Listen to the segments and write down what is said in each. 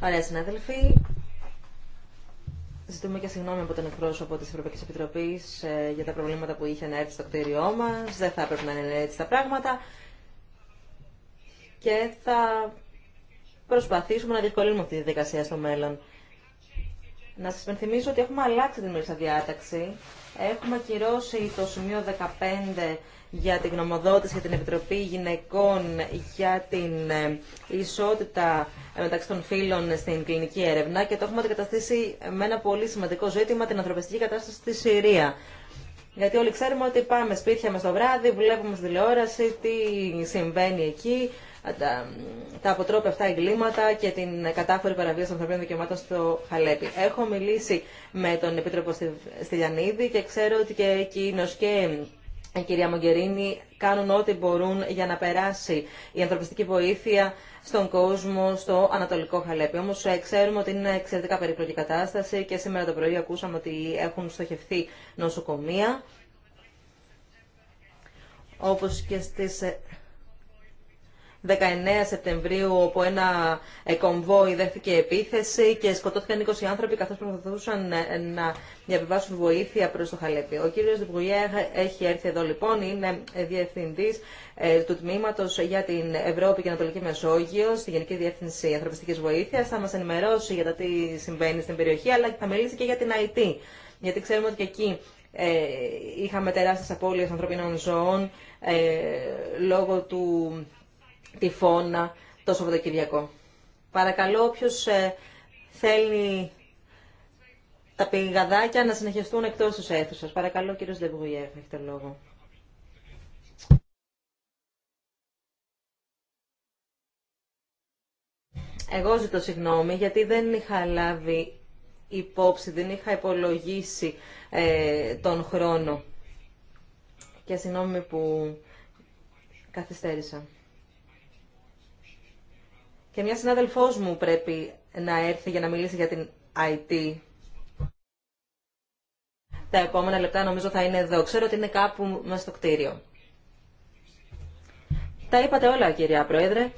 Ωραία, συνάδελφοι. Ζητούμε και συγγνώμη από τον εκπρόσωπο τη Ευρωπαϊκή Επιτροπή ε, για τα προβλήματα που είχε να έρθει στο κτίριό μα. Δεν θα έπρεπε να είναι έτσι τα πράγματα. Και θα προσπαθήσουμε να διευκολύνουμε αυτή τη διαδικασία στο μέλλον. Να σας πενθυμίσω ότι έχουμε αλλάξει την μερική διάταξη. Έχουμε ακυρώσει το σημείο 15 για την γνωμοδότηση για την Επιτροπή Γυναικών για την ε, ισότητα ε, μεταξύ των φύλων στην κλινική έρευνα και το έχουμε αντικαταστήσει με ένα πολύ σημαντικό ζήτημα, την ανθρωπιστική κατάσταση στη Συρία. Γιατί όλοι ξέρουμε ότι πάμε σπίτια μας το βράδυ, βλέπουμε στη τηλεόραση τι συμβαίνει εκεί, τα, τα αποτρόπια αυτά εγκλήματα και την κατάφορη παραβίαση των ανθρωπίνων δικαιωμάτων στο Χαλέπι. Έχω μιλήσει με τον Επίτροπο στη Στυλιανίδη και ξέρω ότι και εκείνο και η κυρία Μογκερίνη κάνουν ό,τι μπορούν για να περάσει η ανθρωπιστική βοήθεια στον κόσμο, στο Ανατολικό Χαλέπι. Όμω ε, ξέρουμε ότι είναι εξαιρετικά περίπλοκη κατάσταση και σήμερα το πρωί ακούσαμε ότι έχουν στοχευθεί νοσοκομεία. Όπως και στις ε, 19 Σεπτεμβρίου όπου ένα ε, κομβόι δέχθηκε επίθεση και σκοτώθηκαν 20 άνθρωποι καθώς προσπαθούσαν ε, να διαβιβάσουν βοήθεια προς το Χαλέπι. Ο κύριος Διπουργέ έχει έρθει εδώ λοιπόν, είναι ε, διευθυντής του τμήματος για την Ευρώπη και Ανατολική Μεσόγειο στη Γενική Διεύθυνση Ανθρωπιστικής Βοήθειας. Θα μας ενημερώσει για τα τι συμβαίνει στην περιοχή αλλά θα μιλήσει και για την IT. Γιατί ξέρουμε ότι και εκεί ε, είχαμε τεράστιες απώλειες ανθρωπίνων ζώων λόγω του τυφώνα το Σαββατοκυριακό. Παρακαλώ όποιος ε, θέλει τα πηγαδάκια να συνεχιστούν εκτός της αίθουσας. Παρακαλώ κύριος Δεμπογιέφ, έχετε λόγο. Εγώ ζητώ συγγνώμη γιατί δεν είχα λάβει υπόψη, δεν είχα υπολογίσει ε, τον χρόνο. Και συγγνώμη που καθυστέρησα. Και μια συνάδελφός μου πρέπει να έρθει για να μιλήσει για την IT. Τα επόμενα λεπτά νομίζω θα είναι εδώ. Ξέρω ότι είναι κάπου μέσα στο κτίριο. Τα είπατε όλα, κυρία Πρόεδρε.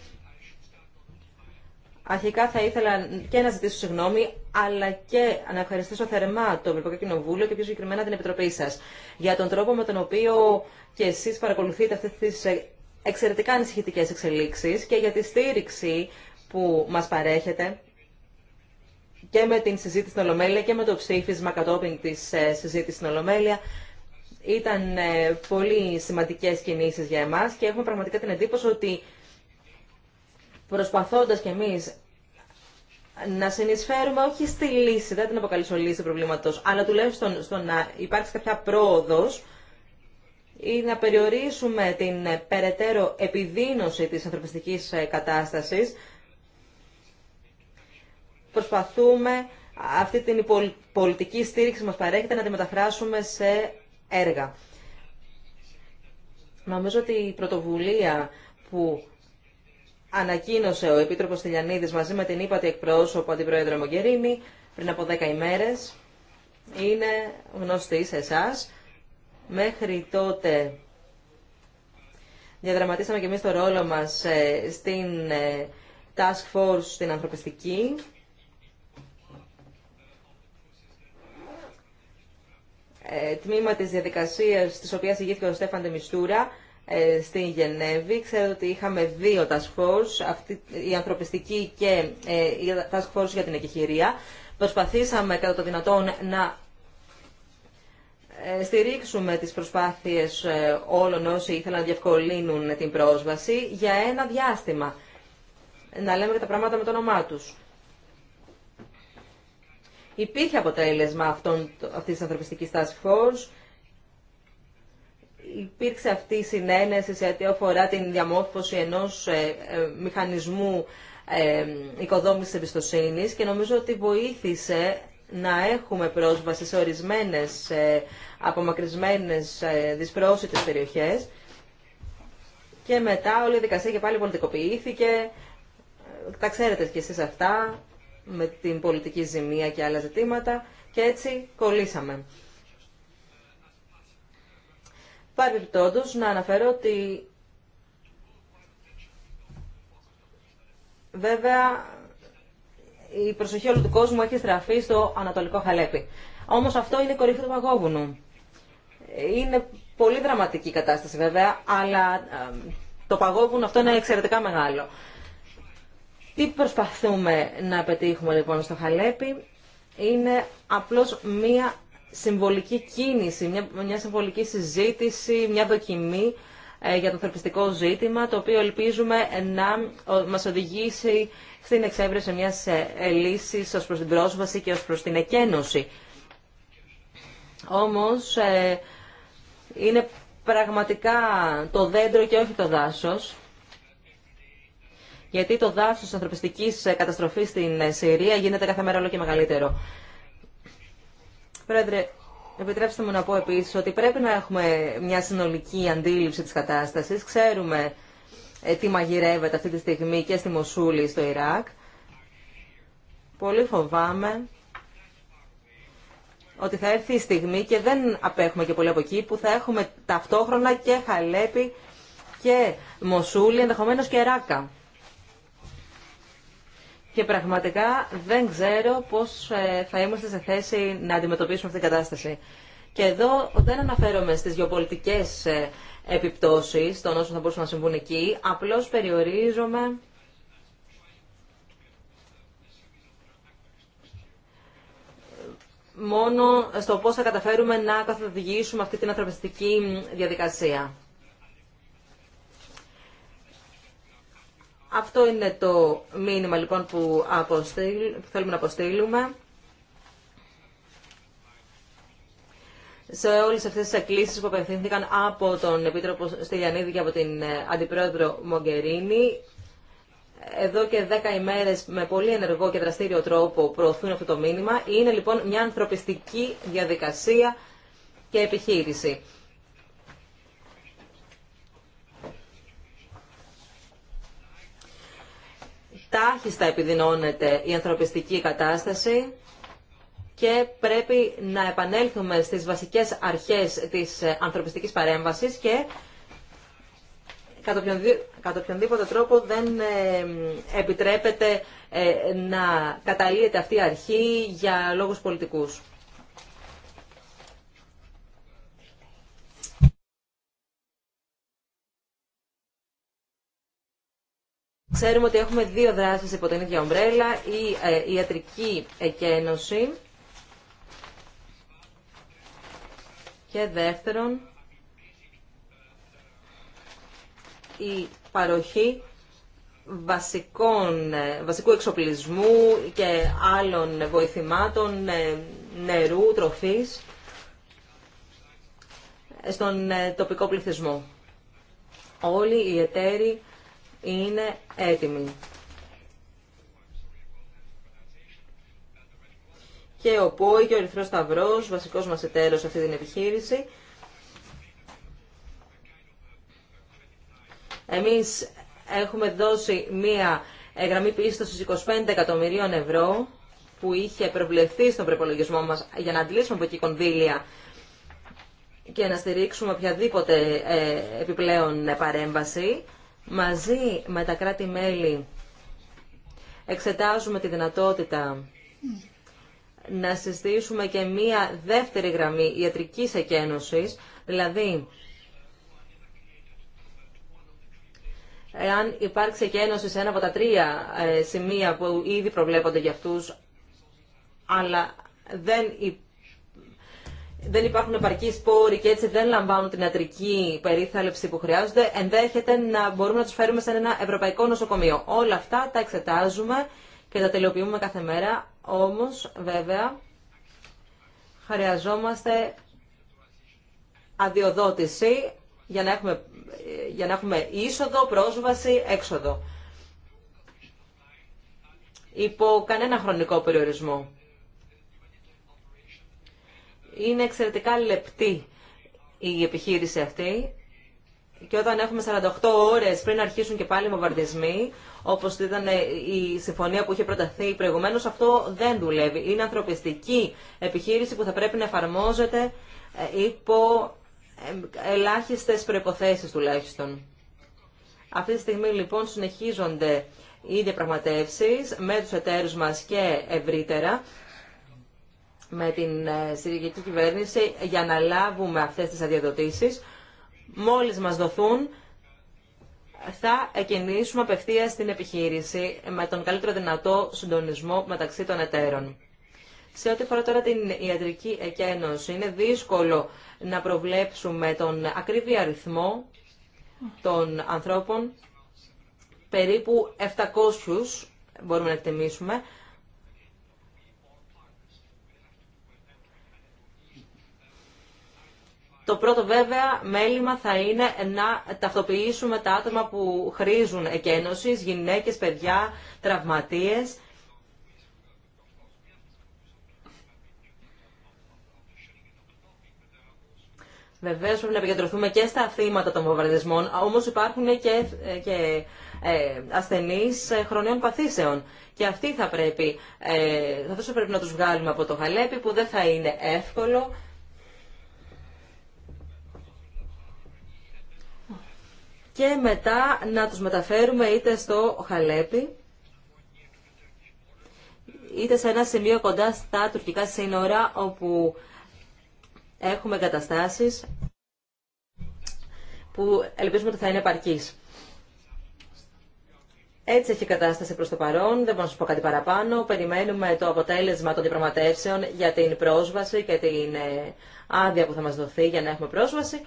Αρχικά θα ήθελα και να ζητήσω συγγνώμη, αλλά και να ευχαριστήσω θερμά το Ευρωπαϊκό Κοινοβούλιο και πιο συγκεκριμένα την Επιτροπή σα για τον τρόπο με τον οποίο και εσεί παρακολουθείτε αυτέ τι εξαιρετικά ανησυχητικές εξελίξεις και για τη στήριξη που μας παρέχεται και με την συζήτηση στην Ολομέλεια και με το ψήφισμα κατόπιν της ε, συζήτησης στην Ολομέλεια. Ήταν ε, πολύ σημαντικές κινήσεις για εμάς και έχουμε πραγματικά την εντύπωση ότι προσπαθώντας κι εμείς να συνεισφέρουμε όχι στη λύση, δεν την αποκαλύψω λύση προβλήματος, αλλά τουλάχιστον στο να υπάρξει κάποια πρόοδος ή να περιορίσουμε την ε, περαιτέρω επιδείνωση της ανθρωπιστικής ε, κατάστασης. Προσπαθούμε αυτή την πολιτική στήριξη μας παρέχεται να τη μεταφράσουμε σε έργα. Νομίζω ότι η πρωτοβουλία που ανακοίνωσε ο Επίτροπος Τηλιανίδης μαζί με την ύπατη εκπρόσωπο Αντιπρόεδρο Μογκερίνη πριν από 10 ημέρες είναι γνωστή σε εσάς Μέχρι τότε διαδραματίσαμε και εμείς το ρόλο μας ε, στην ε, Task Force στην ανθρωπιστική. Ε, τμήμα της διαδικασίας της οποίας ηγήθηκε ο Στέφαν Μιστούρα στην Γενέβη. Ξέρω ότι είχαμε δύο task force, αυτή, η ανθρωπιστική και η task force για την εκεχηρία. Προσπαθήσαμε κατά το δυνατόν να ε, στηρίξουμε τις προσπάθειες ε, όλων όσοι ήθελαν να διευκολύνουν την πρόσβαση για ένα διάστημα. Να λέμε και τα πράγματα με το όνομά τους. Υπήρχε αποτέλεσμα αυτών, αυτής της ανθρωπιστικής task force. Υπήρξε αυτή η συνένεση σε ό,τι αφορά την διαμόρφωση ενός ε, μηχανισμού οικοδόμησης εμπιστοσύνης και νομίζω ότι βοήθησε να έχουμε πρόσβαση σε ορισμένες ε, απομακρυσμένες ε, δυσπρόσιτες περιοχές και μετά όλη η δικασία και πάλι πολιτικοποιήθηκε. Τα ξέρετε κι εσείς αυτά με την πολιτική ζημία και άλλα ζητήματα και έτσι κολλήσαμε. Παρεμπιπτόντως να αναφέρω ότι βέβαια η προσοχή όλου του κόσμου έχει στραφεί στο Ανατολικό Χαλέπι. Όμω αυτό είναι η κορυφή του παγόβουνου. Είναι πολύ δραματική η κατάσταση βέβαια, αλλά το παγόβουνο αυτό είναι εξαιρετικά μεγάλο. Τι προσπαθούμε να πετύχουμε λοιπόν στο Χαλέπι είναι απλώς μία συμβολική κίνηση, μια, συμβολική συζήτηση, μια δοκιμή ε, για το θερπιστικό ζήτημα, το οποίο ελπίζουμε να μας οδηγήσει στην εξέβρεση μια ε, λύση ω προ την πρόσβαση και ω προ την εκένωση. Όμως ε, είναι πραγματικά το δέντρο και όχι το δάσο, Γιατί το δάσο τη ανθρωπιστική ε, καταστροφή στην Συρία γίνεται κάθε μέρα όλο και μεγαλύτερο. Πρόεδρε, επιτρέψτε μου να πω επίση ότι πρέπει να έχουμε μια συνολική αντίληψη τη κατάσταση, Ξέρουμε ε, τι μαγειρεύεται αυτή τη στιγμή και στη Μοσούλη στο Ιράκ. Πολύ φοβάμαι ότι θα έρθει η στιγμή και δεν απέχουμε και πολύ από εκεί που θα έχουμε ταυτόχρονα και Χαλέπι και Μοσούλη, ενδεχομένως και Ράκα. Και πραγματικά δεν ξέρω πώς ε, θα είμαστε σε θέση να αντιμετωπίσουμε αυτή την κατάσταση. Και εδώ δεν αναφέρομαι στις γεωπολιτικές ε, επιπτώσεις των όσων θα μπορούσαν να συμβούν εκεί. Απλώς περιορίζομαι μόνο στο πώς θα καταφέρουμε να καθοδηγήσουμε αυτή την ανθρωπιστική διαδικασία. Αυτό είναι το μήνυμα λοιπόν που, που θέλουμε να αποστείλουμε. σε όλε αυτές τις εκκλήσει που απευθύνθηκαν από τον Επίτροπο Στυλιανίδη και από την ε, Αντιπρόεδρο Μογκερίνη. Εδώ και δέκα ημέρες με πολύ ενεργό και δραστήριο τρόπο προωθούν αυτό το μήνυμα. Είναι λοιπόν μια ανθρωπιστική διαδικασία και επιχείρηση. Τάχιστα επιδεινώνεται η ανθρωπιστική κατάσταση και πρέπει να επανέλθουμε στις βασικές αρχές της ε, ανθρωπιστικής παρέμβασης και κατά οποιονδήποτε τρόπο δεν ε, επιτρέπεται ε, να καταλύεται αυτή η αρχή για λόγους πολιτικούς. Ξέρουμε ότι έχουμε δύο δράσεις υπό την ίδια ομπρέλα, η ιατρική εκένωση Και δεύτερον, η παροχή βασικών, βασικού εξοπλισμού και άλλων βοηθημάτων ε, νερού, τροφής στον ε, τοπικό πληθυσμό. Όλοι οι εταίροι είναι έτοιμοι. και ο ΠΟΗ και ο Ερυθρός Σταυρός, βασικός μας εταίρος σε αυτή την επιχείρηση. Εμείς έχουμε δώσει μία ε, γραμμή πίστοσης 25 εκατομμυρίων ευρώ που είχε προβλεφθεί στον προπολογισμό μας για να αντλήσουμε από εκεί κονδύλια και να στηρίξουμε οποιαδήποτε ε, επιπλέον παρέμβαση. Μαζί με τα κράτη-μέλη εξετάζουμε τη δυνατότητα να συστήσουμε και μία δεύτερη γραμμή ιατρικής εκένωσης, δηλαδή εάν υπάρξει εκένωση σε ένα από τα τρία ε, σημεία που ήδη προβλέπονται για αυτούς, αλλά δεν, δεν υπάρχουν επαρκή σπόροι και έτσι δεν λαμβάνουν την ιατρική περίθαλψη που χρειάζονται, ενδέχεται να μπορούμε να τους φέρουμε σε ένα ευρωπαϊκό νοσοκομείο. Όλα αυτά τα εξετάζουμε και τα τελειοποιούμε κάθε μέρα, όμως, βέβαια, χρειαζόμαστε αδειοδότηση για να έχουμε, για να έχουμε είσοδο, πρόσβαση, έξοδο. Υπό κανένα χρονικό περιορισμό. Είναι εξαιρετικά λεπτή η επιχείρηση αυτή και όταν έχουμε 48 ώρες πριν αρχίσουν και πάλι οι μοβαρδισμοί, όπως ήταν η συμφωνία που είχε προταθεί προηγουμένω, αυτό δεν δουλεύει. Είναι ανθρωπιστική επιχείρηση που θα πρέπει να εφαρμόζεται ε, υπό ελάχιστες προποθέσει τουλάχιστον. Αυτή τη στιγμή λοιπόν συνεχίζονται οι διαπραγματεύσει με του εταίρου μα και ευρύτερα με την ε, Συριακή Κυβέρνηση για να λάβουμε αυτές τις αδειοδοτήσεις μόλις μας δοθούν, θα εκκινήσουμε απευθεία την επιχείρηση με τον καλύτερο δυνατό συντονισμό μεταξύ των εταίρων. Σε ό,τι αφορά τώρα την ιατρική εκένωση, είναι δύσκολο να προβλέψουμε τον ακριβή αριθμό των ανθρώπων, περίπου 700 μπορούμε να εκτιμήσουμε, Το πρώτο βέβαια μέλημα θα είναι να ταυτοποιήσουμε τα άτομα που χρήζουν εκένωσης, γυναίκες, παιδιά, τραυματίες. Βεβαίω πρέπει να επικεντρωθούμε και στα θύματα των βομβαρδισμών, όμω υπάρχουν και, και ε, ασθενεί χρονιών παθήσεων. Και αυτοί θα πρέπει, ε, θα πρέπει να του βγάλουμε από το χαλέπι, που δεν θα είναι εύκολο. και μετά να τους μεταφέρουμε είτε στο Χαλέπι είτε σε ένα σημείο κοντά στα τουρκικά σύνορα όπου έχουμε καταστάσεις που ελπίζουμε ότι θα είναι επαρκής. Έτσι έχει η κατάσταση προς το παρόν, δεν μπορώ να σας πω κάτι παραπάνω. Περιμένουμε το αποτέλεσμα των διαπραγματεύσεων για την πρόσβαση και την ε, άδεια που θα μας δοθεί για να έχουμε πρόσβαση.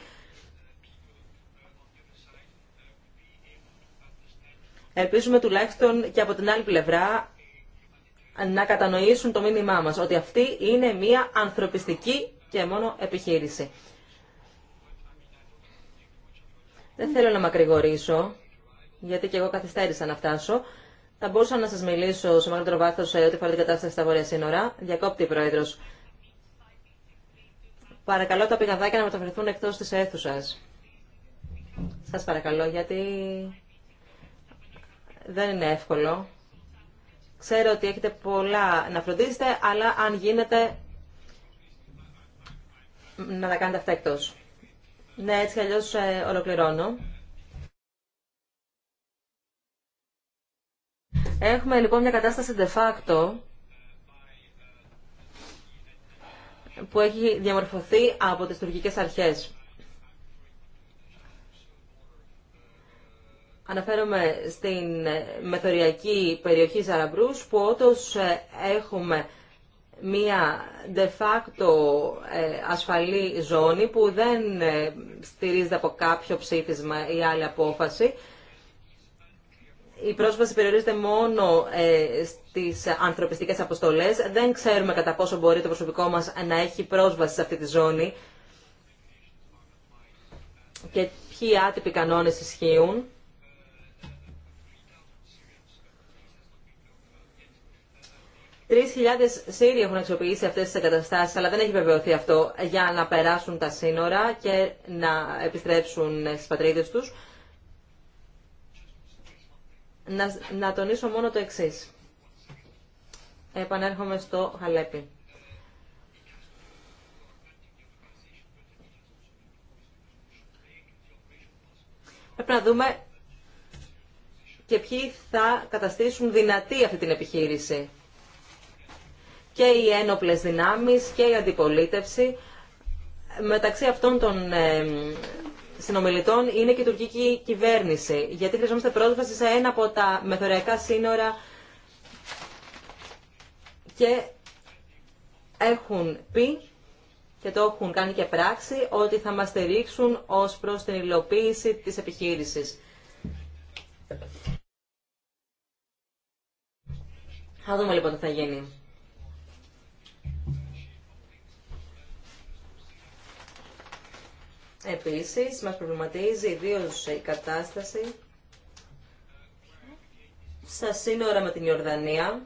Ελπίζουμε τουλάχιστον και από την άλλη πλευρά να κατανοήσουν το μήνυμά μας, ότι αυτή είναι μια ανθρωπιστική και μόνο επιχείρηση. Δεν θέλω να μακρηγορήσω, γιατί και εγώ καθυστέρησα να φτάσω. Θα μπορούσα να σας μιλήσω σε μεγαλύτερο βάθος σε ό,τι φορά την κατάσταση στα βόρεια σύνορα. Διακόπτη, Πρόεδρος. Παρακαλώ τα πηγαδάκια να μεταφερθούν εκτός της αίθουσας. Σας παρακαλώ, γιατί δεν είναι εύκολο. Ξέρω ότι έχετε πολλά να φροντίσετε, αλλά αν γίνεται να τα κάνετε αυτά εκτός. Ναι, έτσι αλλιώς ε, ολοκληρώνω. Έχουμε λοιπόν μια κατάσταση de facto που έχει διαμορφωθεί από τις τουρκικές αρχές. Αναφέρομαι στην ε, μεθοριακή περιοχή Σαραμπρούς που όντως ε, έχουμε μία de facto ε, ασφαλή ζώνη που δεν στηρίζεται από κάποιο ψήφισμα ή άλλη απόφαση. Η πρόσβαση περιορίζεται μόνο στις ανθρωπιστικές αποστολές. Δεν ξέρουμε κατά πόσο μπορεί το προσωπικό μας να έχει πρόσβαση σε αυτή τη ζώνη και ποιοι άτυποι κανόνες ισχύουν. 3.000 Σύριοι έχουν αξιοποιήσει αυτές τις εγκαταστάσεις, αλλά δεν έχει βεβαιωθεί αυτό, για να περάσουν τα σύνορα και να επιστρέψουν στις πατρίδες τους. Να, να τονίσω μόνο το εξή. Επανέρχομαι στο Χαλέπι. Πρέπει να δούμε και ποιοι θα καταστήσουν δυνατή αυτή την επιχείρηση και οι ένοπλες δυνάμεις και η αντιπολίτευση. Μεταξύ αυτών των ε, συνομιλητών είναι και η τουρκική κυβέρνηση, γιατί χρειαζόμαστε πρόσβαση σε ένα από τα μεθοριακά σύνορα και έχουν πει και το έχουν κάνει και πράξη ότι θα μας στηρίξουν ως προς την υλοποίηση της επιχείρησης. Θα δούμε λοιπόν τι θα γίνει. Επίσης, μας προβληματίζει ιδίως η κατάσταση στα σύνορα με την Ιορδανία,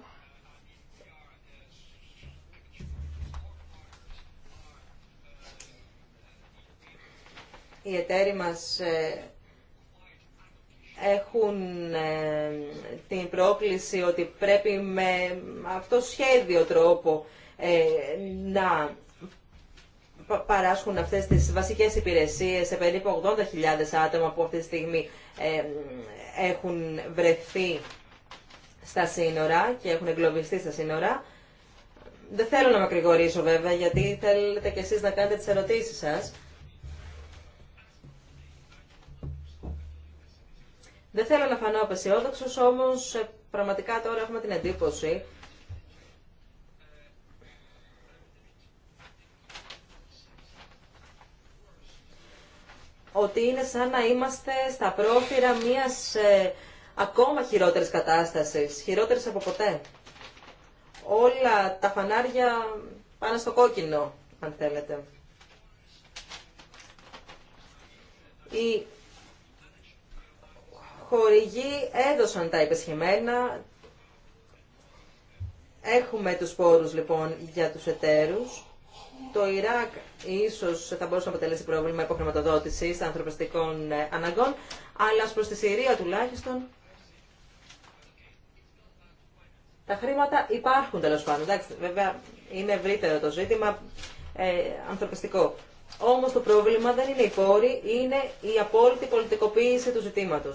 οι εταίροι μας ε, έχουν ε, την πρόκληση ότι πρέπει με αυτό σχέδιο τρόπο ε, να παράσχουν αυτές τις βασικές υπηρεσίες σε περίπου 80.000 άτομα που αυτή τη στιγμή έχουν βρεθεί στα σύνορα και έχουν εγκλωβιστεί στα σύνορα. Δεν θέλω να μακρηγορήσω βέβαια, γιατί θέλετε κι εσείς να κάνετε τις ερωτήσεις σας. Δεν θέλω να φανώ απεσιόδοξος, όμως ε, πραγματικά τώρα έχουμε την εντύπωση ότι είναι σαν να είμαστε στα πρόφυρα μιας ε, ακόμα χειρότερης κατάστασης, χειρότερης από ποτέ. Όλα τα φανάρια πάνε στο κόκκινο, αν θέλετε. Οι χορηγοί έδωσαν τα υπεσχεμένα. Έχουμε τους πόρους λοιπόν για τους εταίρους. Το Ιράκ ίσως θα μπορούσε να αποτελέσει πρόβλημα υποχρηματοδότησης ανθρωπιστικών ε, αναγκών, αλλά ω προς τη Συρία τουλάχιστον τα χρήματα υπάρχουν τέλο πάντων. Εντάξει, βέβαια είναι ευρύτερο το ζήτημα ε, ανθρωπιστικό. Όμω το πρόβλημα δεν είναι οι πόροι, είναι η απόλυτη πολιτικοποίηση του ζητήματο.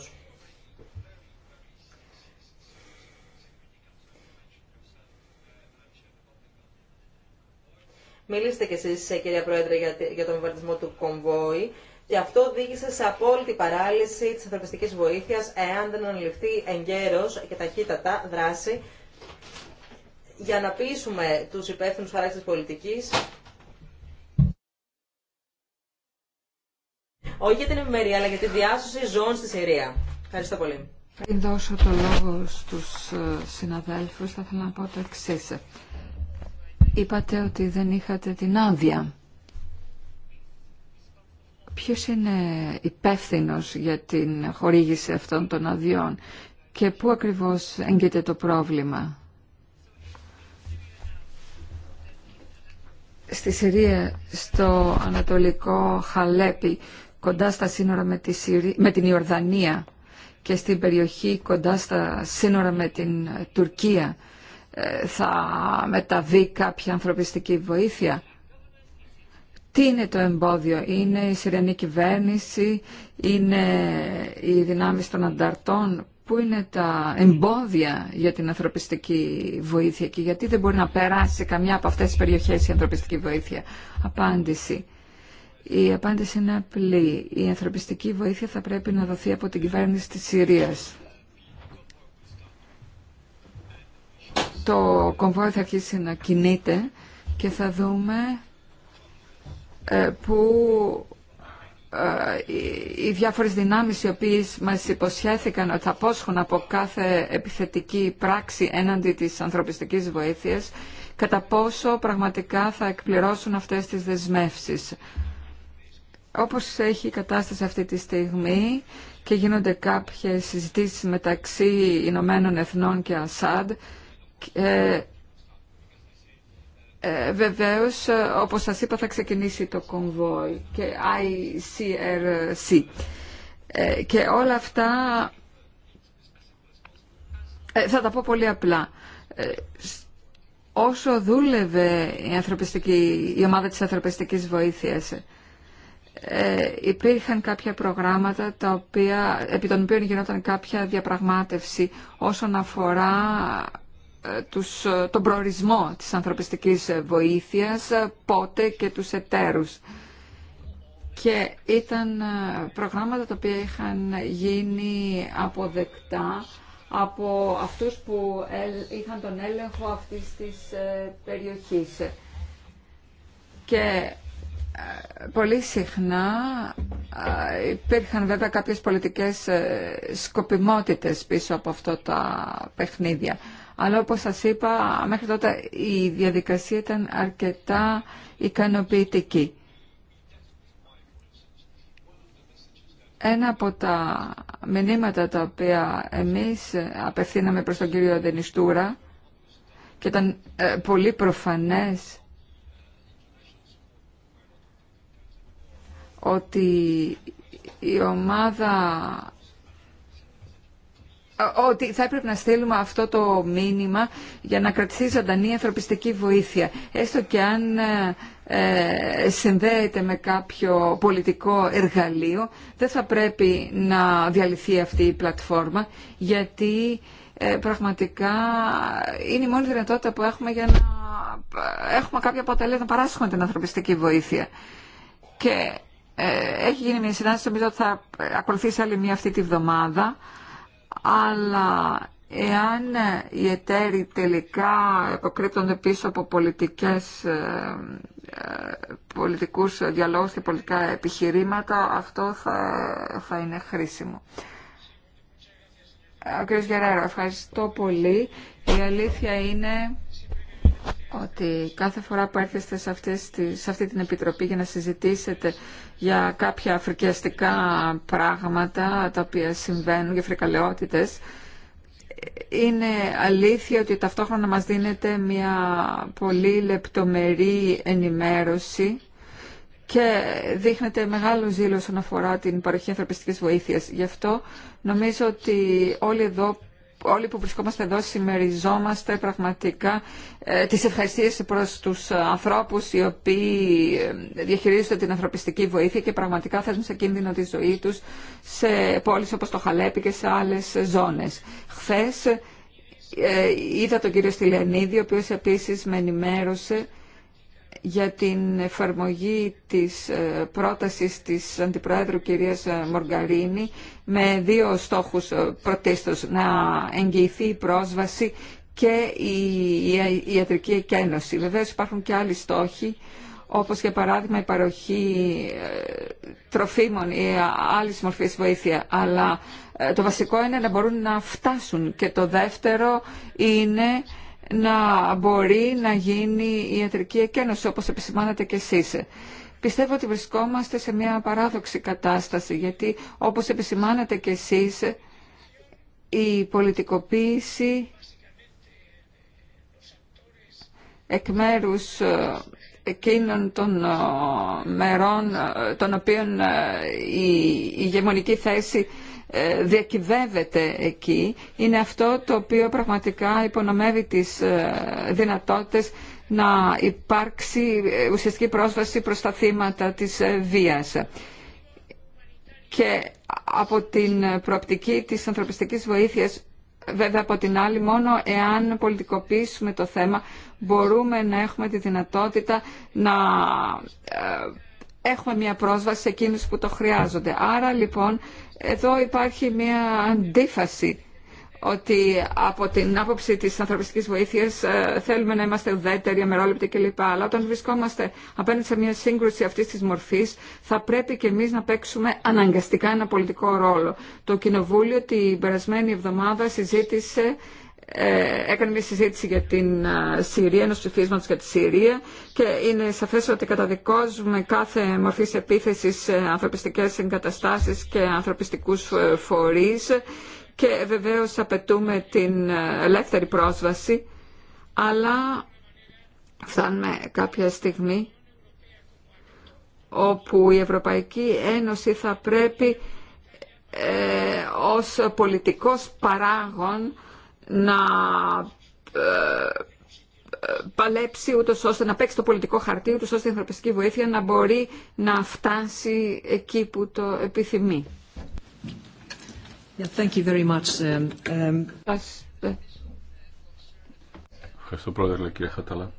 Μιλήσετε κι εσείς, ε, κυρία Πρόεδρε, για τον βομβαρδισμό του κομβόη και αυτό οδήγησε σε απόλυτη παράλυση της ανθρωπιστικής βοήθειας εάν δεν αναλυφθεί εγκαίρως και ταχύτατα δράση για να πείσουμε τους υπεύθυνους χαράξης της πολιτικής όχι για την ευημερία αλλά για τη διάσωση ζώων στη Συρία. Ευχαριστώ πολύ. Πριν δώσω το λόγο στους ε, συναδέλφους θα ήθελα να πω το εξή. Είπατε ότι δεν είχατε την άδεια. Ποιος είναι υπεύθυνο για την χορήγηση αυτών των αδειών και πού ακριβώς έγκυται το πρόβλημα. Στη Συρία, στο Ανατολικό Χαλέπι, κοντά στα σύνορα με, τη με την Ιορδανία και στην περιοχή κοντά στα σύνορα με την Τουρκία ε, θα μεταβεί κάποια ανθρωπιστική βοήθεια. Τι είναι το εμπόδιο, είναι η Συριανή κυβέρνηση, είναι οι δυνάμεις των ανταρτών, πού είναι τα εμπόδια για την ανθρωπιστική βοήθεια και γιατί δεν μπορεί να περάσει καμιά από αυτές τις περιοχές η ανθρωπιστική βοήθεια. Απάντηση. Η απάντηση είναι απλή. Η ανθρωπιστική βοήθεια θα πρέπει να δοθεί από την κυβέρνηση της Συρίας. το κομβόι θα αρχίσει να κινείται και θα δούμε ε, που ε, οι διάφορες δυνάμεις οι οποίες μας υποσχέθηκαν ότι θα πόσχουν από κάθε επιθετική πράξη έναντι της ανθρωπιστικής βοήθειας κατά πόσο πραγματικά θα εκπληρώσουν αυτές τις δεσμεύσεις. Όπως έχει η κατάσταση αυτή τη στιγμή και γίνονται κάποιες συζητήσεις μεταξύ Ηνωμένων Εθνών και ΑΣΑΔ... Ε, ε, βεβαίως, ε, όπως σας είπα, θα ξεκινήσει το κομβόι και ICRC. Ε, και όλα αυτά ε, θα τα πω πολύ απλά. Όσο δούλευε η, ανθρωπιστική, η ομάδα της ανθρωπιστικής βοήθειας, ε, υπήρχαν κάποια προγράμματα τα οποία, επί των οποίων γινόταν κάποια διαπραγμάτευση όσον αφορά τους, τον προορισμό της ανθρωπιστικής βοήθειας, πότε και τους εταίρους. Και ήταν ε, προγράμματα τα οποία είχαν γίνει αποδεκτά από αυτούς που είχαν τον έλεγχο αυτής της ε, περιοχής. Και ε, πολύ συχνά υπήρχαν βέβαια κάποιες πολιτικές σκοπιμότητες πίσω από αυτό τα παιχνίδια. Αλλά όπως σας είπα, μέχρι τότε η διαδικασία ήταν αρκετά ικανοποιητική. Ένα από τα μηνύματα τα οποία εμείς απευθύναμε προς τον κύριο Δενιστούρα και ήταν ε, πολύ προφανές ότι η ομάδα ότι θα έπρεπε να στείλουμε αυτό το μήνυμα για να κρατηθεί ζωντανή ανθρωπιστική βοήθεια. Έστω και αν ε, ε, συνδέεται με κάποιο πολιτικό εργαλείο, δεν θα πρέπει να διαλυθεί αυτή η πλατφόρμα, γιατί ε, πραγματικά είναι η μόνη δυνατότητα που έχουμε για να έχουμε κάποια αποτελέσματα, να παράσχουμε την ανθρωπιστική βοήθεια. Και έχει γίνει μια συνάντηση, νομίζω ότι θα ακολουθήσει άλλη μία αυτή τη βδομάδα, αλλά εάν οι εταίροι τελικά αποκρύπτονται πίσω από πολιτικές, ε, ε, πολιτικούς διαλόγους και πολιτικά επιχειρήματα, αυτό θα, θα είναι χρήσιμο. Ε, ο κ. Γεραίρο, ευχαριστώ πολύ. Η αλήθεια είναι ότι κάθε φορά που έρχεστε σε, αυτές, αυτή την Επιτροπή για να συζητήσετε για κάποια αφρικιαστικά πράγματα τα οποία συμβαίνουν, για φρικαλαιότητες, είναι αλήθεια ότι ταυτόχρονα μας δίνεται μια πολύ λεπτομερή ενημέρωση και δείχνεται μεγάλο ζήλο όσον αφορά την παροχή ανθρωπιστικής βοήθειας. Γι' αυτό νομίζω ότι όλοι εδώ όλοι που βρισκόμαστε εδώ συμμεριζόμαστε πραγματικά ε, τις ευχαριστίες προς τους ανθρώπους οι οποίοι ε, διαχειρίζονται την ανθρωπιστική βοήθεια και πραγματικά θέσουν σε κίνδυνο τη ζωή τους σε πόλεις όπως το Χαλέπι και σε άλλες ζώνες. Χθες ε, είδα τον κύριο Στυλιανίδη, ο οποίος επίσης με ενημέρωσε για την εφαρμογή της πρότασης της Αντιπροέδρου κυρίας Μοργαρίνη με δύο στόχους ε, πρωτίστως, να εγγυηθεί η πρόσβαση και η ιατρική εκένωση. Βεβαίως υπάρχουν και άλλοι στόχοι, όπως για παράδειγμα η παροχή ε, τροφίμων ή άλλης μορφής βοήθεια. Αλλά ε, το βασικό είναι να μπορούν να φτάσουν και το δεύτερο είναι να μπορεί να γίνει η ιατρική εκένωση, όπως επισημάνατε και εσείς. Πιστεύω ότι βρισκόμαστε σε μια παράδοξη κατάσταση, γιατί όπως επισημάνατε και εσείς, η πολιτικοποίηση εκ μέρους ε, εκείνων των ε, μερών ε, των οποίων η ηγεμονική θέση διακυβεύεται εκεί είναι αυτό το οποίο πραγματικά υπονομεύει τις δυνατότητες να υπάρξει ε, ουσιαστική πρόσβαση προς τα θύματα της ε, βίας. Και από την προοπτική της ανθρωπιστικής βοήθειας, βέβαια από την άλλη, μόνο εάν πολιτικοποιήσουμε το θέμα, μπορούμε να έχουμε τη δυνατότητα να ε, έχουμε μια πρόσβαση σε εκείνους που το χρειάζονται. Άρα λοιπόν εδώ υπάρχει μια αντίφαση ότι από την άποψη της ανθρωπιστικής βοήθειας ε, θέλουμε να είμαστε ουδέτεροι, αμερόληπτοι κλπ. Αλλά όταν βρισκόμαστε απέναντι σε μια σύγκρουση αυτής της μορφής θα πρέπει και εμείς να παίξουμε αναγκαστικά ένα πολιτικό ρόλο. Το Κοινοβούλιο την περασμένη εβδομάδα συζήτησε ε, έκανε μια συζήτηση για την ε, Συρία, ενό ψηφίσματο για τη Συρία και είναι σαφές ότι καταδικόζουμε κάθε μορφής επίθεσης σε ανθρωπιστικές εγκαταστάσεις και ανθρωπιστικούς φορείς και βεβαίως απαιτούμε την ελεύθερη πρόσβαση, αλλά φτάνουμε κάποια στιγμή όπου η Ευρωπαϊκή Ένωση θα πρέπει ε, ως πολιτικός παράγων να ε, ε, παλέψει ούτως ώστε να παίξει το πολιτικό χαρτί, ούτως ώστε η ανθρωπιστική βοήθεια να μπορεί να φτάσει εκεί που το επιθυμεί. Yeah, thank you very much. Um, um, Ευχαριστώ πρόεδρε κύριε Χαταλά.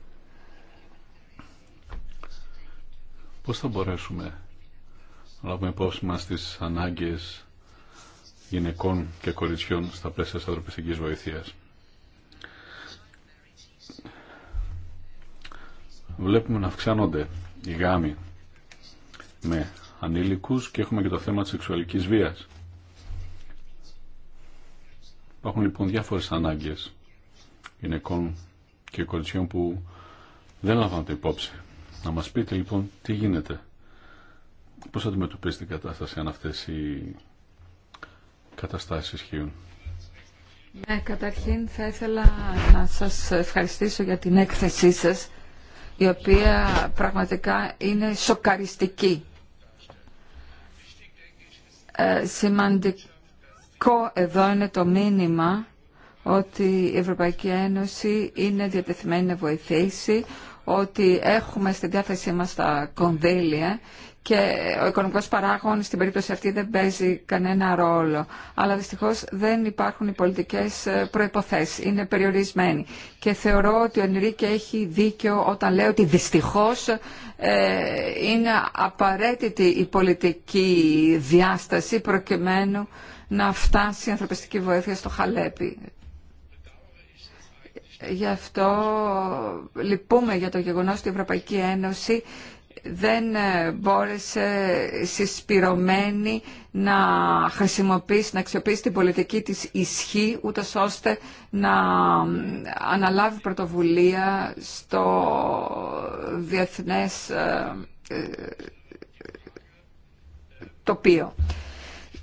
Πώς θα μπορέσουμε να λάβουμε υπόψη μας τις ανάγκες γυναικών και κοριτσιών στα πλαίσια της ανθρωπιστικής βοήθειας. Βλέπουμε να αυξάνονται οι γάμοι με ανήλικους και έχουμε και το θέμα της σεξουαλικής βίας. Υπάρχουν λοιπόν διάφορες ανάγκες γυναικών και κοριτσιών που δεν λαμβάνονται υπόψη. Να μας πείτε λοιπόν τι γίνεται. Πώς αντιμετωπίζετε την κατάσταση αν αυτέ οι καταστάσεις ισχύουν. Ναι, καταρχήν θα ήθελα να σας ευχαριστήσω για την έκθεσή σας η οποία πραγματικά είναι σοκαριστική. Ε, Κο εδώ είναι το μήνυμα ότι η Ευρωπαϊκή Ένωση είναι διατεθειμένη να βοηθήσει, ότι έχουμε στη διάθεσή μας τα κονδύλια και ο οικονομικός παράγων στην περίπτωση αυτή δεν παίζει κανένα ρόλο. Αλλά δυστυχώς δεν υπάρχουν οι πολιτικές προϋποθέσεις, είναι περιορισμένοι. Και θεωρώ ότι ο Ενρική έχει δίκιο όταν λέει ότι δυστυχώς ε, είναι απαραίτητη η πολιτική διάσταση προκειμένου να φτάσει η ανθρωπιστική βοήθεια στο Χαλέπι. Γι' αυτό λυπούμε για το γεγονός ότι η Ευρωπαϊκή Ένωση δεν ε, μπόρεσε συσπηρωμένη να χρησιμοποιήσει, να αξιοποιήσει την πολιτική της ισχύ, ούτω ώστε να αναλάβει πρωτοβουλία στο διεθνές ε, ε, τοπίο.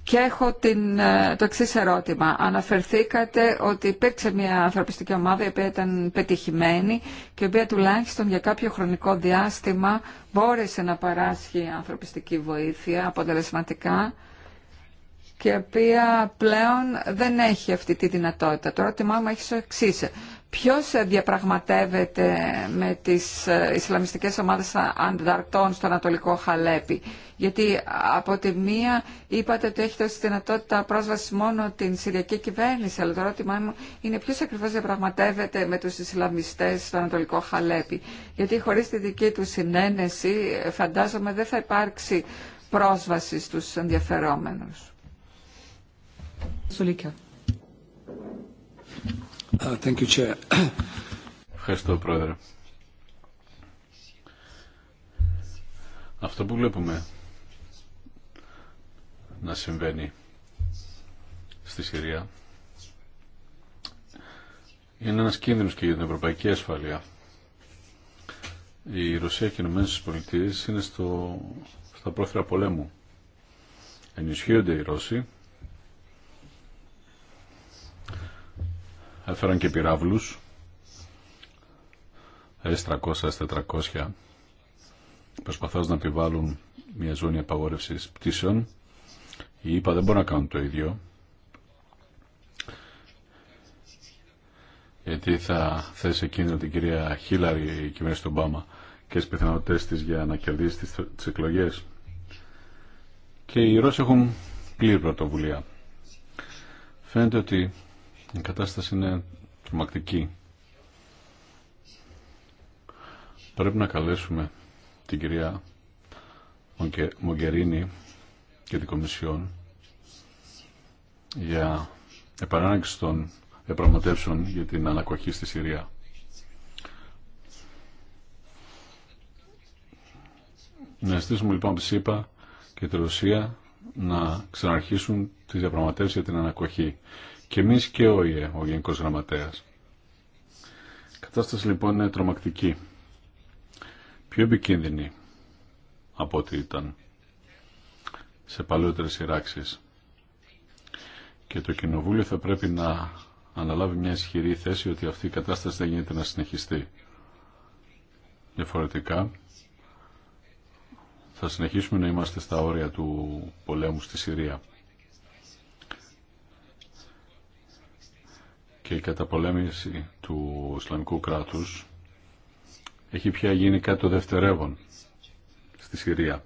Και έχω την, ε, το εξή ερώτημα. Αναφερθήκατε ότι υπήρξε μια ανθρωπιστική ομάδα η οποία ήταν πετυχημένη και η οποία τουλάχιστον για κάποιο χρονικό διάστημα μπόρεσε να παράσχει ανθρωπιστική βοήθεια αποτελεσματικά και η οποία πλέον δεν έχει αυτή τη δυνατότητα. Το ερώτημά μου έχει εξή. Ποιος ε, διαπραγματεύεται με τις ε, Ισλαμιστικές ομάδες ανταρτών στο Ανατολικό Χαλέπι. Γιατί από τη μία είπατε ότι έχετε ως δυνατότητα πρόσβαση μόνο την Συριακή κυβέρνηση, αλλά το ερώτημά μου είναι ποιος ακριβώς διαπραγματεύεται με τους Ισλαμιστές στο Ανατολικό Χαλέπι. Γιατί χωρίς τη δική του συνένεση ε, φαντάζομαι δεν θα υπάρξει πρόσβαση στους ενδιαφερόμενους. Uh, Ευχαριστώ, Πρόεδρε. Αυτό που βλέπουμε να συμβαίνει στη Συρία είναι ένας κίνδυνος και για την ευρωπαϊκή ασφαλεία. Η Ρωσία και οι Ηνωμένες Πολιτείες είναι στο, στα πρόθυρα πολέμου. Ενισχύονται οι Ρώσοι Έφεραν και πυράβλους. S300-S400 προσπαθώντας να επιβάλλουν μια ζώνη απαγόρευσης πτήσεων. Οι ΙΠΑ δεν μπορούν να κάνουν το ίδιο. Γιατί θα θέσει εκείνο την κυρία Χίλαρη η κυβέρνηση του Ομπάμα και τι πιθανότητε τη για να κερδίσει τι εκλογέ. Και οι Ρώσοι έχουν πλήρη πρωτοβουλία. Φαίνεται ότι η κατάσταση είναι τρομακτική. Πρέπει να καλέσουμε την κυρία Μογκερίνη και την Κομισιόν για επανάληψη των επραγματεύσεων για την ανακοχή στη Συρία. Να ζητήσουμε λοιπόν από είπα, και τη Ρωσία να ξαναρχίσουν τις διαπραγματεύσεις για την ανακοχή και εμείς και ο ΙΕ, ο Γενικός Γραμματέας. Η κατάσταση λοιπόν είναι τρομακτική. Πιο επικίνδυνη από ό,τι ήταν σε παλαιότερες σειράξεις. Και το Κοινοβούλιο θα πρέπει να αναλάβει μια ισχυρή θέση ότι αυτή η κατάσταση δεν γίνεται να συνεχιστεί. Διαφορετικά, θα συνεχίσουμε να είμαστε στα όρια του πολέμου στη Συρία. και η καταπολέμηση του Ισλαμικού κράτους έχει πια γίνει κάτι το δευτερεύον στη Συρία.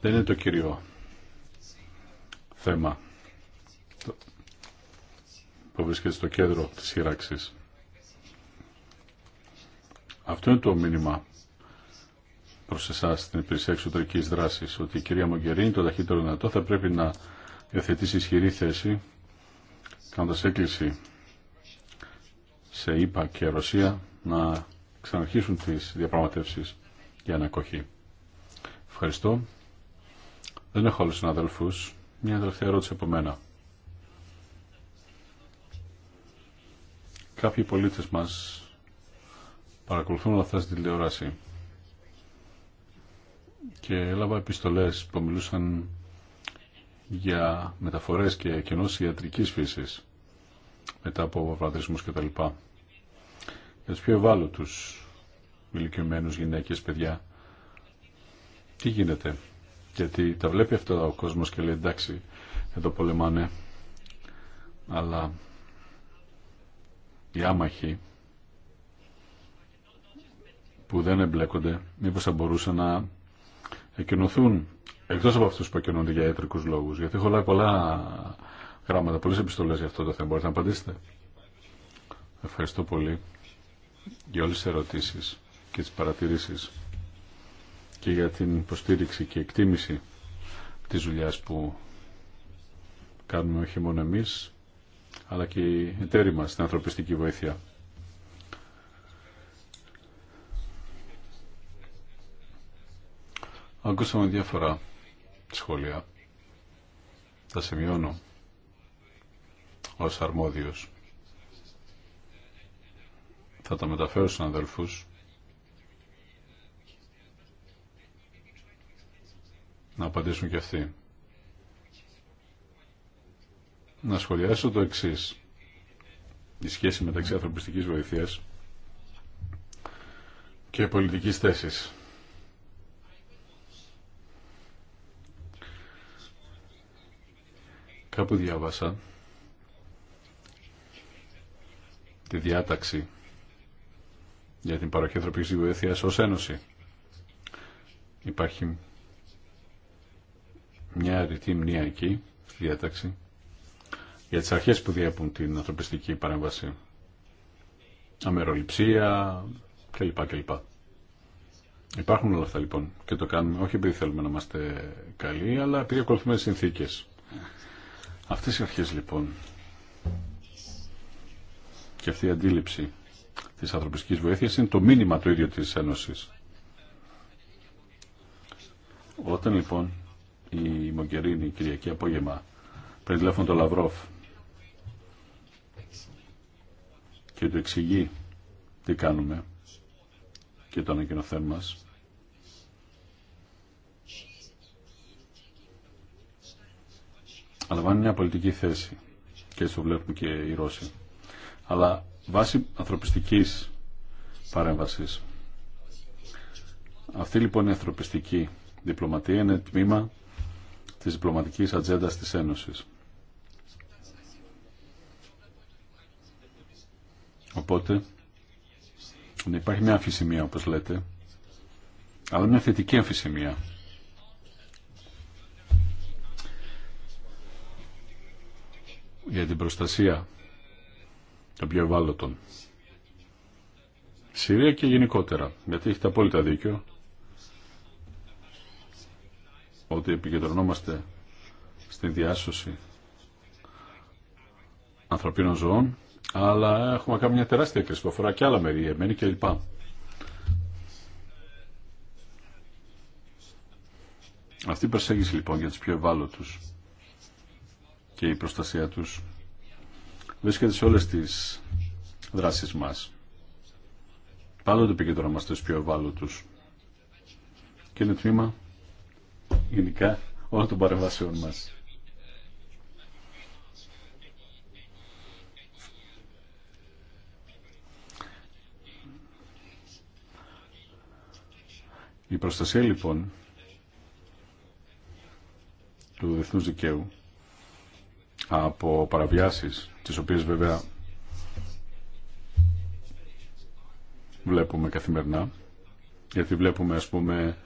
Δεν είναι το κύριο θέμα που βρίσκεται στο κέντρο της σύραξης. Αυτό είναι το μήνυμα προς εσάς στην υπηρεσία εξωτερικής δράσης, ότι η κυρία Μογκερίνη το ταχύτερο δυνατό θα πρέπει να υιοθετήσει ισχυρή θέση κάνοντας έκκληση σε ΙΠΑ και Ρωσία να ξαναρχίσουν τις διαπραγματεύσεις για ανακοχή. Ευχαριστώ. Δεν έχω άλλους συναδελφούς. Μια τελευταία ερώτηση από μένα. Κάποιοι πολίτες μας παρακολουθούν όλα αυτά στην τηλεόραση και έλαβα επιστολές που μιλούσαν για μεταφορές και κενώσεις ιατρικής φύσης μετά από τα κτλ για τους πιο ευάλωτους ηλικιωμένους γυναίκες, παιδιά. Τι γίνεται, γιατί τα βλέπει αυτό ο κόσμος και λέει εντάξει, εδώ πολεμάνε, αλλά οι άμαχοι που δεν εμπλέκονται, μήπως θα μπορούσαν να εκκοινωθούν εκτός από αυτούς που εκκοινώνται για ιατρικούς λόγους, γιατί έχω λάβει πολλά γράμματα, πολλές επιστολές για αυτό το θέμα. Μπορείτε να απαντήσετε. Ευχαριστώ πολύ για όλες τις ερωτήσεις και τις παρατηρήσεις και για την υποστήριξη και εκτίμηση της δουλειά που κάνουμε όχι μόνο εμείς αλλά και οι εταίροι μας στην ανθρωπιστική βοήθεια. Ακούσαμε διάφορα σχόλια. Τα σημειώνω ως αρμόδιος. Θα τα μεταφέρω στους αδελφούς να απαντήσουν και αυτοί. Να σχολιάσω το εξής. Η σχέση μεταξύ ανθρωπιστικής βοηθείας και πολιτικής θέσης. Κάπου διάβασα τη διάταξη για την παροχή ανθρωπικής βοήθειας ως Ένωση. Υπάρχει μια αρνητή μνήμα εκεί, στη διάταξη, για τις αρχές που διέπουν την ανθρωπιστική παρέμβαση. Αμεροληψία κλπ. κλπ. Υπάρχουν όλα αυτά λοιπόν και το κάνουμε όχι επειδή θέλουμε να είμαστε καλοί, αλλά επειδή ακολουθούμε συνθήκες. Αυτές οι αρχές λοιπόν και αυτή η αντίληψη της ανθρωπιστικής βοήθειας είναι το μήνυμα το ίδιο της Ένωσης. Όταν λοιπόν η Μογκερίνη η Κυριακή απόγευμα παίρνει τηλέφωνο τον Λαυρόφ και του εξηγεί τι κάνουμε και το ανακοινωθέν μα. αλλά μια πολιτική θέση και έτσι το βλέπουν και οι Ρώσοι αλλά βάσει ανθρωπιστικής παρέμβασης. Αυτή λοιπόν η ανθρωπιστική διπλωματία είναι τμήμα της διπλωματικής ατζέντας της Ένωσης. Οπότε, υπάρχει μια αμφισημία όπως λέτε, αλλά μια θετική αμφισημία. για την προστασία των πιο ευάλωτων. Συρία και γενικότερα, γιατί έχετε απόλυτα δίκιο ότι επικεντρωνόμαστε στη διάσωση ανθρωπίνων ζωών, αλλά έχουμε κάνει μια τεράστια κρίση που αφορά και άλλα μέρη, μένει και Αυτή η προσέγγιση λοιπόν για τους πιο ευάλωτους και η προστασία τους βρίσκεται σε όλες τις δράσεις μας. Πάντοτε επικεντρώμαστε στους πιο ευάλωτους. Και είναι τμήμα γενικά όλων των παρεμβάσεων μας. Η προστασία λοιπόν του διεθνούς δικαίου από παραβιάσεις, τις οποίες βέβαια βλέπουμε καθημερινά, γιατί βλέπουμε ας πούμε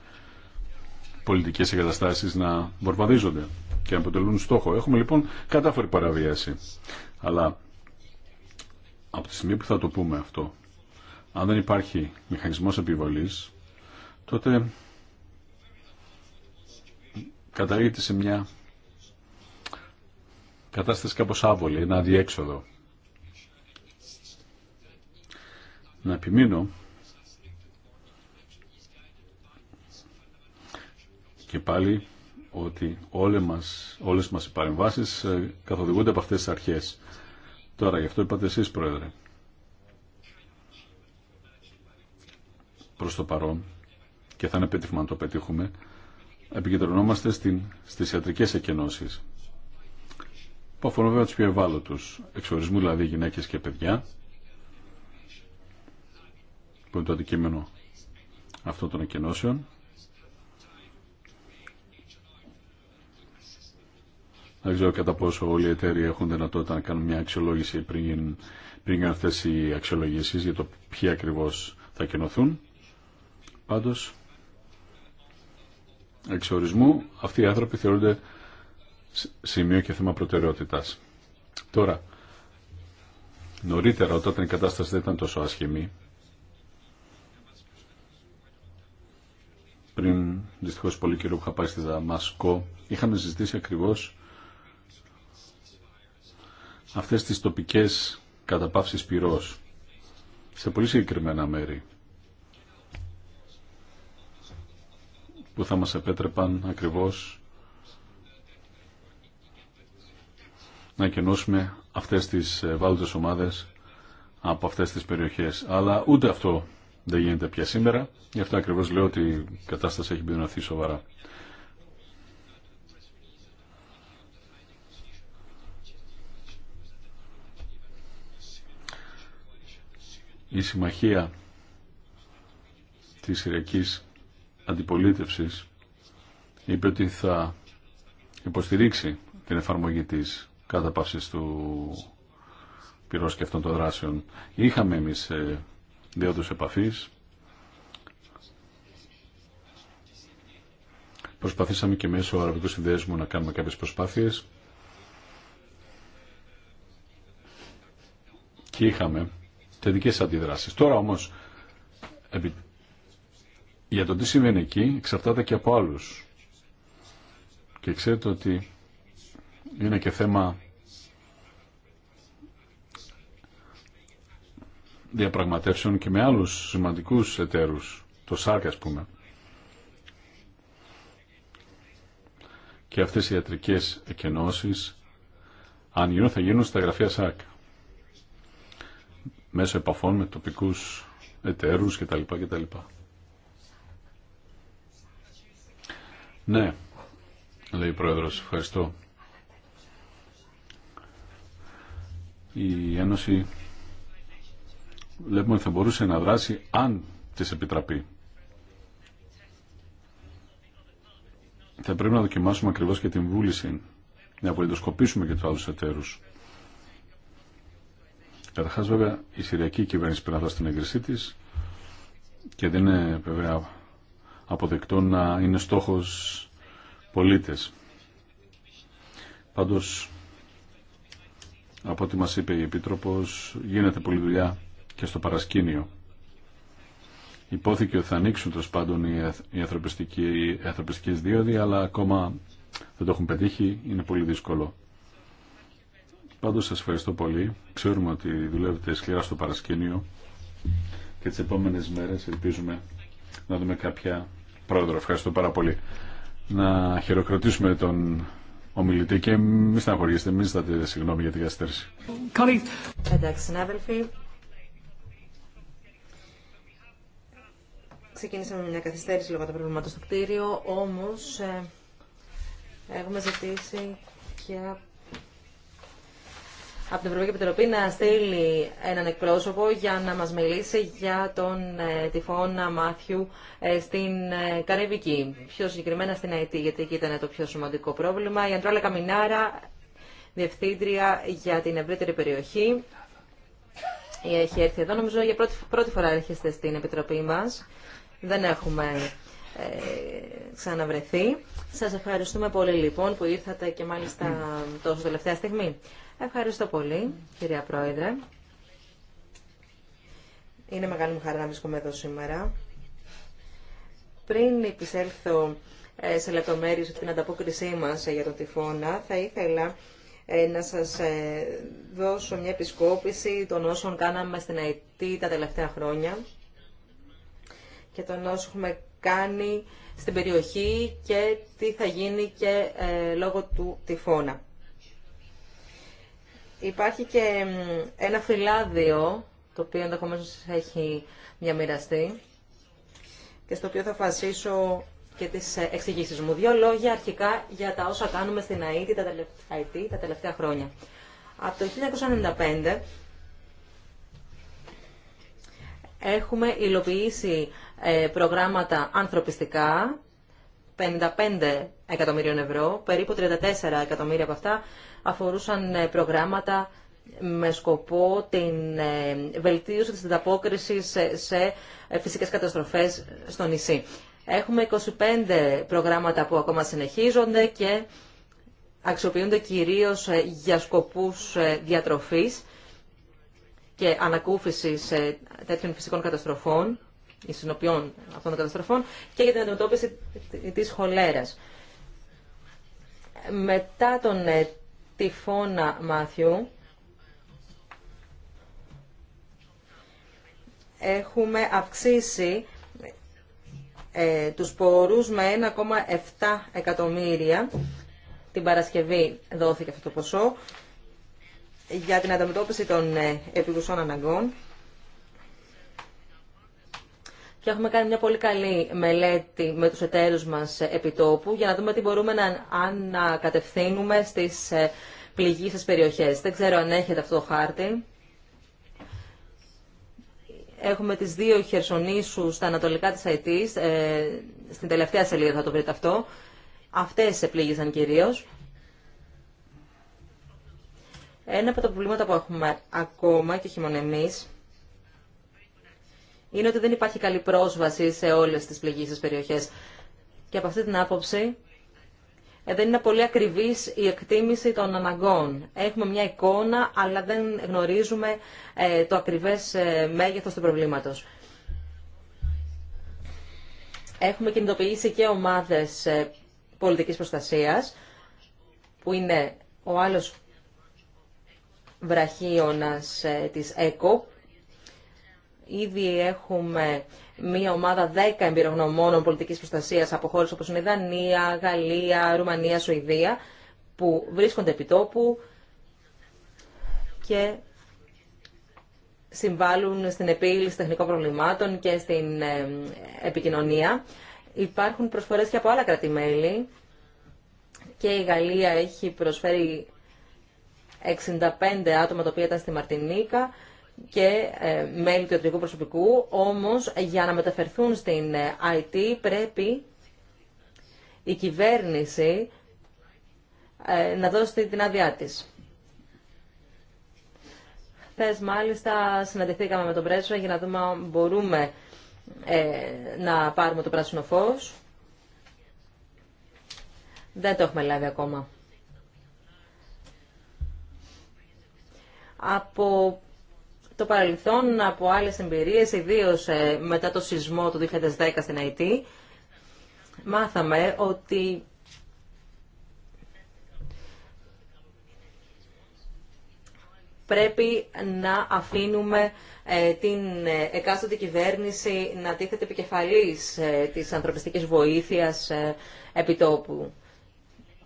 πολιτικές εγκαταστάσεις να βορβαδίζονται και να αποτελούν στόχο. Έχουμε λοιπόν κατάφορη παραβίαση. Αλλά από τη στιγμή που θα το πούμε αυτό, αν δεν υπάρχει μηχανισμός επιβολής, τότε καταλήγεται σε μια κατάσταση κάπως άβολη, ένα αδιέξοδο. Να επιμείνω και πάλι ότι όλες μας, όλες μας οι παρεμβάσεις ε, καθοδηγούνται από αυτές τις αρχές. Τώρα, γι' αυτό είπατε εσείς, Πρόεδρε. Προς το παρόν, και θα είναι να το πετύχουμε, επικεντρωνόμαστε στην, στις ιατρικές εκενώσεις που αφορούν βέβαια του πιο ευάλωτους, εξορισμού δηλαδή γυναίκες και παιδιά, που είναι το αντικείμενο αυτών των εκενώσεων. Δεν ξέρω κατά πόσο όλοι οι εταίροι έχουν δυνατότητα να κάνουν μια αξιολόγηση πριν, πριν αυτές οι αξιολογήσεις για το ποιοι ακριβώ θα κενωθούν. Πάντως, εξορισμού αυτοί οι άνθρωποι θεωρούνται σημείο και θέμα προτεραιότητας. Τώρα, νωρίτερα όταν η κατάσταση δεν ήταν τόσο άσχημη, πριν δυστυχώ πολύ καιρό που είχα πάει στη Δαμασκό, είχαμε συζητήσει ακριβώ αυτές τις τοπικές καταπαύσεις πυρός σε πολύ συγκεκριμένα μέρη που θα μας επέτρεπαν ακριβώς να κενώσουμε αυτές τις ευάλωτες ομάδες από αυτές τις περιοχές. Αλλά ούτε αυτό δεν γίνεται πια σήμερα. Γι' αυτό ακριβώς λέω ότι η κατάσταση έχει αυθεί σοβαρά. Η συμμαχία της Συριακής Αντιπολίτευσης είπε ότι θα υποστηρίξει την εφαρμογή της κατάπαυση του πυρό και αυτών των δράσεων. Είχαμε εμείς ε, τους επαφή. Προσπαθήσαμε και μέσω αραβικού συνδέσμου να κάνουμε κάποιες προσπάθειες. Και είχαμε θετικές αντιδράσεις. Τώρα όμως, για το τι συμβαίνει εκεί, εξαρτάται και από άλλους. Και ξέρετε ότι είναι και θέμα διαπραγματεύσεων και με άλλους σημαντικούς εταίρους, το ΣΑΡΚ ας πούμε. Και αυτές οι ιατρικές εκενώσεις, αν γίνουν, θα γίνουν στα γραφεία ΣΑΡΚ. Μέσω επαφών με τοπικούς εταίρους κτλ. κτλ. Ναι, λέει η Πρόεδρος, ευχαριστώ. η Ένωση βλέπουμε ότι θα μπορούσε να δράσει αν της επιτραπεί. Θα πρέπει να δοκιμάσουμε ακριβώς και την βούληση, να απολυτοσκοπήσουμε και τους άλλους εταίρους. Καταρχά, βέβαια, η Συριακή κυβέρνηση πρέπει να την έγκρισή τη και δεν είναι βέβαια αποδεκτό να είναι στόχος πολίτες. Πάντως, από ό,τι μας είπε η Επίτροπος, γίνεται πολλή δουλειά και στο παρασκήνιο. Υπόθηκε ότι θα ανοίξουν τέλο πάντων οι ανθρωπιστικές δίωδοι, αλλά ακόμα δεν το έχουν πετύχει, είναι πολύ δύσκολο. Πάντως σας ευχαριστώ πολύ. Ξέρουμε ότι δουλεύετε σκληρά στο παρασκήνιο και τις επόμενες μέρες ελπίζουμε να δούμε κάποια πρόεδρο. Ευχαριστώ πάρα πολύ. Να χειροκροτήσουμε τον ομιλητή και μη στεναχωριέστε, μη ζητάτε συγγνώμη για την καθυστέρηση. Εντάξει, συνάδελφοι. Ξεκίνησαμε με μια καθυστέρηση λόγω των προβλημάτων στο κτίριο, όμως ε, έχουμε ζητήσει και από την Ευρωπαϊκή Επιτροπή να στείλει έναν εκπρόσωπο για να μας μιλήσει για τον ε, τυφώνα Μάθιου ε, στην ε, Καρεβική. πιο συγκεκριμένα στην ΑΕΤ, γιατί εκεί ήταν το πιο σημαντικό πρόβλημα. Η Αντρόλα Καμινάρα, διευθύντρια για την ευρύτερη περιοχή, έχει έρθει εδώ. Νομίζω για πρώτη, πρώτη φορά έρχεστε στην Επιτροπή μας. Δεν έχουμε ε, ξαναβρεθεί. Σας ευχαριστούμε πολύ λοιπόν που ήρθατε και μάλιστα τόσο τελευταία στιγμή. Ευχαριστώ πολύ, κυρία Πρόεδρε. Είναι μεγάλη μου χαρά να βρίσκομαι εδώ σήμερα. Πριν επισέλθω ε, σε λεπτομέρειες την ανταπόκρισή μας ε, για τον τυφώνα, θα ήθελα ε, να σας δώσω μια επισκόπηση των όσων κάναμε στην ΑΕΤ τα τελευταία χρόνια και των όσων έχουμε κάνει στην περιοχή και τι θα γίνει και λόγω του τυφώνα. Υπάρχει και ένα φυλάδιο, το οποίο ενδεχομένω έχει διαμοιραστεί και στο οποίο θα φασίσω και τις ε, εξηγήσει μου. Δύο λόγια αρχικά για τα όσα κάνουμε στην ΑΕΤ τα, τελευταία, τα τελευταία χρόνια. Από το 1995 έχουμε υλοποιήσει ε, προγράμματα ανθρωπιστικά, 55 εκατομμύριων ευρώ. Περίπου 34 εκατομμύρια από αυτά αφορούσαν ε, προγράμματα με σκοπό την ε, βελτίωση της ανταπόκρισης σε ε, φυσικές καταστροφές στο νησί. Έχουμε 25 προγράμματα που ακόμα συνεχίζονται και αξιοποιούνται κυρίως για σκοπούς διατροφής και ανακούφισης τέτοιων φυσικών καταστροφών, οι συνοποιών αυτών των καταστροφών και για την αντιμετώπιση της χολέρας μετά τον ε, τυφώνα Μάθιου έχουμε αυξήσει ε, τους πόρους με 1,7 εκατομμύρια. Την Παρασκευή δόθηκε αυτό το ποσό για την αντιμετώπιση των ε, αναγκών και έχουμε κάνει μια πολύ καλή μελέτη με τους εταίρους μας επιτόπου για να δούμε τι μπορούμε να ανακατευθύνουμε στις ε, πληγήσεις περιοχές. Δεν ξέρω αν έχετε αυτό το χάρτη. Έχουμε τις δύο χερσονήσους στα ανατολικά της Αιτής. Ε, στην τελευταία σελίδα θα το βρείτε αυτό. Αυτές επλήγησαν κυρίως. Ένα από τα προβλήματα που έχουμε ακόμα και όχι είναι ότι δεν υπάρχει καλή πρόσβαση σε όλες τις πληγήσει περιοχές. Και από αυτή την άποψη ε, δεν είναι πολύ ακριβή η εκτίμηση των αναγκών. Έχουμε μια εικόνα, αλλά δεν γνωρίζουμε ε, το ακριβές ε, μέγεθος του προβλήματος. Έχουμε κινητοποιήσει και ομάδες πολιτικής προστασίας, που είναι ο άλλος βραχίωνας της ΕΚΟΠ, Ήδη έχουμε μία ομάδα 10 εμπειρογνωμόνων πολιτικής προστασίας από χώρες όπως είναι η Δανία, Γαλλία, Ρουμανία, Σουηδία, που βρίσκονται επί τόπου και συμβάλλουν στην επίλυση τεχνικών προβλημάτων και στην ε, επικοινωνία. Υπάρχουν προσφορές και από άλλα κρατημέλη και η Γαλλία έχει προσφέρει 65 άτομα τα οποία ήταν στη Μαρτινίκα και ε, μέλη του ιατρικού προσωπικού, όμως για να μεταφερθούν στην IT ε, πρέπει η κυβέρνηση ε, να δώσει την άδειά της. Χθε μάλιστα συναντηθήκαμε με τον πρέσβη για να δούμε αν μπορούμε να πάρουμε το πράσινο φως. Δεν το έχουμε λάβει ακόμα. Από το παρελθόν από άλλες εμπειρίες, ιδίως ε, μετά το σεισμό του 2010 στην ΑΕΤ, μάθαμε ότι πρέπει να αφήνουμε ε, την εκάστοτε κυβέρνηση να τίθεται επικεφαλής ε, της ανθρωπιστικής βοήθειας επιτόπου.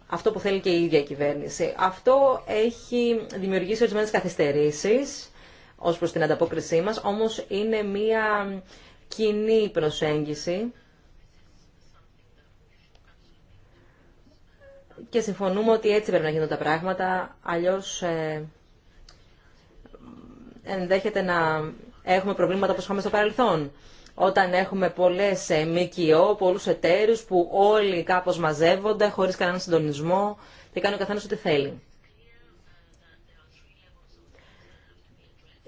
Αυτό που θέλει και η ίδια η κυβέρνηση. Αυτό έχει δημιουργήσει ορισμένες καθυστερήσεις ως προς την ανταπόκρισή μας, όμως είναι μία κοινή προσέγγιση και συμφωνούμε ότι έτσι πρέπει να γίνουν τα πράγματα, αλλιώς ε, ενδέχεται να έχουμε προβλήματα όπως είχαμε στο παρελθόν. Όταν έχουμε πολλές ε, ΜΚΟ, πολλούς εταίρους που όλοι κάπως μαζεύονται χωρίς κανέναν συντονισμό και κάνουν ο καθένας ό,τι θέλει.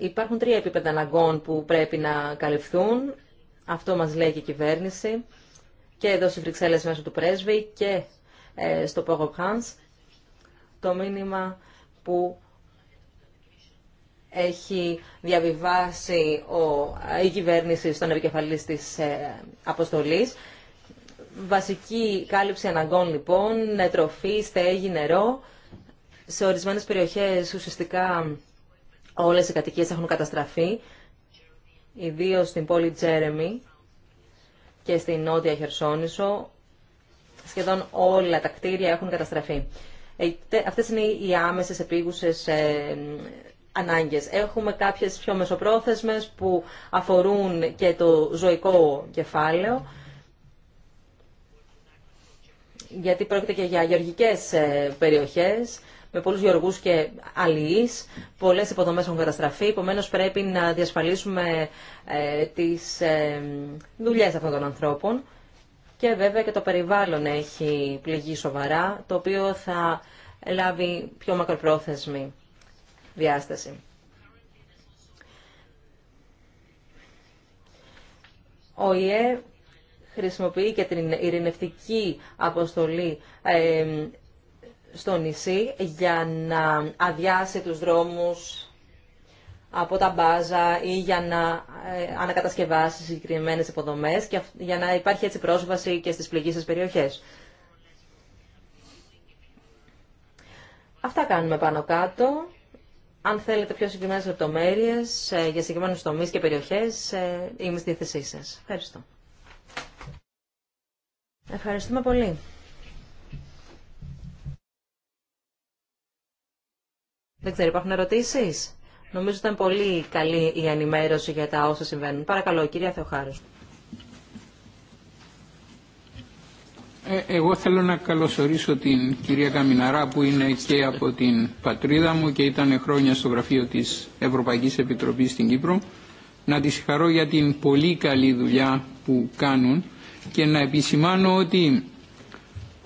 Υπάρχουν τρία επίπεδα αναγκών που πρέπει να καλυφθούν. Αυτό μας λέει και η κυβέρνηση και εδώ στις Βρυξέλλες μέσω του πρέσβη και ε, στο Πόγο το μήνυμα που έχει διαβιβάσει ο, η κυβέρνηση στον επικεφαλής της ε, αποστολής. Βασική κάλυψη αναγκών λοιπόν, ε, τροφή, στέγη, νερό. Σε ορισμένες περιοχές ουσιαστικά Όλες οι κατοικίες έχουν καταστραφεί, ιδίως στην πόλη Τζέρεμι και στην Νότια Χερσόνησο. Σχεδόν όλα τα κτίρια έχουν καταστραφεί. Ε, αυτές είναι οι άμεσες επίγουσες ε, ανάγκες. Έχουμε κάποιες πιο μεσοπρόθεσμες που αφορούν και το ζωικό κεφάλαιο, γιατί πρόκειται και για γεωργικές ε, περιοχές, με πολλούς γιοργούς και αλληλεί. Πολλές υποδομέ έχουν καταστραφεί, επομένως πρέπει να διασφαλίσουμε ε, τις ε, δουλειέ αυτών των ανθρώπων. Και βέβαια και το περιβάλλον έχει πληγεί σοβαρά, το οποίο θα λάβει πιο μακροπρόθεσμη διάσταση. Ο ΙΕ χρησιμοποιεί και την ειρηνευτική αποστολή ε, στο νησί για να αδειάσει τους δρόμους από τα μπάζα ή για να ε, ανακατασκευάσει συγκεκριμένες υποδομές και για να υπάρχει έτσι πρόσβαση και στις πληγήσεις περιοχές. Αυτά κάνουμε πάνω κάτω. Αν θέλετε πιο συγκεκριμένες λεπτομέρειες ε, για συγκεκριμένους τομείς και περιοχές, ε, είμαι στη θέση σας. Ευχαριστώ. Ευχαριστούμε πολύ. Δεν ξέρω, υπάρχουν ερωτήσει. Νομίζω ήταν πολύ καλή η ενημέρωση για τα όσα συμβαίνουν. Παρακαλώ, κυρία Θεοχάρου. Ε, εγώ θέλω να καλωσορίσω την κυρία Καμιναρά που είναι και από την πατρίδα μου και ήταν χρόνια στο γραφείο της Ευρωπαϊκής Επιτροπής στην Κύπρο. Να τη συγχαρώ για την πολύ καλή δουλειά που κάνουν και να επισημάνω ότι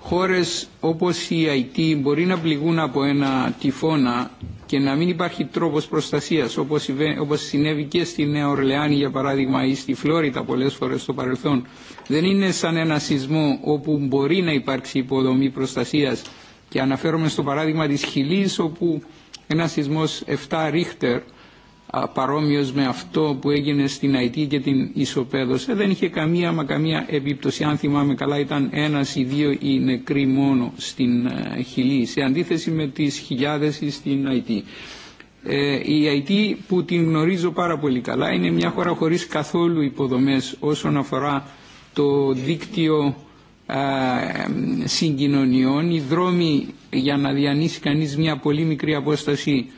χώρες όπως η Αϊτή μπορεί να πληγούν από ένα τυφώνα και να μην υπάρχει τρόπος προστασίας όπως, όπως συνέβη και στη Νέα Ορλεάνη για παράδειγμα ή στη Φλόριτα πολλές φορές στο παρελθόν. Δεν είναι σαν ένα σεισμό όπου μπορεί να υπάρξει υποδομή προστασίας και αναφέρομαι στο παράδειγμα της Χιλής όπου ένα σεισμός 7 ρίχτερ παρόμοιος με αυτό που έγινε στην Αϊτή και την ισοπαίδωσε. Δεν είχε καμία μα καμία επίπτωση. Αν θυμάμαι καλά ήταν ένας ή δύο οι νεκροί μόνο στην ε, Χιλή σε αντίθεση με τις χιλιάδες στην Αϊτή. Ε, η Αϊτή που την γνωρίζω πάρα πολύ καλά είναι μια χώρα χωρίς καθόλου υποδομές όσον αφορά το δίκτυο ε, συγκοινωνιών. Οι δρόμοι για να διανύσει κανείς μια πολύ μικρή απόσταση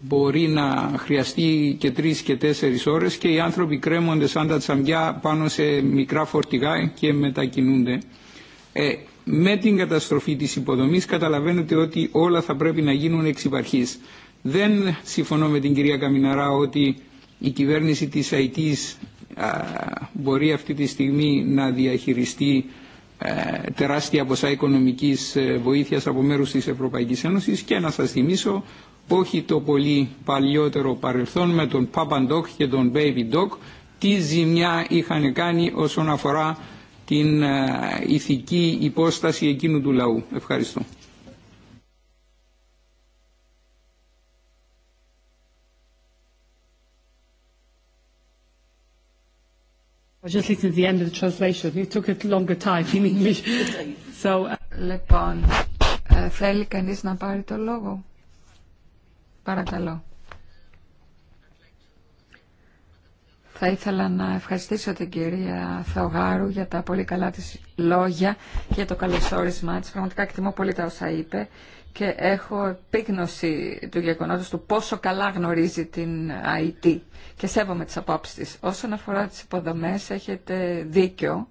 μπορεί να χρειαστεί και τρεις και τέσσερις ώρες και οι άνθρωποι κρέμονται σαν τα τσαμπιά πάνω σε μικρά φορτηγά και μετακινούνται. Ε, με την καταστροφή της υποδομής καταλαβαίνετε ότι όλα θα πρέπει να γίνουν εξ υπαρχής. Δεν συμφωνώ με την κυρία Καμιναρά ότι η κυβέρνηση της ΑΙΤΙΣ μπορεί αυτή τη στιγμή να διαχειριστεί ε, τεράστια ποσά οικονομικής ε, βοήθειας από μέρους της Ευρωπαϊκής Ένωσης και να σας θυμίσω όχι το πολύ παλιότερο παρελθόν με τον Papa και τον Baby Doc τι ζημιά είχαν κάνει όσον αφορά την ε, ηθική υπόσταση εκείνου του λαού. Ευχαριστώ. Λοιπόν, θέλει κανείς να πάρει το λόγο. Παρακαλώ. Θα ήθελα να ευχαριστήσω την κυρία Θεογάρου για τα πολύ καλά της λόγια και για το καλωσόρισμά της. Πραγματικά εκτιμώ πολύ τα όσα είπε και έχω επίγνωση του γεγονότος του πόσο καλά γνωρίζει την ΑΕΤ και σέβομαι τις απόψεις της. Όσον αφορά τις υποδομές έχετε δίκιο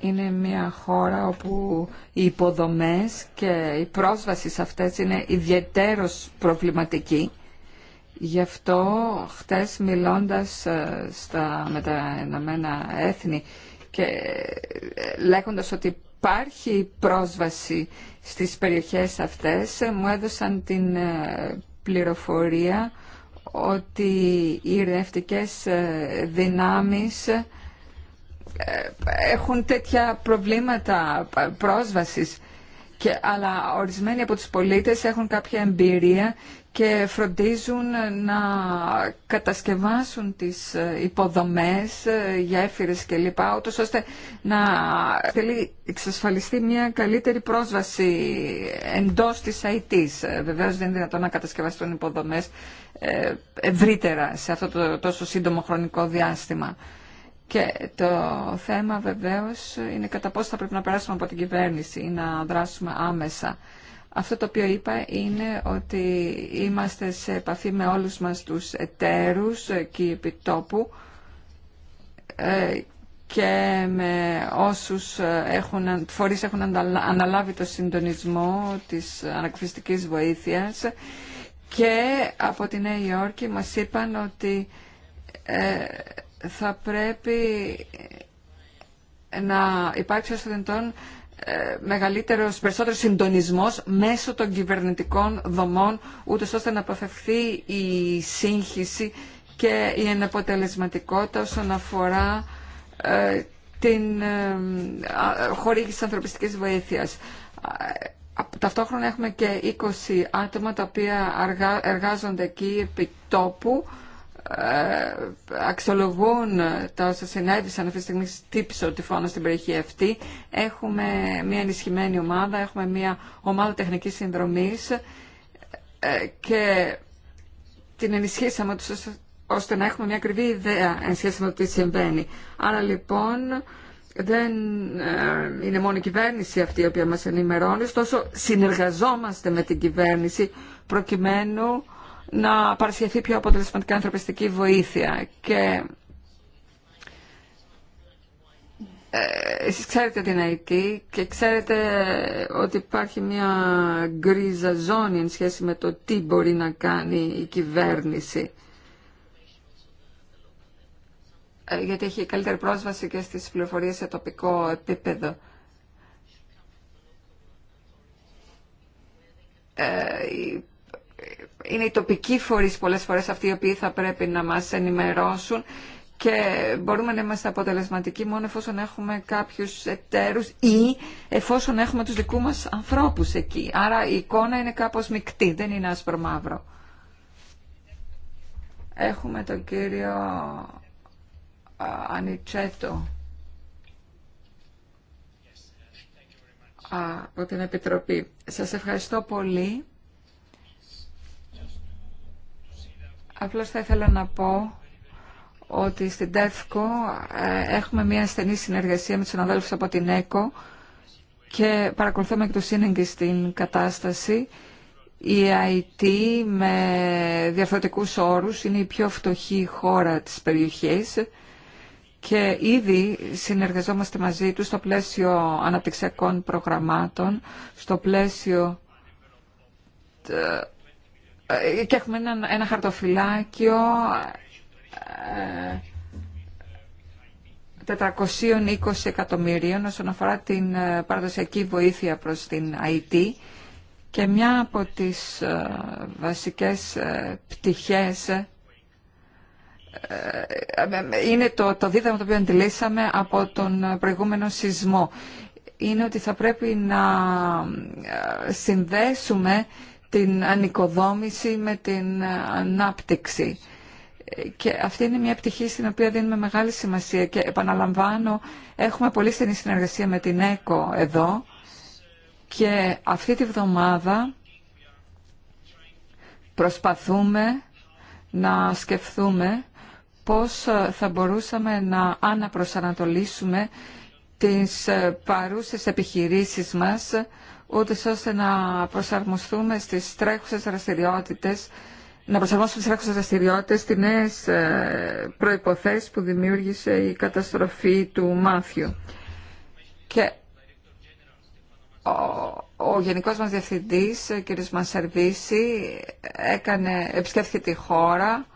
είναι μια χώρα όπου οι υποδομές και η πρόσβαση σε αυτές είναι ιδιαίτερος προβληματική. Γι' αυτό χτες μιλώντας ε, στα, με τα Ηνωμένα Έθνη και ε, λέγοντας ότι υπάρχει πρόσβαση στις περιοχές αυτές, ε, μου έδωσαν την πληροφορία ότι οι ρευτικές δυνάμεις ε, έχουν τέτοια προβλήματα πρόσβασης. Και, αλλά ορισμένοι από τους πολίτες έχουν κάποια εμπειρία και φροντίζουν να κατασκευάσουν τις ε, υποδομές, ε, γέφυρες κλπ. Ούτως ώστε να θέλει εξασφαλιστεί μια καλύτερη πρόσβαση εντός της ΑΕΤΙΣ. Βεβαίως δεν είναι δυνατόν να κατασκευαστούν υποδομές ευρύτερα σε αυτό το τόσο σύντομο χρονικό διάστημα. Και το θέμα βεβαίως είναι κατά πόσο θα πρέπει να περάσουμε από την κυβέρνηση ή να δράσουμε άμεσα. Αυτό το οποίο είπα είναι ότι είμαστε σε επαφή με όλους μας τους εταίρους και επιτόπου ε, και με όσους έχουν, φορείς έχουν αναλάβει το συντονισμό της ανακουφιστικής βοήθειας και από τη Νέα Υόρκη μας είπαν ότι ε, θα πρέπει να υπάρξει ως δυνατόν ε, μεγαλύτερος, περισσότερος συντονισμός μέσω των κυβερνητικών δομών, ούτως ώστε να αποφευθεί η σύγχυση και η ενεποτελεσματικότητα όσον αφορά ε, την ε, χορήγηση ανθρωπιστικής βοήθειας. Ταυτόχρονα έχουμε και 20 άτομα τα οποία εργάζονται εκεί επί τόπου ε, αξιολογούν τα όσα συνέβησαν αυτή τη στιγμή τύψω τυφώνα στην περιοχή αυτή. Έχουμε μια ενισχυμένη ομάδα, έχουμε μια ομάδα τεχνικής συνδρομής ε, και την ενισχύσαμε ώστε να έχουμε μια ακριβή ιδέα εν σχέση με το τι συμβαίνει. Άρα λοιπόν δεν ε, είναι μόνο η κυβέρνηση αυτή η οποία μας ενημερώνει, ωστόσο συνεργαζόμαστε με την κυβέρνηση προκειμένου να παρασχεθεί πιο αποτελεσματικά ανθρωπιστική βοήθεια. Και ε, εσείς ξέρετε την IT και ξέρετε ότι υπάρχει μια γκρίζα ζώνη εν σχέση με το τι μπορεί να κάνει η κυβέρνηση. Ε, γιατί έχει καλύτερη πρόσβαση και στις πληροφορίες σε τοπικό επίπεδο. Ε, είναι οι τοπικοί φορείς πολλές φορές αυτοί οι οποίοι θα πρέπει να μας ενημερώσουν και μπορούμε να είμαστε αποτελεσματικοί μόνο εφόσον έχουμε κάποιους εταίρους ή εφόσον έχουμε τους δικούς μας ανθρώπους εκεί. Άρα η εικόνα είναι κάπως μεικτή, δεν είναι άσπρο μαύρο. Έχουμε τον κύριο Ανιτσέτο από την Επιτροπή. Σας ευχαριστώ πολύ. Απλώς θα ήθελα να πω ότι στην ΤΕΦΚΟ ε, έχουμε μια στενή συνεργασία με τους συναδέλφους από την ΕΚΟ και παρακολουθούμε και το σύνεγγι στην κατάσταση. Η ΑΙΤ με διαφορετικούς όρους είναι η πιο φτωχή χώρα της περιοχής και ήδη συνεργαζόμαστε μαζί τους στο πλαίσιο αναπτυξιακών προγραμμάτων, στο πλαίσιο ε, ε, και έχουμε ένα, χαρτοφυλάκιο 420 ε, εκατομμυρίων όσον αφορά την ε, παραδοσιακή βοήθεια προς την ΑΕΤ και μια από τις βασικές πτυχές είναι το, το δίδαγμα το οποίο αντιλήσαμε από τον προηγούμενο σεισμό. Είναι ότι θα πρέπει να συνδέσουμε την ανοικοδόμηση με την ανάπτυξη. Και αυτή είναι μια πτυχή στην οποία δίνουμε μεγάλη σημασία και επαναλαμβάνω έχουμε πολύ στενή συνεργασία με την ΕΚΟ εδώ και αυτή τη βδομάδα προσπαθούμε να σκεφτούμε πώς θα μπορούσαμε να αναπροσανατολίσουμε τις παρούσες επιχειρήσεις μας ούτε ώστε να προσαρμοστούμε στις τρέχουσες δραστηριότητες να προσαρμόσουμε τις τρέχουσες δραστηριότητες στις νέες ε, προϋποθέσεις που δημιούργησε η καταστροφή του Μάθιου. Και ο, ο Γενικός μας Διευθυντής, ο κ. Μασαρβίση, έκανε, επισκέφθηκε τη χώρα,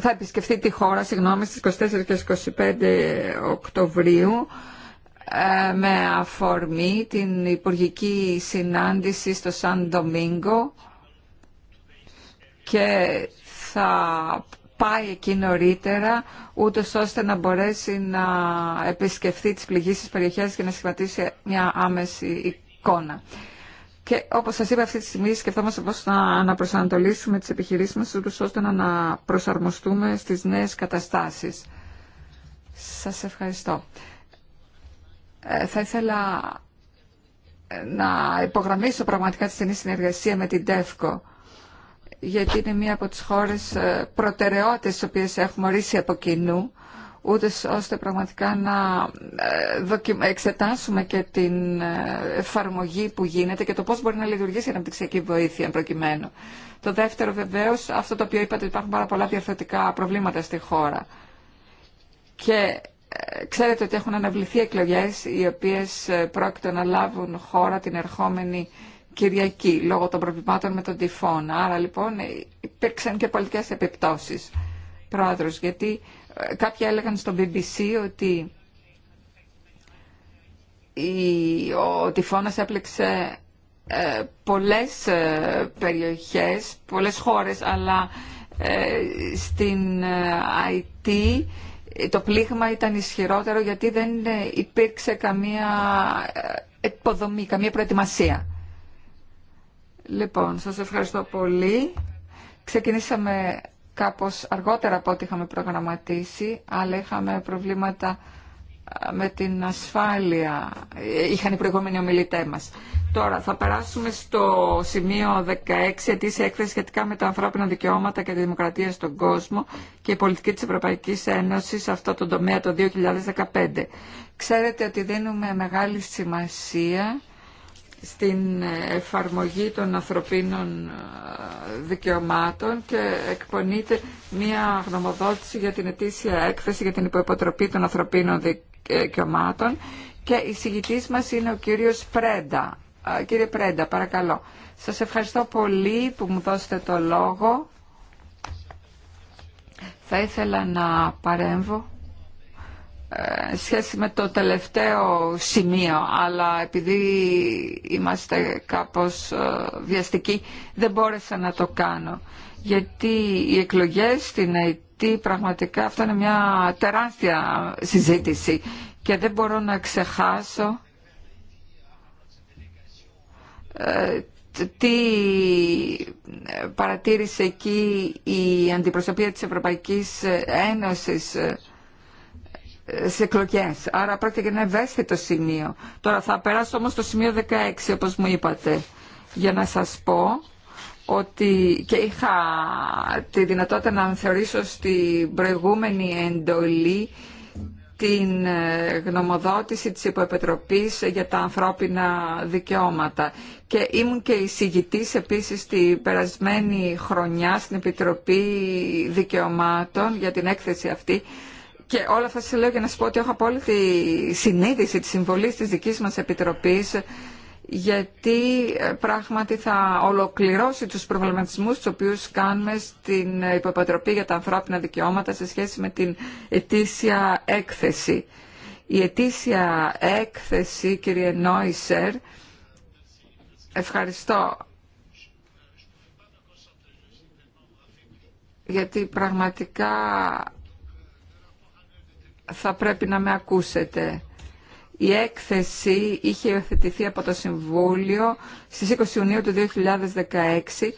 θα επισκεφθεί τη χώρα, συγγνώμη, στις 24 και 25 Οκτωβρίου, ε, με αφορμή την υπουργική συνάντηση στο Σαν Ντομίνγκο και θα πάει εκεί νωρίτερα ούτω ώστε να μπορέσει να επισκεφθεί τις πληγήσεις περιοχές και να σχηματίσει μια άμεση εικόνα. Και όπως σας είπα αυτή τη στιγμή σκεφτόμαστε πώς να αναπροσανατολίσουμε τις επιχειρήσεις μας ούτως ώστε να προσαρμοστούμε στις νέες καταστάσεις. Σας ευχαριστώ. Ε, θα ήθελα ε, να υπογραμμίσω πραγματικά τη στενή συνεργασία με την ΤΕΦΚΟ γιατί είναι μία από τις χώρες ε, προτεραιότητες τις οποίες έχουμε ορίσει από κοινού ούτε ώστε πραγματικά να εξετάσουμε και την εφαρμογή που γίνεται και το πώς μπορεί να λειτουργήσει η αναπτυξιακή βοήθεια προκειμένου. Το δεύτερο βεβαίως, αυτό το οποίο είπατε, υπάρχουν πάρα πολλά διαφορετικά προβλήματα στη χώρα. Και ε, ξέρετε ότι έχουν αναβληθεί εκλογές οι οποίες ε, πρόκειται να λάβουν χώρα την ερχόμενη Κυριακή λόγω των προβλημάτων με τον τυφών. Άρα λοιπόν ε, υπήρξαν και πολιτικές επιπτώσεις. Πρόεδρος, γιατί κάποιοι έλεγαν στο BBC ότι ο τυφώνας έπλεξε πολλές περιοχές, πολλές χώρες, αλλά στην IT το πλήγμα ήταν ισχυρότερο γιατί δεν ε, υπήρξε καμία ε, υποδομή, καμία προετοιμασία. Λοιπόν, σας ευχαριστώ πολύ. Ξεκινήσαμε κάπως αργότερα από ό,τι είχαμε προγραμματίσει, αλλά είχαμε προβλήματα με την ασφάλεια είχαν οι προηγούμενοι ομιλητέ μας. Τώρα θα περάσουμε στο σημείο 16 της έκθεση σχετικά με τα ανθρώπινα δικαιώματα και τη δημοκρατία στον κόσμο και η πολιτική της Ευρωπαϊκής Ένωσης σε αυτό το τομέα το 2015. Ξέρετε ότι δίνουμε μεγάλη σημασία στην εφαρμογή των ανθρωπίνων ε, δικαιωμάτων και εκπονείται μια γνωμοδότηση για την ετήσια έκθεση για την υποεποτροπή των ανθρωπίνων δικαιωμάτων δικαιωμάτων ε, και η συγητή μας είναι ο κύριο Πρέντα. Κύριε Πρέντα, παρακαλώ. Σα ευχαριστώ πολύ που μου δώσετε το λόγο. Θα ήθελα να παρέμβω ε, σχέση με το τελευταίο σημείο, αλλά επειδή είμαστε κάπως ε, βιαστικοί, δεν μπόρεσα να το κάνω γιατί οι εκλογές στην ΑΕΤ πραγματικά αυτά είναι μια τεράστια συζήτηση και δεν μπορώ να ξεχάσω ε, τι παρατήρησε εκεί η αντιπροσωπεία της Ευρωπαϊκής Ένωσης ε, σε εκλογέ. Άρα πρόκειται για ένα ευαίσθητο σημείο. Τώρα θα περάσω όμως στο σημείο 16 όπως μου είπατε για να σας πω ότι και είχα τη δυνατότητα να θεωρήσω στην προηγούμενη εντολή την ε, γνωμοδότηση της Υποεπιτροπής για τα ανθρώπινα δικαιώματα. Και ήμουν και εισηγητής επίσης την περασμένη χρονιά στην Επιτροπή Δικαιωμάτων για την έκθεση αυτή. Και όλα αυτά σας λέω για να σας πω ότι έχω απόλυτη συνείδηση της συμβολής της δικής μας Επιτροπής γιατί ε, πράγματι θα ολοκληρώσει τους προβληματισμούς τους οποίους κάνουμε στην Υποπατροπή για τα ανθρώπινα δικαιώματα σε σχέση με την ετήσια έκθεση. Η ετήσια έκθεση, κύριε Νόισερ, ευχαριστώ γιατί πραγματικά θα πρέπει να με ακούσετε. Η έκθεση είχε υιοθετηθεί από το Συμβούλιο στις 20 Ιουνίου του 2016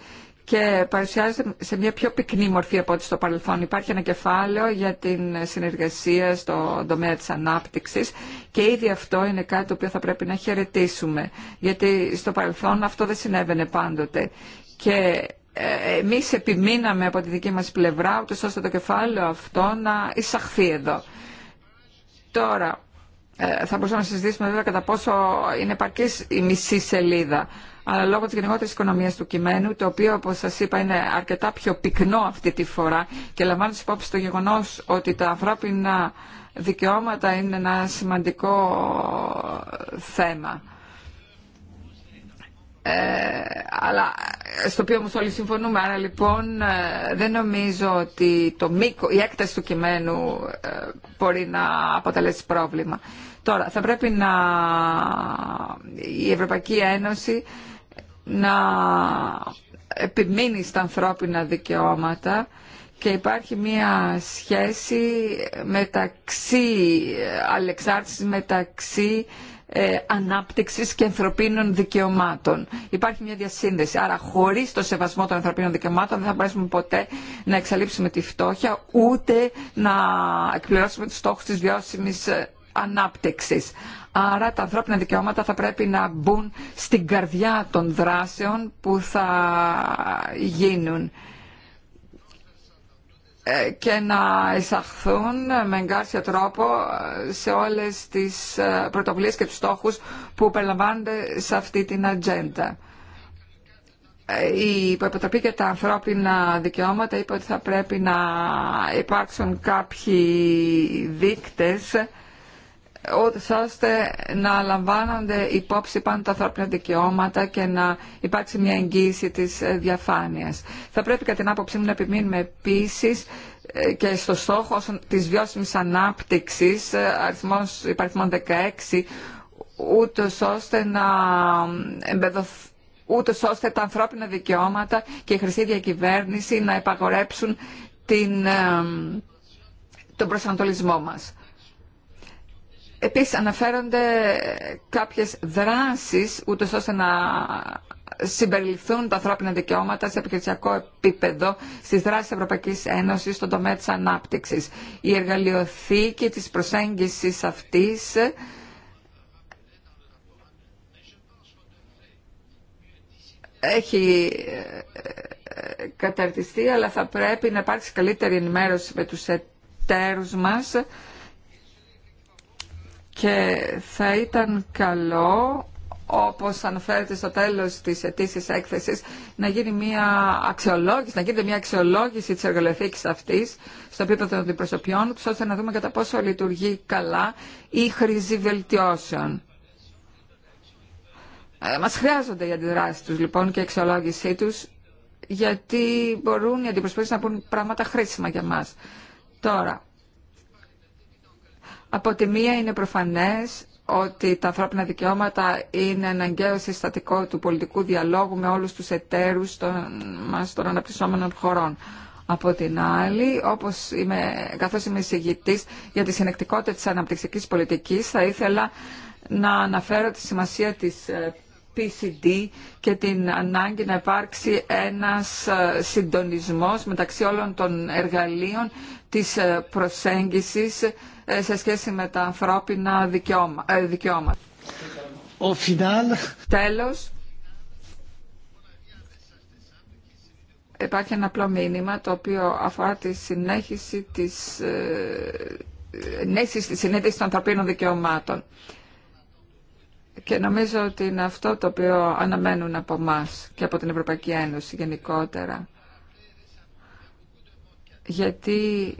και παρουσιάζεται σε μια πιο πυκνή μορφή από ό,τι στο παρελθόν. Υπάρχει ένα κεφάλαιο για την συνεργασία στον τομέα της ανάπτυξης και ήδη αυτό είναι κάτι το οποίο θα πρέπει να χαιρετήσουμε, γιατί στο παρελθόν αυτό δεν συνέβαινε πάντοτε. Και ε, εμεί επιμείναμε από τη δική μας πλευρά, ούτως ώστε το κεφάλαιο αυτό να εισαχθεί εδώ. Τώρα, ε, θα μπορούσαμε να συζητήσουμε βέβαια κατά πόσο είναι επαρκή η μισή σελίδα. Αλλά λόγω τη γενικότερης οικονομία του κειμένου, το οποίο όπω σα είπα είναι αρκετά πιο πυκνό αυτή τη φορά και λαμβάνοντας υπόψη το γεγονός ότι τα ανθρώπινα δικαιώματα είναι ένα σημαντικό θέμα. Ε, αλλά ε, στο οποίο όμως όλοι συμφωνούμε. Άρα λοιπόν ε, δεν νομίζω ότι το μήκο, η έκταση του κειμένου μπορεί να αποτελέσει πρόβλημα. Τώρα θα πρέπει να η Ευρωπαϊκή Ένωση να επιμείνει στα ανθρώπινα δικαιώματα και υπάρχει μία σχέση μεταξύ, αλεξάρτησης μεταξύ ε, ανάπτυξης και ανθρωπίνων δικαιωμάτων. Υπάρχει μια διασύνδεση. Άρα χωρίς το σεβασμό των ανθρωπίνων δικαιωμάτων δεν θα μπορέσουμε ποτέ να εξαλείψουμε τη φτώχεια ούτε να εκπληρώσουμε τους στόχους της βιώσιμης ε, ανάπτυξης. Άρα τα ανθρώπινα δικαιώματα θα πρέπει να μπουν στην καρδιά των δράσεων που θα γίνουν. Ε, και να εισαχθούν με εγκάρσια τρόπο ε, σε όλες τις ε, πρωτοβουλίες και τους στόχους που περιλαμβάνονται σε αυτή την ατζέντα. Η Υποεπιτροπή για τα ανθρώπινα δικαιώματα είπε ότι θα πρέπει να υπάρξουν κάποιοι δείκτες ότι ώστε να λαμβάνονται υπόψη πάνω τα ανθρώπινα δικαιώματα και να υπάρξει μια εγγύηση της ε, διαφάνειας. Θα πρέπει κατά την άποψή μου να επιμείνουμε επίσης ε, και στο στόχο της βιώσιμης ανάπτυξης ε, αριθμός υπαριθμών 16 ούτως ώστε να τα ανθρώπινα δικαιώματα και η χρυσή διακυβέρνηση να επαγορέψουν την, τον προσανατολισμό μας. Επίσης αναφέρονται κάποιες δράσεις ούτως ώστε να συμπεριληφθούν τα ανθρώπινα δικαιώματα σε επιχειρησιακό επίπεδο στις δράσεις Ευρωπαϊκής Ένωσης στον τομέα της ανάπτυξης. Η εργαλειοθήκη της προσέγγισης αυτής έχει ε, καταρτιστεί αλλά θα πρέπει να υπάρξει καλύτερη ενημέρωση με τους εταίρους μας και θα ήταν καλό όπως αναφέρεται στο τέλος της ετήσιας έκθεσης, να γίνει μια αξιολόγηση, να γίνεται μια αξιολόγηση της εργολεθήκης αυτής στο επίπεδο των αντιπροσωπιών, ώστε να δούμε κατά πόσο λειτουργεί καλά ή χρήση βελτιώσεων. Ε, μας χρειάζονται οι αντιδράσει τους λοιπόν και η αξιολόγησή τους, γιατί μπορούν οι αντιπροσωπίες να πούν πράγματα χρήσιμα για μας. Τώρα, από τη μία είναι προφανές ότι τα ανθρώπινα δικαιώματα είναι αναγκαίο συστατικό του πολιτικού διαλόγου με όλους τους εταίρους των, μας των αναπτυσσόμενων χωρών. Από την άλλη, όπως είμαι, καθώς είμαι εισηγητής για τη συνεκτικότητα της αναπτυξιακής πολιτικής, θα ήθελα να αναφέρω τη σημασία της ε, PCD και την ανάγκη να υπάρξει ένας ε, συντονισμός μεταξύ όλων των εργαλείων της ε, προσέγγισης ε, σε σχέση με τα ανθρώπινα ε, δικαιώματα. Ο Τέλος, υπάρχει ένα απλό μήνυμα το οποίο αφορά τη συνέχιση της ε, της των ανθρωπίνων δικαιωμάτων. Και νομίζω ότι είναι αυτό το οποίο αναμένουν από εμά και από την Ευρωπαϊκή Ένωση γενικότερα. Γιατί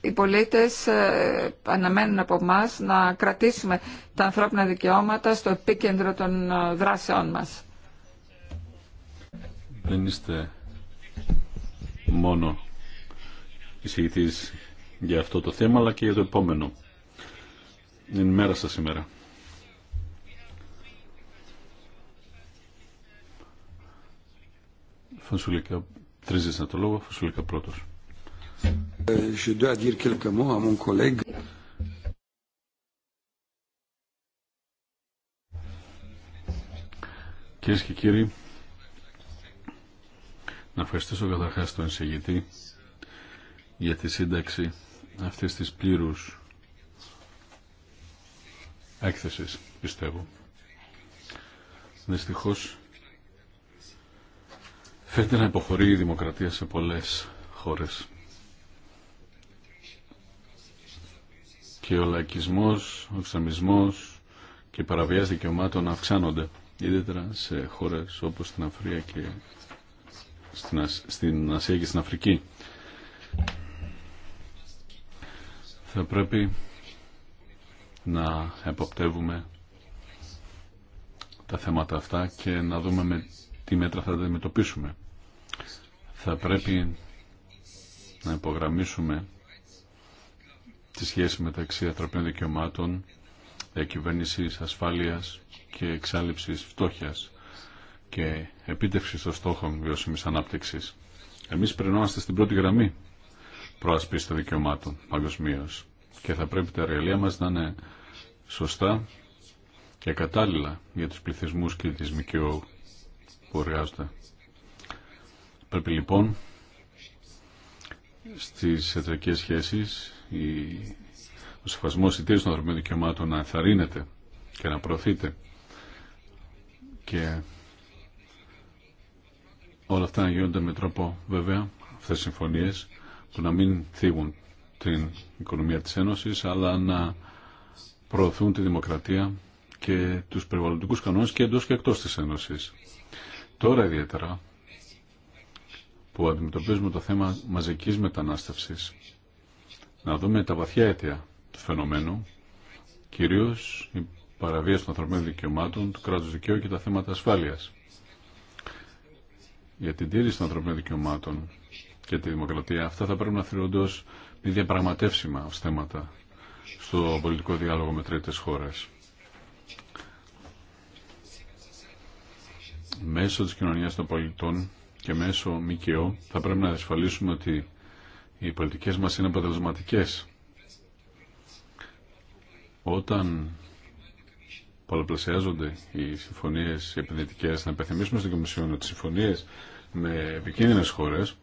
οι πολίτες ε, αναμένουν από εμά να κρατήσουμε τα ανθρώπινα δικαιώματα στο επίκεντρο των ε, δράσεών μας. Δεν είστε μόνο εισηγητής για αυτό το θέμα, αλλά και για το επόμενο. Είναι η μέρα σας σήμερα. Φανσουλίκα, τρίζεις να το λόγο, Φανσουλίκα πρώτος. Κυρίε και κύριοι, να ευχαριστήσω καταρχά τον εισηγητή για τη σύνταξη αυτή τη πλήρου έκθεση, πιστεύω. Δυστυχώ φαίνεται να υποχωρεί η δημοκρατία σε πολλέ χώρε. και ο λαϊκισμός, ο εξαμισμός και οι παραβιάσεις δικαιωμάτων αυξάνονται, ιδιαίτερα σε χώρες όπως την Αφρία και στην, στην Ασία και στην Αφρική. Θα πρέπει να εποπτεύουμε τα θέματα αυτά και να δούμε με τι μέτρα θα τα αντιμετωπίσουμε. Θα πρέπει να υπογραμμίσουμε τη σχέση μεταξύ ανθρωπίνων δικαιωμάτων, διακυβέρνηση ε, ασφάλειας και εξάλληψη φτώχεια και επίτευξη των στόχων βιώσιμη ανάπτυξη. Εμείς περνόμαστε στην πρώτη γραμμή προασπίση των δικαιωμάτων παγκοσμίω και θα πρέπει τα εργαλεία μας να είναι σωστά και κατάλληλα για τους πληθυσμού και τις ΜΚΟ που εργάζονται. Πρέπει λοιπόν στις εταιρικές σχέσεις ο σεβασμό η τήρηση των ανθρωπίνων δικαιωμάτων να ενθαρρύνεται και να προωθείται και όλα αυτά να γίνονται με τρόπο βέβαια αυτές οι συμφωνίες που να μην θίγουν την οικονομία της Ένωσης αλλά να προωθούν τη δημοκρατία και τους περιβαλλοντικούς κανόνες και εντός και εκτός της Ένωσης. Τώρα ιδιαίτερα που αντιμετωπίζουμε το θέμα μαζικής μετανάστευσης να δούμε τα βαθιά αίτια του φαινομένου, κυρίως η παραβίαση των ανθρωπίνων δικαιωμάτων, του κράτου δικαίου και τα θέματα ασφάλειας. Για την τήρηση των ανθρωπίνων δικαιωμάτων και τη δημοκρατία, αυτά θα πρέπει να θεωρούνται ω μη διαπραγματεύσιμα ως θέματα στο πολιτικό διάλογο με τρίτες χώρες. Μέσω της κοινωνίας των πολιτών και μέσω ΜΚΟ θα πρέπει να ασφαλίσουμε ότι οι πολιτικές μας είναι αποτελεσματικές. Όταν πολλαπλασιάζονται οι συμφωνίες επενδυτικές, να υπενθυμίσουμε στην Κομισιόν ότι συμφωνίες με επικίνδυνες χώρες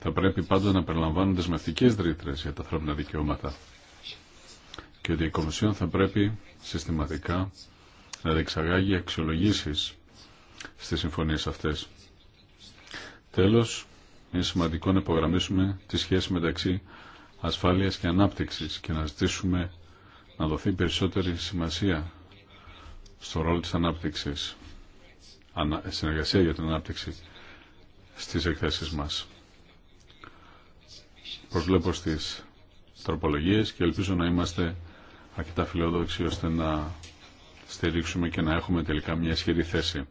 θα πρέπει πάντα να περιλαμβάνουν δεσμευτικές ρήτρες για τα ανθρώπινα δικαιώματα και ότι η Κομισιόν θα πρέπει συστηματικά να διεξαγάγει αξιολογήσεις στις συμφωνίες αυτές. Τέλος, είναι σημαντικό να υπογραμμίσουμε τη σχέση μεταξύ ασφάλειας και ανάπτυξης και να ζητήσουμε να δοθεί περισσότερη σημασία στο ρόλο της ανάπτυξης, συνεργασία για την ανάπτυξη στις εκθέσεις μας. Προσβλέπω στις τροπολογίες και ελπίζω να είμαστε αρκετά φιλόδοξοι ώστε να στηρίξουμε και να έχουμε τελικά μια ισχυρή θέση.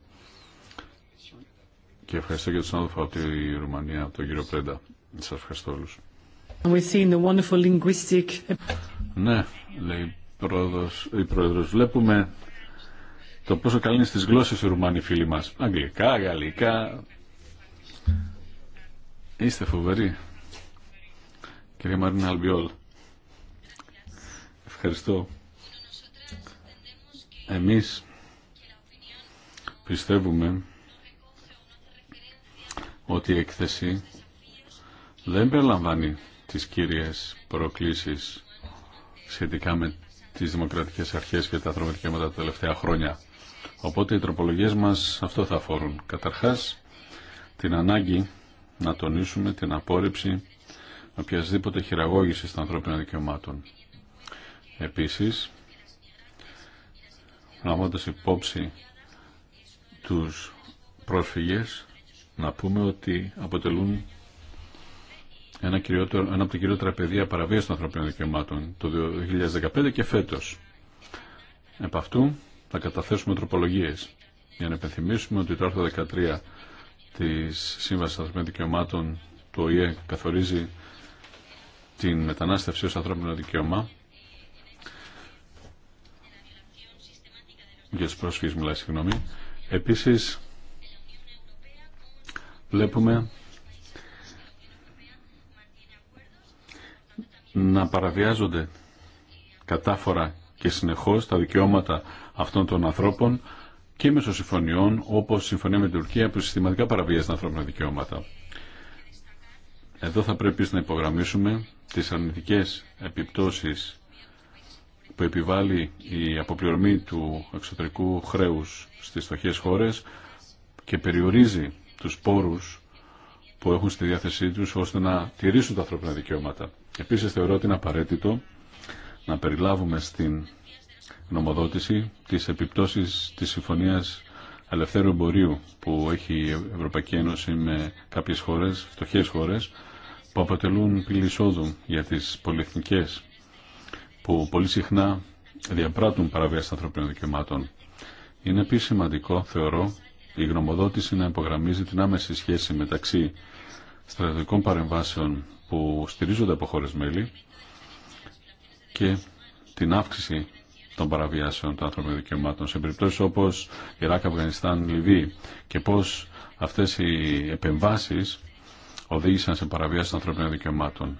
Και ευχαριστώ και τον συνάδελφο από τη Ρουμανία, τον κύριο Πρέντα. Σα ευχαριστώ όλου. linguistic... Ναι, λέει πρόεδρος, η πρόεδρο, Βλέπουμε το πόσο καλή είναι στι γλώσσες οι Ρουμάνοι φίλοι μα. Αγγλικά, γαλλικά. Είστε φοβεροί. Κυρία Μαρίνα Αλμπιόλ. Ευχαριστώ. Εμείς πιστεύουμε ότι η έκθεση δεν περιλαμβάνει τις κύριες προκλήσεις σχετικά με τις δημοκρατικές αρχές και τα ανθρωπιστικά μετά τα τελευταία χρόνια. Οπότε οι τροπολογίες μας αυτό θα αφορούν. Καταρχάς, την ανάγκη να τονίσουμε την απόρριψη οποιασδήποτε χειραγώγηση των ανθρώπινων δικαιωμάτων. Επίσης, λαμβάνοντας υπόψη τους πρόσφυγες, να πούμε ότι αποτελούν ένα, ένα από τα κυριότερα πεδία παραβίαση των ανθρωπίνων δικαιωμάτων το 2015 και φέτο. Επ' αυτού θα καταθέσουμε τροπολογίες για να επενθυμίσουμε ότι το άρθρο 13 της Σύμβασης Ανθρωπίνων Δικαιωμάτων του ΟΗΕ καθορίζει την μετανάστευση ω ανθρώπινο δικαίωμα για τους πρόσφυγε, μιλάει συγγνώμη Επίση, βλέπουμε να παραβιάζονται κατάφορα και συνεχώς τα δικαιώματα αυτών των ανθρώπων και μέσω συμφωνιών όπως συμφωνία με την Τουρκία που συστηματικά παραβιάζει τα ανθρώπινα δικαιώματα. Εδώ θα πρέπει να υπογραμμίσουμε τις αρνητικές επιπτώσεις που επιβάλλει η αποπληρωμή του εξωτερικού χρέους στις στοχές χώρες και περιορίζει τους πόρους που έχουν στη διάθεσή τους ώστε να τηρήσουν τα ανθρώπινα δικαιώματα. Επίσης θεωρώ ότι είναι απαραίτητο να περιλάβουμε στην νομοδότηση τις επιπτώσεις της Συμφωνίας Ελευθέρου Εμπορίου που έχει η Ευρωπαϊκή Ένωση με κάποιες χώρες, φτωχές χώρες, που αποτελούν πύλη εισόδου για τις πολυεθνικές που πολύ συχνά διαπράττουν παραβίαση ανθρωπίνων δικαιωμάτων. Είναι επίση σημαντικό, θεωρώ, η γνωμοδότηση να υπογραμμίζει την άμεση σχέση μεταξύ στρατιωτικών παρεμβάσεων που στηρίζονται από χώρες μέλη και την αύξηση των παραβιάσεων των άνθρωπινων δικαιωμάτων σε περιπτώσεις όπως Ιράκ, Αφγανιστάν, Λιβύη και πώς αυτές οι επεμβάσεις οδήγησαν σε παραβιάσεις των ανθρώπινων δικαιωμάτων.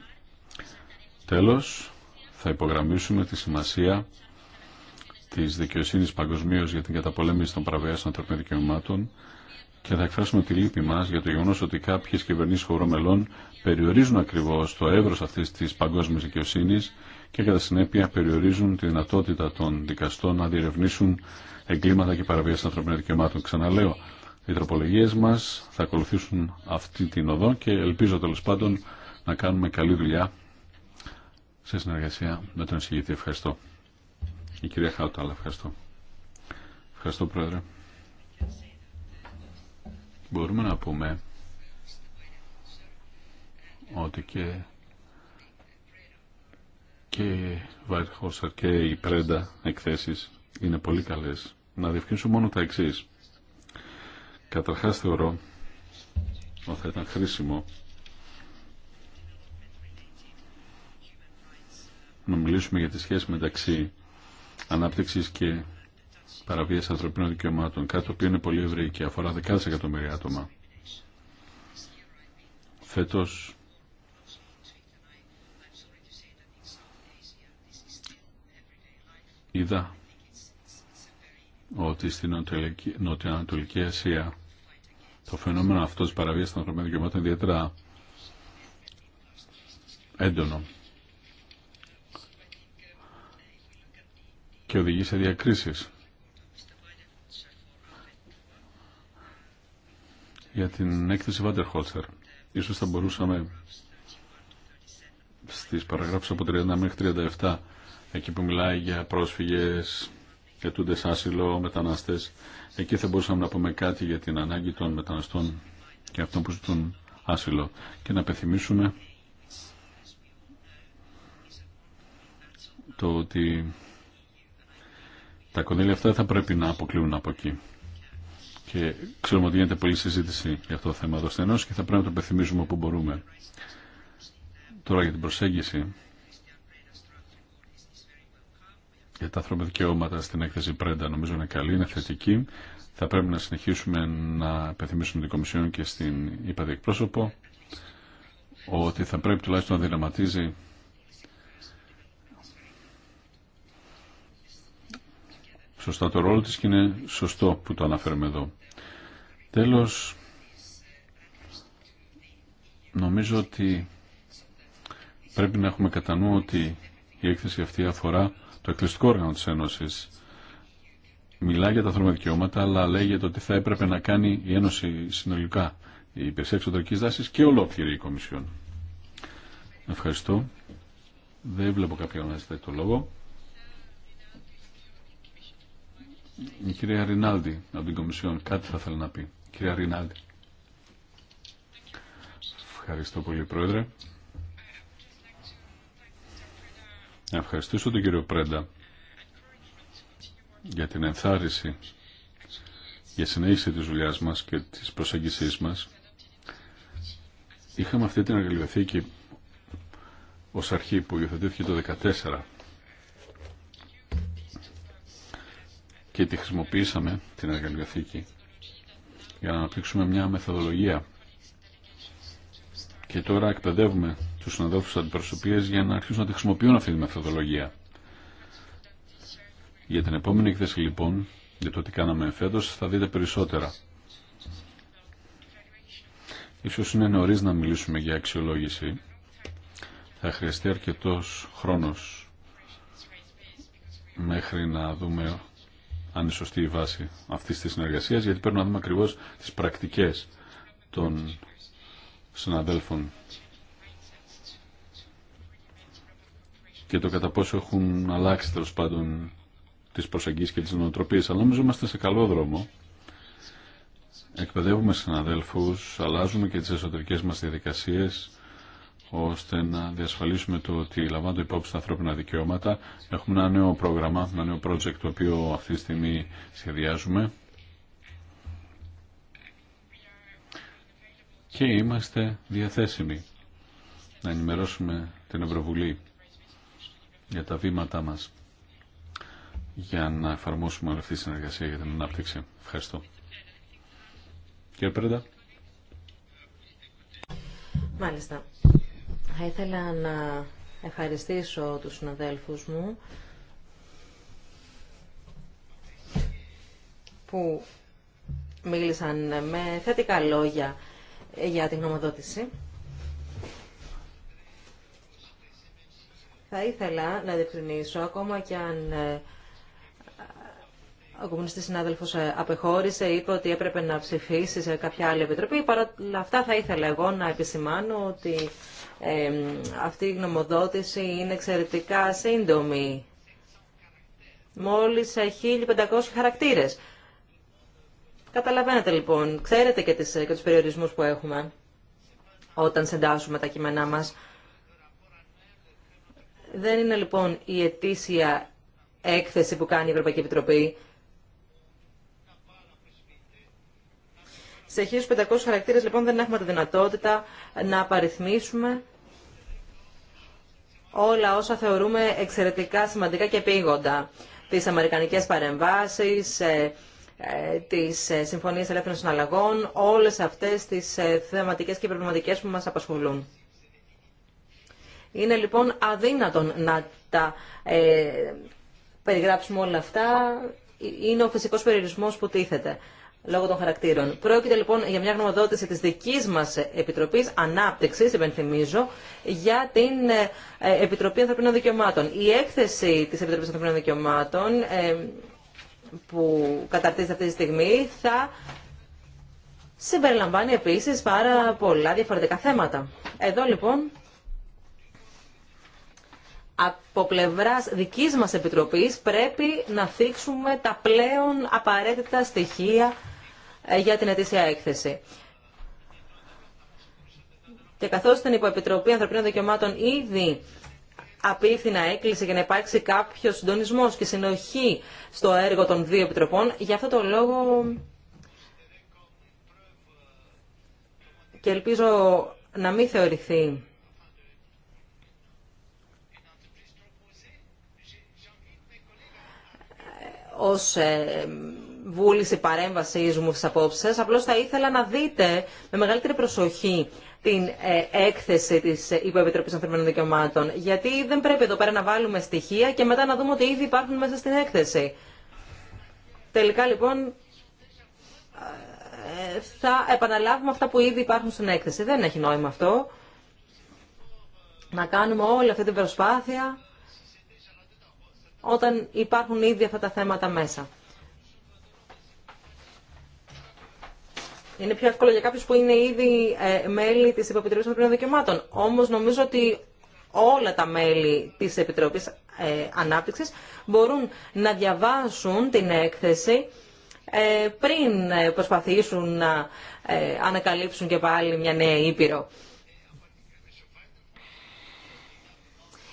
Τέλος, θα υπογραμμίσουμε τη σημασία τη δικαιοσύνη παγκοσμίω για την καταπολέμηση των παραβιάσεων ανθρωπίνων δικαιωμάτων και θα εκφράσουμε τη λύπη μα για το γεγονό ότι κάποιε κυβερνήσει χωρών μελών περιορίζουν ακριβώ το εύρος αυτή τη παγκόσμια δικαιοσύνη και κατά συνέπεια περιορίζουν τη δυνατότητα των δικαστών να διερευνήσουν εγκλήματα και παραβίαση ανθρωπίνων δικαιωμάτων. Ξαναλέω, οι τροπολογίε μα θα ακολουθήσουν αυτή την οδό και ελπίζω τέλο πάντων να κάνουμε καλή δουλειά σε συνεργασία με τον εισηγητή. Ευχαριστώ. Η κυρία αλλά ευχαριστώ. Ευχαριστώ, Πρόεδρε. Μπορούμε να πούμε ότι και και η Βάιτχόσαρ και η Πρέντα εκθέσεις είναι πολύ καλές. Να διευκρινίσω μόνο τα εξή. Καταρχάς θεωρώ ότι θα ήταν χρήσιμο να μιλήσουμε για τη σχέση μεταξύ Ανάπτυξη και παραβίαση ανθρωπίνων δικαιωμάτων, κάτι το οποίο είναι πολύ ευρύ και αφορά δεκάδες εκατομμύρια άτομα. Φέτο είδα ότι στην Νοτιοανατολική Ασία το φαινόμενο αυτό τη παραβίαση των ανθρωπίνων δικαιωμάτων είναι ιδιαίτερα έντονο και οδηγεί σε διακρίσεις. Για την έκθεση Vanderholzer, ίσως θα μπορούσαμε στις παραγράφους από 30 μέχρι 37, εκεί που μιλάει για πρόσφυγες, ετούντες άσυλο, μετανάστες, εκεί θα μπορούσαμε να πούμε κάτι για την ανάγκη των μεταναστών και αυτών που ζητούν άσυλο και να πεθυμίσουμε το ότι τα κονδύλια αυτά θα πρέπει να αποκλείουν από εκεί. Και ξέρουμε ότι γίνεται πολλή συζήτηση για αυτό το θέμα εδώ στενός και θα πρέπει να το πεθυμίζουμε όπου μπορούμε. Τώρα για την προσέγγιση για τα ανθρώπινα δικαιώματα στην έκθεση Πρέντα νομίζω είναι καλή, είναι θετική. Θα πρέπει να συνεχίσουμε να πεθυμίσουμε την Κομισιόν και στην ΥΠΑΔΙΚ εκπρόσωπο ότι θα πρέπει τουλάχιστον να δυναματίζει σωστά το ρόλο της και είναι σωστό που το αναφέρουμε εδώ. Τέλος, νομίζω ότι πρέπει να έχουμε κατά νου ότι η έκθεση αυτή αφορά το εκκληστικό όργανο της Ένωσης. Μιλά για τα θερμα δικαιώματα, αλλά λέγεται ότι θα έπρεπε να κάνει η Ένωση συνολικά, η υπηρεσία εξωτερικής δάσης και ολόκληρη η Κομισιόν. Ευχαριστώ. Δεν βλέπω κάποιον να ζητάει το λόγο. Η κυρία Ρινάλντι από την Κομισιόν κάτι θα θέλει να πει. Κυρία Ρινάλδη. Ευχαριστώ πολύ, Πρόεδρε. Να ευχαριστήσω τον κύριο Πρέντα για την ενθάρρυνση για συνέχιση της δουλειά μας και της προσέγγισής μας. Είχαμε αυτή την εργαλειοθήκη ως αρχή που υιοθετήθηκε το 2014 και τη χρησιμοποιήσαμε την εργαλειοθήκη για να αναπτύξουμε μια μεθοδολογία και τώρα εκπαιδεύουμε τους συναδέλφους της για να αρχίσουν να τη χρησιμοποιούν αυτή τη μεθοδολογία. Για την επόμενη εκθέση λοιπόν, για το τι κάναμε φέτος, θα δείτε περισσότερα. Ίσως είναι νωρίς να μιλήσουμε για αξιολόγηση. Θα χρειαστεί αρκετός χρόνος μέχρι να δούμε αν είναι σωστή η βάση αυτής της συνεργασίας, γιατί πρέπει να δούμε ακριβώ τις πρακτικές των συναδέλφων και το κατά πόσο έχουν αλλάξει τέλο πάντων τις προσεγγίσεις και τι νοοτροπίε. Αλλά νομίζω είμαστε σε καλό δρόμο. Εκπαιδεύουμε συναδέλφου, αλλάζουμε και τις εσωτερικέ μα διαδικασίε ώστε να διασφαλίσουμε το ότι λαμβάνονται υπόψη τα ανθρώπινα δικαιώματα. Έχουμε ένα νέο πρόγραμμα, ένα νέο project το οποίο αυτή τη στιγμή σχεδιάζουμε και είμαστε διαθέσιμοι να ενημερώσουμε την Ευρωβουλή για τα βήματά μας για να εφαρμόσουμε αυτή τη συνεργασία για την ανάπτυξη. Ευχαριστώ. Κύριε Πρέντα. Μάλιστα. Θα ήθελα να ευχαριστήσω τους συναδέλφους μου που μίλησαν με θετικά λόγια για την γνωμοδότηση. Θα ήθελα να διευκρινίσω, ακόμα και αν ε, ο κομμουνιστής συνάδελφος ε, απεχώρησε, είπε ότι έπρεπε να ψηφίσει σε κάποια άλλη επιτροπή. Παρά αυτά θα ήθελα εγώ να επισημάνω ότι αυτή η γνωμοδότηση είναι εξαιρετικά σύντομη. Μόλις 1500 χαρακτήρες. Καταλαβαίνετε λοιπόν, ξέρετε και, τις, και τους περιορισμούς που έχουμε όταν συντάσσουμε τα κείμενά μας. Δεν είναι λοιπόν η ετήσια έκθεση που κάνει η Ευρωπαϊκή Επιτροπή Σε 1500 χαρακτήρες λοιπόν δεν έχουμε τη δυνατότητα να απαριθμίσουμε όλα όσα θεωρούμε εξαιρετικά σημαντικά και επίγοντα. Τις αμερικανικές παρεμβάσεις, ε, ε, τις ε, συμφωνίες ελεύθερων συναλλαγών, όλες αυτές τις θεματικές και προβληματικές που μας απασχολούν. Είναι λοιπόν αδύνατον να τα περιγράψουμε όλα αυτά. Είναι ο φυσικός περιορισμός που τίθεται λόγω των χαρακτήρων. Πρόκειται λοιπόν για μια γνωμοδότηση της δικής μας Επιτροπής Ανάπτυξης, υπενθυμίζω, για την ε, Επιτροπή Ανθρωπίνων Δικαιωμάτων. Η έκθεση της Επιτροπής Ανθρωπίνων Δικαιωμάτων ε, που καταρτίζεται αυτή τη στιγμή θα συμπεριλαμβάνει επίσης πάρα πολλά διαφορετικά θέματα. Εδώ λοιπόν από πλευρά δική μα επιτροπή πρέπει να θίξουμε τα πλέον απαραίτητα στοιχεία ε, για την ετήσια έκθεση. Και καθώ την Υποεπιτροπή Ανθρωπίνων Δικαιωμάτων ήδη απίθυνα έκλεισε για να υπάρξει κάποιο συντονισμό και συνοχή στο έργο των δύο επιτροπών. για αυτό το λόγο και ελπίζω να μην θεωρηθεί ως ε, βούληση παρέμβασή μου απόψει σα. απλώ θα ήθελα να δείτε με μεγαλύτερη προσοχή την ε, έκθεση της Υποεπιτροπή Ανθρωπίνων Δικαιωμάτων. Γιατί δεν πρέπει εδώ πέρα να βάλουμε στοιχεία και μετά να δούμε ότι ήδη υπάρχουν μέσα στην έκθεση. Τελικά λοιπόν ε, θα επαναλάβουμε αυτά που ήδη υπάρχουν στην έκθεση. Δεν έχει νόημα αυτό. Να κάνουμε όλη αυτή την προσπάθεια όταν υπάρχουν ήδη αυτά τα θέματα μέσα. είναι πιο εύκολο για κάποιου που είναι ήδη ε, μέλη τη Επιτροπή Ανθρωπίνων Δικαιωμάτων. Όμω νομίζω ότι όλα τα μέλη τη Επιτροπή ε, Ανάπτυξη μπορούν να διαβάσουν την έκθεση ε, πριν προσπαθήσουν να ανακαλύψουν και πάλι μια νέα ήπειρο.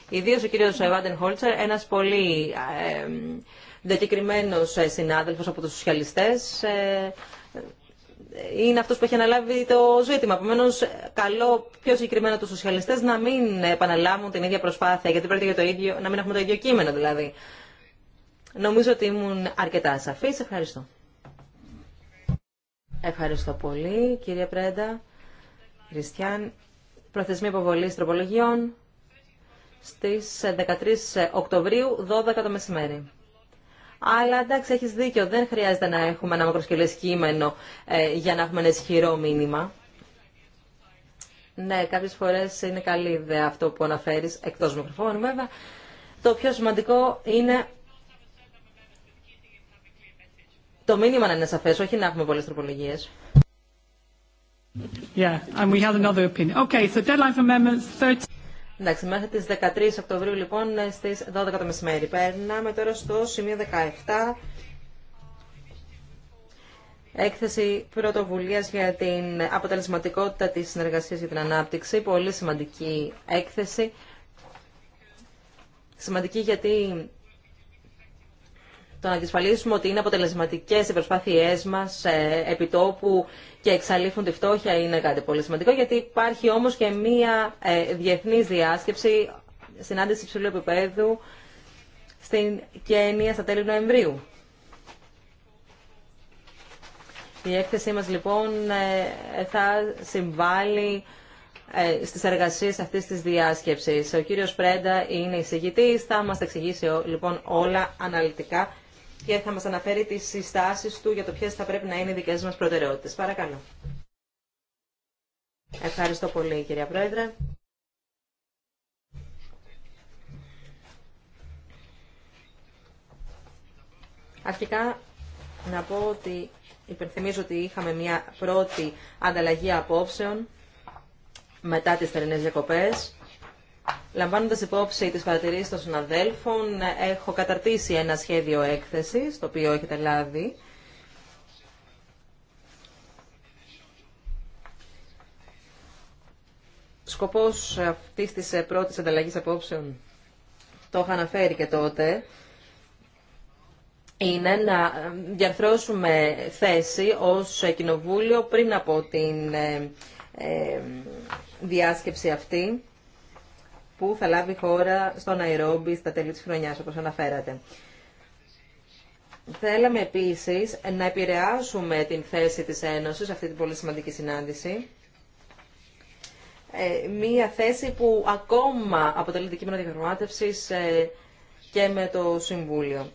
Ιδίω ο κύριος Βάντεν Χόλτσερ, ένας πολύ δεκεκριμένος συνάδελφο από τους σοσιαλιστές, είναι αυτό που έχει αναλάβει το ζήτημα. Επομένω, καλό πιο συγκεκριμένα του σοσιαλιστές να μην επαναλάβουν την ίδια προσπάθεια, γιατί πρέπει για το ίδιο, να μην έχουμε το ίδιο κείμενο δηλαδή. Νομίζω ότι ήμουν αρκετά σαφή. Ευχαριστώ. Ευχαριστώ πολύ, κύριε Πρέντα. Χριστιαν, προθεσμή υποβολή τροπολογιών στι 13 ε, ε, Οκτωβρίου, 12 το μεσημέρι. Αλλά εντάξει, έχει δίκιο. Δεν χρειάζεται να έχουμε ένα μακροσκελέ κείμενο ε, για να έχουμε ένα ισχυρό μήνυμα. Ναι, κάποιε φορέ είναι καλή ιδέα αυτό που αναφέρει, εκτό μικροφώνου βέβαια. Το πιο σημαντικό είναι το μήνυμα να είναι σαφέ, όχι να έχουμε πολλέ τροπολογίε. Yeah, and we have another opinion. Okay, so deadline for amendments 30. Εντάξει, μέχρι τι 13 Οκτωβρίου λοιπόν στι 12 το μεσημέρι. Περνάμε τώρα στο σημείο 17. Έκθεση πρωτοβουλία για την αποτελεσματικότητα της συνεργασίας για την ανάπτυξη. Πολύ σημαντική έκθεση. Σημαντική γιατί το να διασφαλίσουμε ότι είναι αποτελεσματικέ οι προσπάθειέ μα ε, επιτόπου και εξαλείφουν τη φτώχεια είναι κάτι πολύ σημαντικό, γιατί υπάρχει όμω και μία ε, διεθνή διάσκεψη, συνάντηση υψηλού επίπεδου στην Κένια στα τέλη Νοεμβρίου. Η έκθεσή μας λοιπόν ε, θα συμβάλλει στις εργασίες αυτής της διάσκεψης. Ο κύριος Πρέντα είναι εισηγητής, θα μας τα εξηγήσει λοιπόν όλα αναλυτικά και θα μας αναφέρει τις συστάσεις του για το ποιες θα πρέπει να είναι οι δικές μας προτεραιότητες. Παρακαλώ. Ευχαριστώ πολύ κυρία Πρόεδρε. Αρχικά να πω ότι υπενθυμίζω ότι είχαμε μια πρώτη ανταλλαγή απόψεων μετά τις θερινές διακοπές Λαμβάνοντα υπόψη τι παρατηρήσει των συναδέλφων, έχω καταρτήσει ένα σχέδιο έκθεσης, το οποίο έχετε λάβει. Σκοπός αυτή της ε, πρώτης ανταλλαγή απόψεων, το είχα αναφέρει και τότε, είναι να ε, διαρθρώσουμε θέση ως κοινοβούλιο πριν από την ε, διάσκεψη αυτή που θα λάβει χώρα στο Ναϊρόμπι στα τέλη της χρονιάς, όπως αναφέρατε. Θέλαμε επίσης να επηρεάσουμε την θέση της Ένωσης αυτή την πολύ σημαντική συνάντηση. Ε, μία θέση που ακόμα αποτελεί αντικείμενο διαπραγμάτευση ε, και με το Συμβούλιο.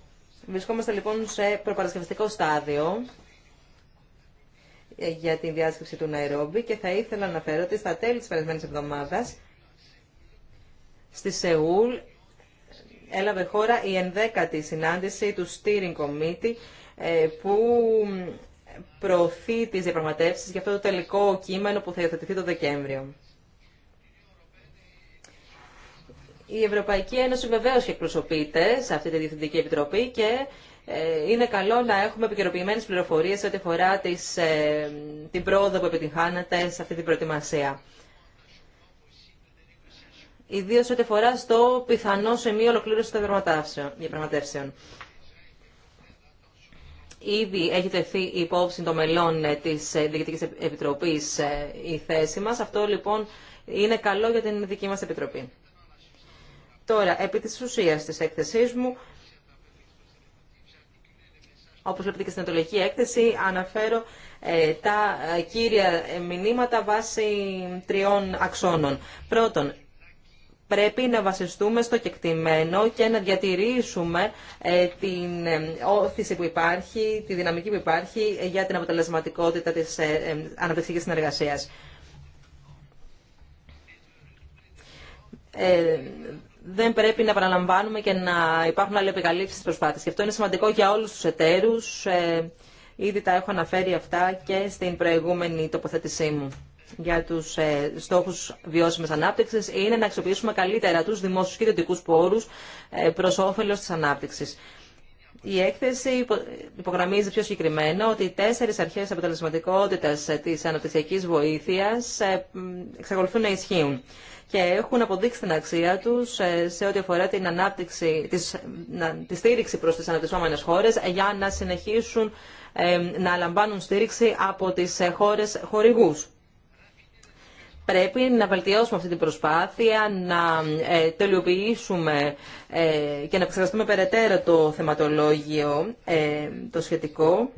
Βρισκόμαστε λοιπόν σε προπαρασκευαστικό στάδιο ε, για την διάσκεψη του Ναϊρόμπι και θα ήθελα να αναφέρω ότι στα τέλη της περασμένης εβδομάδας στη Σεούλ έλαβε χώρα η ενδέκατη συνάντηση του Steering Committee ε, που προωθεί τις διαπραγματεύσεις για αυτό το τελικό κείμενο που θα υιοθετηθεί το Δεκέμβριο. Η Ευρωπαϊκή Ένωση βεβαίως και εκπροσωπείται σε αυτή τη Διευθυντική Επιτροπή και ε, είναι καλό να έχουμε επικαιροποιημένες πληροφορίες ό,τι αφορά ε, την πρόοδο που επιτυγχάνεται σε αυτή την προετοιμασία ιδίω ό,τι αφορά στο πιθανό σημείο ολοκλήρωση των διαπραγματεύσεων. Ήδη έχει τεθεί υπόψη των μελών ε, της ε, Διοικητικής Επιτροπής ε, η θέση μας. Αυτό λοιπόν είναι καλό για την δική μας Επιτροπή. Τώρα, επί της ουσίας της έκθεσής μου, όπως βλέπετε και στην ατολική Έκθεση, αναφέρω τα κύρια μηνύματα βάσει τριών αξώνων. Πρώτον, πρέπει να βασιστούμε στο κεκτημένο και να διατηρήσουμε ε, την ε, όθηση που υπάρχει, τη δυναμική που υπάρχει για την αποτελεσματικότητα της ε, αναπτυξιακής συνεργασίας. δεν πρέπει να παραλαμβάνουμε και να υπάρχουν άλλοι επικαλύψεις προσπάθειες. Και αυτό είναι σημαντικό για όλους τους εταίρους. ήδη τα έχω αναφέρει αυτά και στην προηγούμενη τοποθέτησή μου για τους ε, στόχου βιώσιμη ανάπτυξη, είναι να αξιοποιήσουμε καλύτερα του δημόσιου και ιδιωτικούς πόρους ε, προ όφελο τη ανάπτυξη. Η έκθεση υπογραμμίζει πιο συγκεκριμένα ότι οι τέσσερι αρχέ αποτελεσματικότητα ε, τη αναπτυξιακή βοήθεια εξακολουθούν να ισχύουν και έχουν αποδείξει την αξία του σε ό,τι αφορά την ανάπτυξη, της, τη στήριξη προ τι αναπτυσσόμενε χώρε για να συνεχίσουν να λαμβάνουν στήριξη από τι χώρε χορηγού. Πρέπει να βελτιώσουμε αυτή την προσπάθεια, να ε, τελειοποιήσουμε ε, και να εξεργαστούμε περαιτέρω το θεματολόγιο, ε, το σχετικό,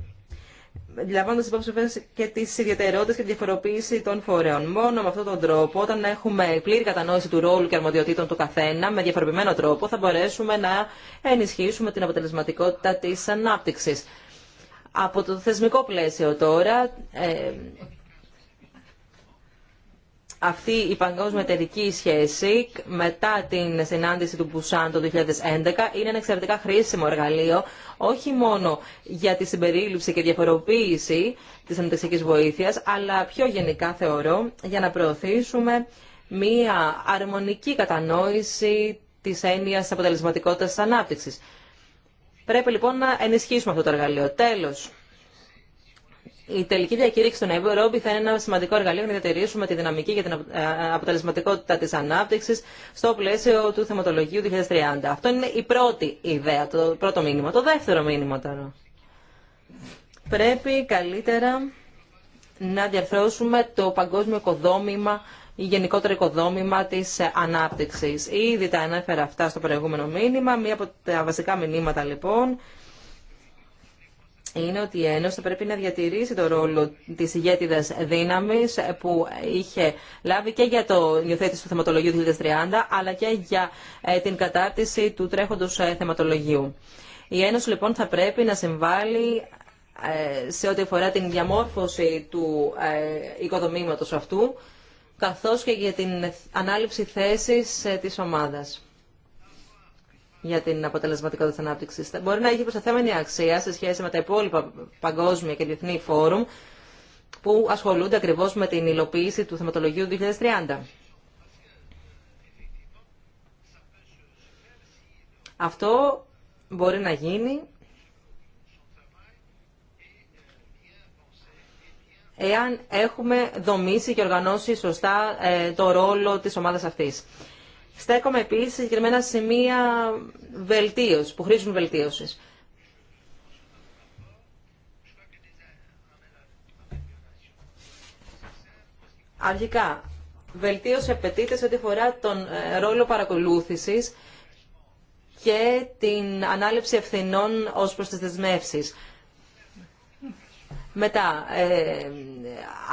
λαμβάνοντα υπόψη και τι ιδιαιτερότητε και τη διαφοροποίηση των φορέων. Μόνο με αυτόν τον τρόπο, όταν έχουμε πλήρη κατανόηση του ρόλου και αρμοδιοτήτων του καθένα, με διαφοροποιημένο τρόπο, θα μπορέσουμε να ενισχύσουμε την αποτελεσματικότητα τη ανάπτυξη. Από το θεσμικό πλαίσιο τώρα, αυτή η παγκόσμια εταιρική σχέση μετά την συνάντηση του Μπουσάν το 2011 είναι ένα εξαιρετικά χρήσιμο εργαλείο όχι μόνο για τη συμπερίληψη και διαφοροποίηση της ανεπτυξιακής βοήθειας αλλά πιο γενικά θεωρώ για να προωθήσουμε μία αρμονική κατανόηση της έννοιας αποτελεσματικότητας της ανάπτυξης. Πρέπει λοιπόν να ενισχύσουμε αυτό το εργαλείο. Τέλος, η τελική διακήρυξη των Ευρώπη θα είναι ένα σημαντικό εργαλείο για να διατηρήσουμε τη δυναμική και την ε, αποτελεσματικότητα τη ανάπτυξη στο πλαίσιο του θεματολογίου 2030. Αυτό είναι η πρώτη ιδέα, το πρώτο μήνυμα. Το δεύτερο μήνυμα τώρα. Πρέπει καλύτερα να διαρθρώσουμε το παγκόσμιο οικοδόμημα η γενικότερο οικοδόμημα τη ανάπτυξη. Ήδη τα ανέφερα αυτά στο προηγούμενο μήνυμα. Μία από τα βασικά μηνύματα λοιπόν είναι ότι η Ένωση θα πρέπει να διατηρήσει το ρόλο της ηγέτιδα δύναμη, που είχε λάβει και για το υιοθέτηση του θεματολογίου 2030 αλλά και για ε, την κατάρτιση του τρέχοντος ε, θεματολογίου. Η Ένωση λοιπόν θα πρέπει να συμβάλλει ε, σε ό,τι αφορά την διαμόρφωση του οικοδομήματος αυτού καθώς και για την ανάληψη θέσης της ομάδας για την αποτελεσματικότητα της ανάπτυξης. Μπορεί να έχει προσταθέμενη αξία σε σχέση με τα υπόλοιπα παγκόσμια και διεθνή φόρουμ που ασχολούνται ακριβώς με την υλοποίηση του θεματολογίου 2030. Αυτό μπορεί να γίνει εάν έχουμε δομήσει και οργανώσει σωστά ε, το ρόλο της ομάδας αυτής. Στέκομαι επίσης σε συγκεκριμένα σημεία βελτίωση, που χρήζουν βελτίωσης. Αρχικά, βελτίωση απαιτείται σε ό,τι φορά τον ε, ρόλο παρακολούθησης και την ανάληψη ευθυνών ως προς τις δεσμεύσεις. Μετά, ε,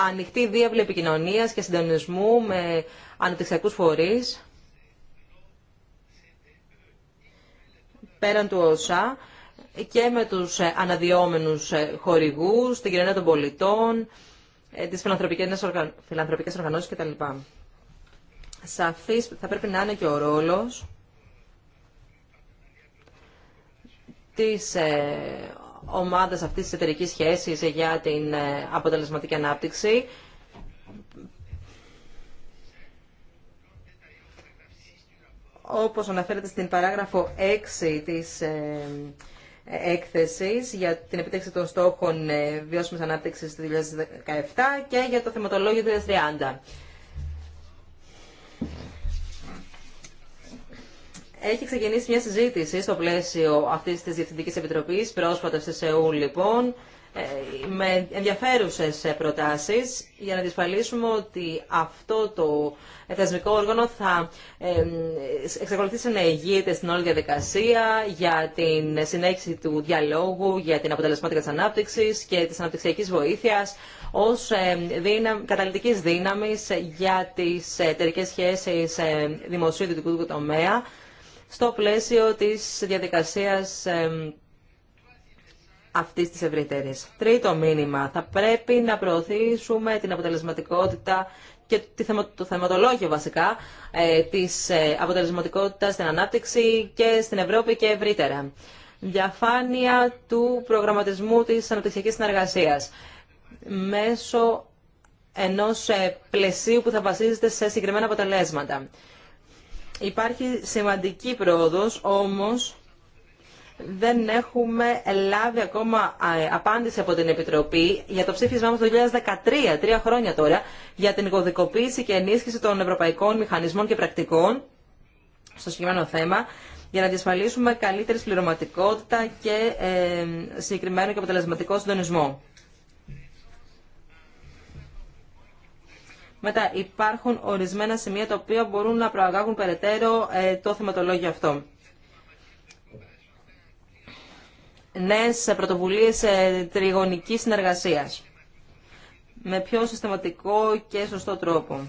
ανοιχτή διάβλη επικοινωνίας και συντονισμού με αναπτυξιακούς φορείς. πέραν του όσα και με τους ε, αναδυόμενους ε, χορηγούς, την κοινωνία των πολιτών, ε, τις φιλανθρωπικές οργανώσεις κτλ. Σαφής θα πρέπει να είναι και ο ρόλος της ομάδας αυτής της εταιρικής σχέσης για την αποτελεσματική ανάπτυξη όπως αναφέρεται στην παράγραφο 6 της ε, έκθεσης για την επιτέξη των στόχων ε, βιώσιμης ανάπτυξης του 2017 και για το θεματολόγιο του 2030. Έχει ξεκινήσει μια συζήτηση στο πλαίσιο αυτής της διευθυντική Επιτροπής, πρόσφατα στη ΣΕΟΥ λοιπόν, ε, με ενδιαφέρουσες προτάσεις για να διασφαλίσουμε ότι αυτό το θεσμικό όργανο θα ε, εξακολουθήσει να ηγείται στην όλη διαδικασία για την συνέχιση του διαλόγου, για την αποτελεσματικότητα της ανάπτυξης και της αναπτυξιακής βοήθειας ως ε, δύναμη, δύναμης για τις εταιρικέ σχέσεις δημοσίου ιδιωτικού τομέα στο πλαίσιο της διαδικασίας αυτή τη ευρύτερη. Τρίτο μήνυμα. Θα πρέπει να προωθήσουμε την αποτελεσματικότητα και το θεματολόγιο βασικά ε, τη ε, αποτελεσματικότητα στην ανάπτυξη και στην Ευρώπη και ευρύτερα. Διαφάνεια του προγραμματισμού τη αναπτυξιακή συνεργασία μέσω ενό ε, πλαισίου που θα βασίζεται σε συγκεκριμένα αποτελέσματα. Υπάρχει σημαντική πρόοδος, όμως δεν έχουμε λάβει ακόμα απάντηση από την Επιτροπή για το ψήφισμά μας το 2013, τρία χρόνια τώρα, για την κωδικοποίηση και ενίσχυση των ευρωπαϊκών μηχανισμών και πρακτικών στο συγκεκριμένο θέμα για να διασφαλίσουμε καλύτερη πληρωματικότητα και ε, συγκεκριμένο και αποτελεσματικό συντονισμό. Μετά υπάρχουν ορισμένα σημεία τα οποία μπορούν να προαγάγουν περαιτέρω ε, το θεματολόγιο αυτό. νέες πρωτοβουλίες ε, τριγωνικής συνεργασίας με πιο συστηματικό και σωστό τρόπο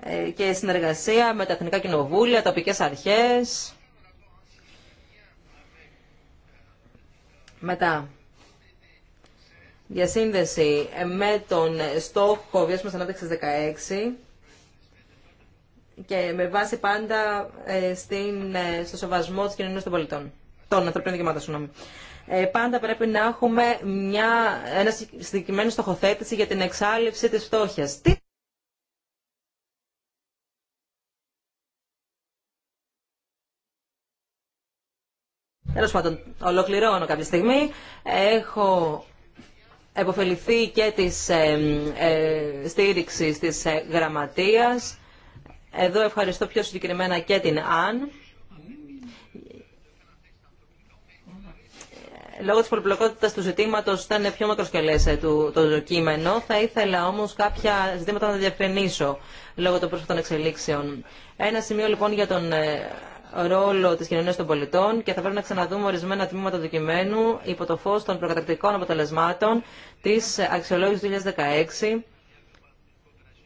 ε, και συνεργασία με τα εθνικά κοινοβούλια, τοπικές αρχές. Μετά, σύνδεση, με τον στόχο βιώσιμης ανάπτυξης 16 και με βάση πάντα ε, στην, στο σεβασμό της κοινωνίας των πολιτών των ανθρωπίνων δικαιωμάτων. Συγγνώμη. Ε, πάντα πρέπει να έχουμε μια, ένα συγκεκριμένη στοχοθέτηση για την εξάλληψη της φτώχειας. Τι... Τέλο πάντων, ολοκληρώνω κάποια στιγμή. Έχω εποφεληθεί και της ε, ε, στήριξης της ε, γραμματείας. Εδώ ευχαριστώ πιο συγκεκριμένα και την Αν. λόγω της πολυπλοκότητας του ζητήματος ήταν πιο μακροσκελές ε, του, το κείμενο. Θα ήθελα όμως κάποια ζητήματα να διευκρινίσω λόγω των πρόσφατων εξελίξεων. Ένα σημείο λοιπόν για τον ε, ρόλο της κοινωνίας των πολιτών και θα πρέπει να ξαναδούμε ορισμένα τμήματα του υπό το φως των προκατακτικών αποτελεσμάτων της αξιολόγησης 2016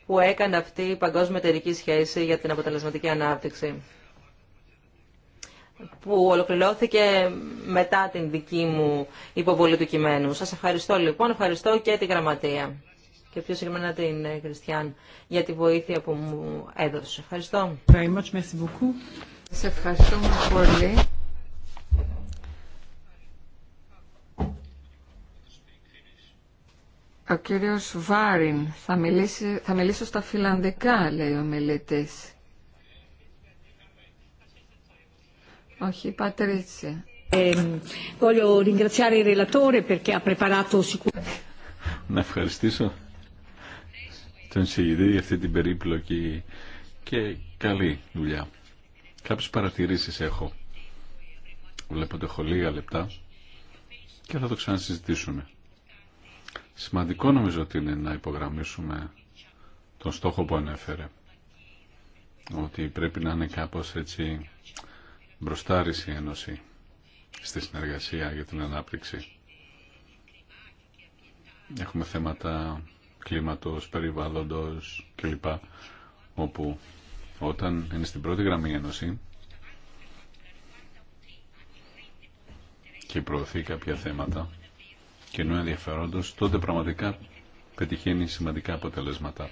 που έκανε αυτή η παγκόσμια εταιρική σχέση για την αποτελεσματική ανάπτυξη που ολοκληρώθηκε μετά την δική μου υποβολή του κειμένου. Σας ευχαριστώ λοιπόν, ευχαριστώ και τη γραμματεία και πιο συγκεκριμένα την Χριστιαν ε, για τη βοήθεια που μου έδωσε. Ευχαριστώ. Σε ευχαριστούμε πολύ. Ο κύριος Βάριν θα, μιλήσει, θα μιλήσω στα φιλανδικά, λέει ο μιλητής. Όχι, Πατρίτσια. Να ευχαριστήσω τον συγγητή για αυτή την περίπλοκη και καλή δουλειά. Κάποιες παρατηρήσεις έχω. Βλέπω ότι έχω λίγα λεπτά και θα το ξανασυζητήσουμε. Σημαντικό νομίζω ότι είναι να υπογραμμίσουμε τον στόχο που ανέφερε. Ότι πρέπει να είναι κάπως έτσι μπροστάριση Ένωση στη συνεργασία για την ανάπτυξη. Έχουμε θέματα κλίματος, περιβάλλοντος κλπ. Όπου όταν είναι στην πρώτη γραμμή η Ένωση και προωθεί κάποια θέματα και κοινού ενδιαφέροντος, τότε πραγματικά πετυχαίνει σημαντικά αποτελέσματα.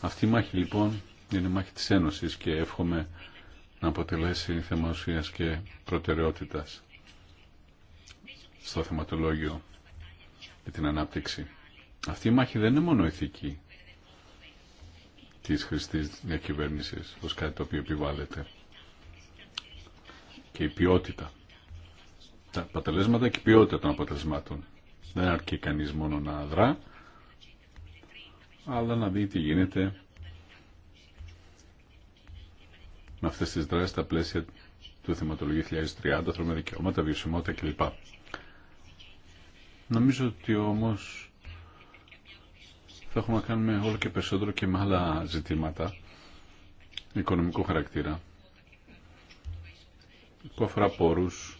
Αυτή η μάχη λοιπόν είναι μάχη της Ένωσης και εύχομαι να αποτελέσει θέμα και προτεραιότητας στο θεματολόγιο για την ανάπτυξη. Αυτή η μάχη δεν είναι μόνο ηθική της χρηστής διακυβέρνησης ως κάτι το οποίο επιβάλλεται και η ποιότητα. Τα αποτελέσματα και η ποιότητα των αποτελεσμάτων. Δεν αρκεί κανείς μόνο να δρά, αλλά να δει τι γίνεται με αυτές τις δράσεις στα πλαίσια του θεματολογίου 2030, ανθρώπινα δικαιώματα, βιωσιμότητα κλπ. Νομίζω ότι όμως θα έχουμε να κάνουμε όλο και περισσότερο και με άλλα ζητήματα οικονομικού χαρακτήρα που αφορά πόρους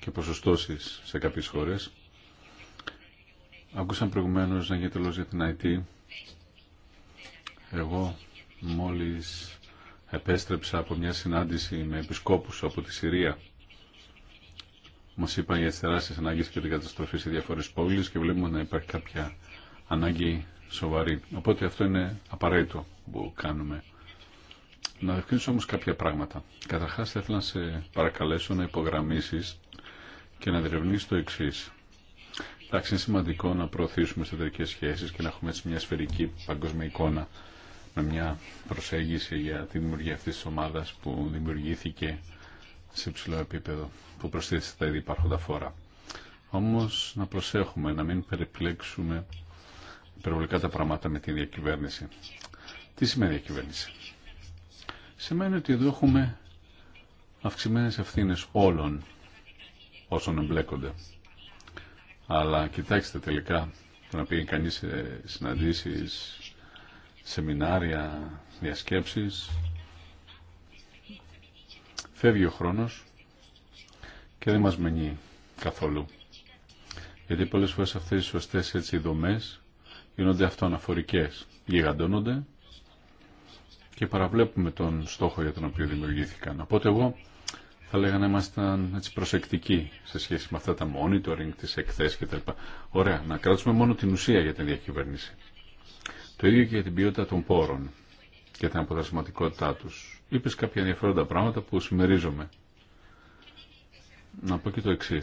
και ποσοστώσεις σε κάποιες χώρες. Ακούσαν προηγουμένως να γίνεται λόγος για την IT. Εγώ μόλις επέστρεψα από μια συνάντηση με επισκόπους από τη Συρία. Μας είπαν για τις τεράστιες ανάγκες και την καταστροφή σε διάφορες πόλεις και βλέπουμε να υπάρχει κάποια ανάγκη σοβαρή. Οπότε αυτό είναι απαραίτητο που κάνουμε. Να διευκρινίσω όμως κάποια πράγματα. Καταρχάς θα ήθελα να σε παρακαλέσω να υπογραμμίσεις και να διερευνήσει το εξή. Εντάξει, είναι σημαντικό να προωθήσουμε εσωτερικέ σχέσει και να έχουμε έτσι μια σφαιρική παγκόσμια εικόνα με μια προσέγγιση για τη δημιουργία αυτής της ομάδας που δημιουργήθηκε σε ψηλό επίπεδο, που προσθέτει τα ήδη υπάρχοντα φόρα. Όμως να προσέχουμε, να μην περιπλέξουμε υπερβολικά τα πράγματα με τη διακυβέρνηση. Τι σημαίνει διακυβέρνηση. Σημαίνει ότι εδώ έχουμε αυξημένες ευθύνε όλων όσων εμπλέκονται. Αλλά κοιτάξτε τελικά, το να πήγε κανείς σε συναντήσεις σεμινάρια, διασκέψεις. Φεύγει ο χρόνος και δεν μας μενεί καθόλου. Γιατί πολλές φορές αυτές οι σωστές έτσι δομές γίνονται αυτοαναφορικές, γιγαντώνονται και παραβλέπουμε τον στόχο για τον οποίο δημιουργήθηκαν. Οπότε εγώ θα λέγα να ήμασταν έτσι προσεκτικοί σε σχέση με αυτά τα monitoring, τις εκθέσεις κτλ. Ωραία, να κράτσουμε μόνο την ουσία για την διακυβέρνηση. Το ίδιο και για την ποιότητα των πόρων και την αποτελεσματικότητά τους. Είπες κάποια ενδιαφέροντα πράγματα που συμμερίζομαι. Να πω και το εξή.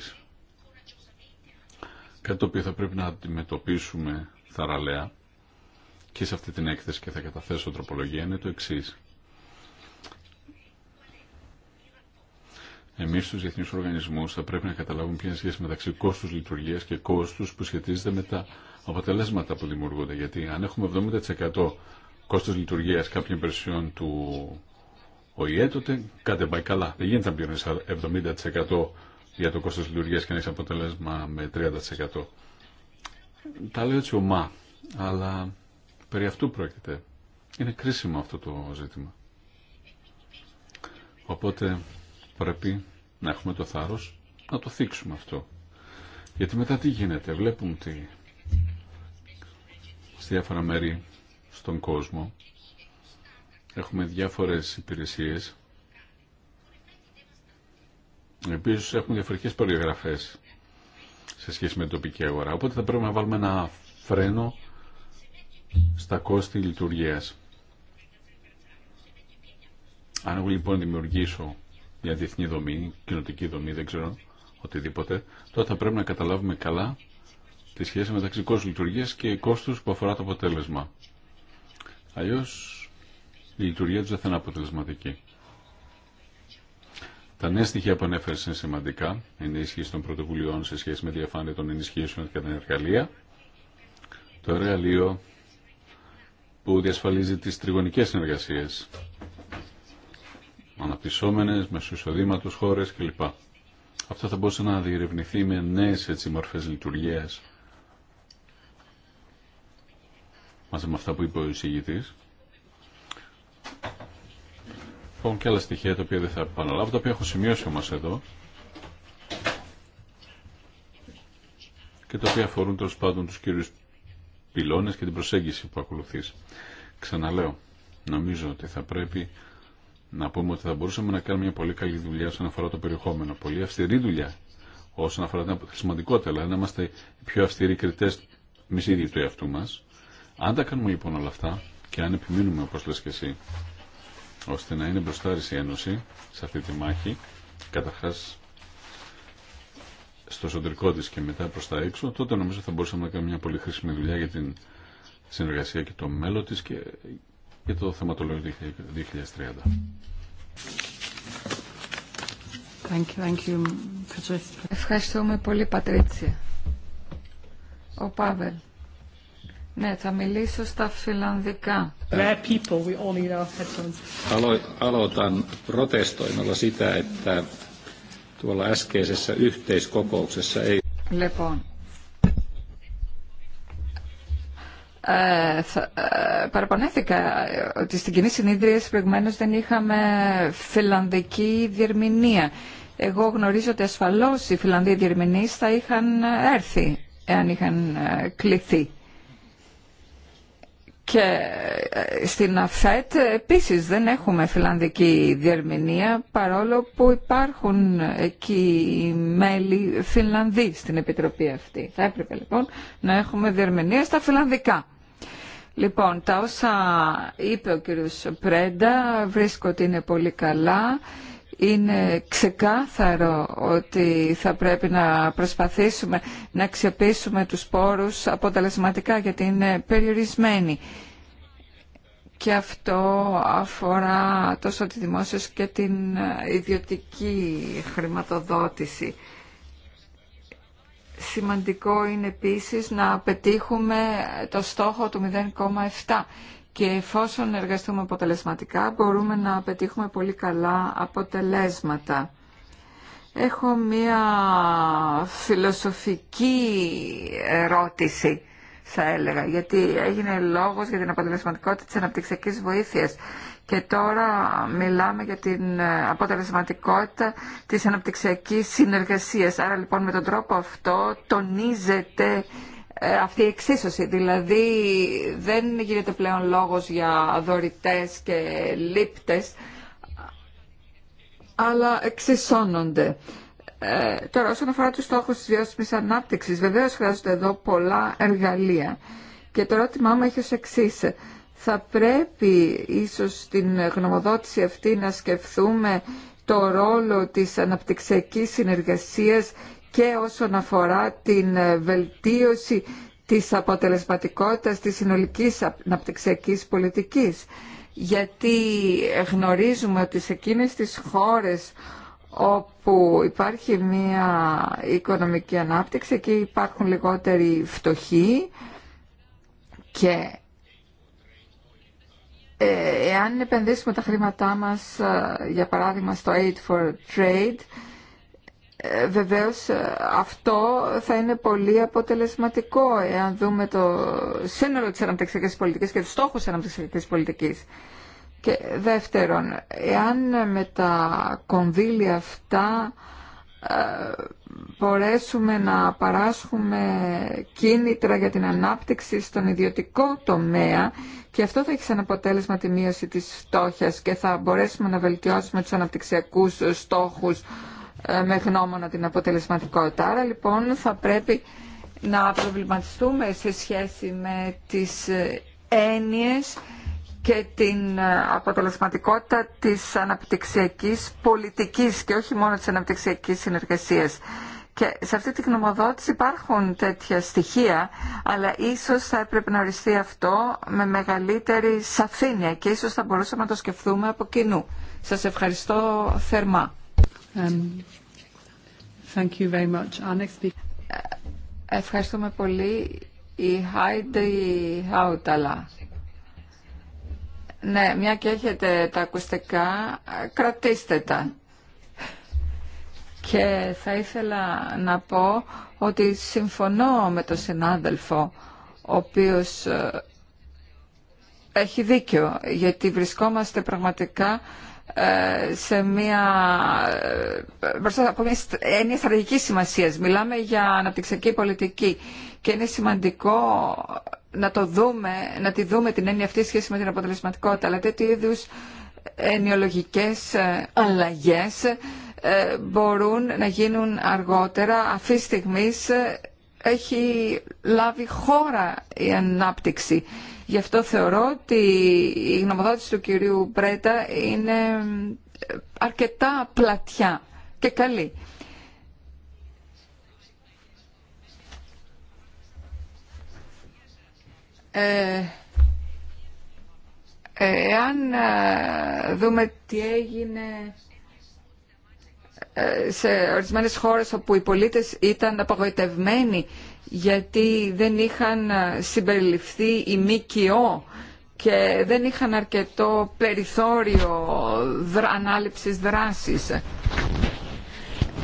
Κάτι το οποίο θα πρέπει να αντιμετωπίσουμε θαραλέα και σε αυτή την έκθεση και θα καταθέσω τροπολογία είναι το εξή. Εμεί στου διεθνεί οργανισμού θα πρέπει να καταλάβουμε ποια είναι η σχέση μεταξύ κόστου λειτουργία και κόστου που σχετίζεται με τα αποτελέσματα που δημιουργούνται. Γιατί αν έχουμε 70% κόστος λειτουργίας κάποιων υπηρεσιών του ΟΗΕ, τότε κάτι πάει καλά. Δεν γίνεται να πληρώνεις 70% για το κόστος λειτουργίας και να έχει αποτελέσμα με 30%. Τα λέω έτσι ομά, αλλά περί αυτού πρόκειται. Είναι κρίσιμο αυτό το ζήτημα. Οπότε πρέπει να έχουμε το θάρρος να το θίξουμε αυτό. Γιατί μετά τι γίνεται, βλέπουμε ότι σε διάφορα μέρη στον κόσμο. Έχουμε διάφορες υπηρεσίες Επίσης έχουμε έχουν διαφορετικές περιγραφές σε σχέση με την τοπική αγορά. Οπότε θα πρέπει να βάλουμε ένα φρένο στα κόστη λειτουργίας. Αν εγώ λοιπόν δημιουργήσω μια διεθνή δομή, κοινοτική δομή, δεν ξέρω, οτιδήποτε, τότε θα πρέπει να καταλάβουμε καλά τη σχέση μεταξύ κόστου λειτουργία και κόστου που αφορά το αποτέλεσμα. Αλλιώ η λειτουργία του δεν θα είναι αποτελεσματική. Τα νέα στοιχεία που ανέφερε είναι σημαντικά. Ενίσχυση των πρωτοβουλειών σε σχέση με διαφάνεια των ενισχύσεων και την εργαλεία. Το εργαλείο που διασφαλίζει τις τριγωνικές συνεργασίες, Αναπτυσσόμενε, μεσουσοδήματο, χώρε κλπ. Αυτό θα μπορούσε να διερευνηθεί με νέε μορφέ λειτουργία μαζί με αυτά που είπε ο εισηγητή. Υπάρχουν και άλλα στοιχεία τα οποία δεν θα επαναλάβω, τα οποία έχω σημειώσει όμως εδώ και τα οποία αφορούν τέλο πάντων του κύριου πυλώνες και την προσέγγιση που ακολουθεί. Ξαναλέω, νομίζω ότι θα πρέπει να πούμε ότι θα μπορούσαμε να κάνουμε μια πολύ καλή δουλειά όσον αφορά το περιεχόμενο, πολύ αυστηρή δουλειά όσον αφορά την αποτελεσματικότητα, αλλά να είμαστε οι πιο αυστηροί κριτέ του εαυτού μα, αν τα κάνουμε λοιπόν όλα αυτά και αν επιμείνουμε όπως λες και εσύ ώστε να είναι μπροστά η Ένωση σε αυτή τη μάχη καταρχάς στο εσωτερικό της και μετά προς τα έξω τότε νομίζω θα μπορούσαμε να κάνουμε μια πολύ χρήσιμη δουλειά για την συνεργασία και το μέλλον της και για το θεματολόγιο 2030. Thank you, thank you. Ευχαριστούμε πολύ Πατρίτσια. Ο Πάβελ. Ναι, θα μιλήσω στα φιλανδικά. Aloitan protestoimalla sitä, että tuolla äskeisessä yhteiskokouksessa ei... Λοιπόν, ε, θα, ε, παραπονέθηκα ότι στην κοινή συνείδηση προηγουμένως δεν είχαμε φιλανδική διερμηνία. Εγώ γνωρίζω ότι ασφαλώς οι φιλανδοί διερμηνείς θα είχαν έρθει εάν είχαν ε, κληθεί. Και ε, στην ΑΦΕΤ επίσης δεν έχουμε φιλανδική διερμηνία παρόλο που υπάρχουν εκεί μέλη Φιλανδοί στην Επιτροπή αυτή. Θα έπρεπε λοιπόν να έχουμε διερμηνία στα φιλανδικά. Λοιπόν, τα όσα είπε ο κύριος Πρέντα βρίσκω ότι είναι πολύ καλά είναι ξεκάθαρο ότι θα πρέπει να προσπαθήσουμε να αξιοποιήσουμε τους πόρους αποτελεσματικά γιατί είναι περιορισμένοι. Και αυτό αφορά τόσο τη δημόσια και την ιδιωτική χρηματοδότηση. Σημαντικό είναι επίσης να πετύχουμε το στόχο του 0,7 και εφόσον εργαστούμε αποτελεσματικά μπορούμε να πετύχουμε πολύ καλά αποτελέσματα. Έχω μία φιλοσοφική ερώτηση, θα έλεγα, γιατί έγινε λόγος για την αποτελεσματικότητα της αναπτυξιακής βοήθειας και τώρα μιλάμε για την αποτελεσματικότητα της αναπτυξιακής συνεργασίας. Άρα λοιπόν με τον τρόπο αυτό τονίζεται ε, αυτή η εξίσωση. Δηλαδή δεν γίνεται πλέον λόγος για δωρητές και λύπτες, αλλά εξισώνονται. Ε, τώρα, όσον αφορά τους στόχους της βιώσιμης ανάπτυξης, βεβαίως χρειάζονται εδώ πολλά εργαλεία. Και το ερώτημά μου έχει ως εξής. Θα πρέπει ίσως στην γνωμοδότηση αυτή να σκεφτούμε το ρόλο της αναπτυξιακής συνεργασίας και όσον αφορά την ε, βελτίωση της αποτελεσματικότητας της συνολικής αναπτυξιακής πολιτικής. Γιατί γνωρίζουμε ότι σε εκείνες τις χώρες όπου υπάρχει μία οικονομική ανάπτυξη και υπάρχουν λιγότεροι φτωχοί και ε, εάν επενδύσουμε τα χρήματά μας ε, για παράδειγμα στο Aid for Trade ε, βεβαίως ε, αυτό θα είναι πολύ αποτελεσματικό εάν δούμε το σύνολο της αναπτυξιακής πολιτικής και τους στόχους της αναπτυξιακής πολιτικής. Και δεύτερον, εάν με τα κονδύλια αυτά ε, μπορέσουμε να παράσχουμε κίνητρα για την ανάπτυξη στον ιδιωτικό τομέα και αυτό θα έχει σαν αποτέλεσμα τη μείωση της φτώχειας και θα μπορέσουμε να βελτιώσουμε τους αναπτυξιακούς στόχους ε, με γνώμονα την αποτελεσματικότητα. Άρα λοιπόν θα πρέπει να προβληματιστούμε σε σχέση με τις ε, έννοιες και την ε, αποτελεσματικότητα της αναπτυξιακής πολιτικής και όχι μόνο της αναπτυξιακής συνεργασίας. Και σε αυτή τη γνωμοδότηση υπάρχουν τέτοια στοιχεία, αλλά ίσως θα έπρεπε να οριστεί αυτό με μεγαλύτερη σαφήνεια και ίσως θα μπορούσαμε να το σκεφτούμε από κοινού. Σας ευχαριστώ θερμά. Um, thank you very much. Ευχαριστούμε πολύ. Η Χάιντι Χάουταλα. Ναι, μια και έχετε τα ακουστικά, κρατήστε τα. Και θα ήθελα να πω ότι συμφωνώ με τον συνάδελφο, ο οποίος ε, έχει δίκιο, γιατί βρισκόμαστε πραγματικά σε μια, μπροστά από μια έννοια στρατηγική σημασία. Μιλάμε για αναπτυξιακή πολιτική και είναι σημαντικό να το δούμε, να τη δούμε την έννοια αυτή σχέση με την αποτελεσματικότητα, αλλά τέτοιου είδου ενοιολογικέ ε, αλλαγές ε, μπορούν να γίνουν αργότερα. Αυτή τη στιγμή ε, έχει λάβει χώρα η ανάπτυξη Γι' αυτό θεωρώ ότι η γνωμοδότηση του κυρίου Πρέτα είναι αρκετά πλατιά και καλή. Ε, εάν ε, δούμε τι έγινε ε, σε ορισμένες χώρες όπου οι πολίτες ήταν απογοητευμένοι γιατί δεν είχαν ε, συμπεριληφθεί η ΜΚΟ και δεν είχαν αρκετό περιθώριο ανάληψης δράσης.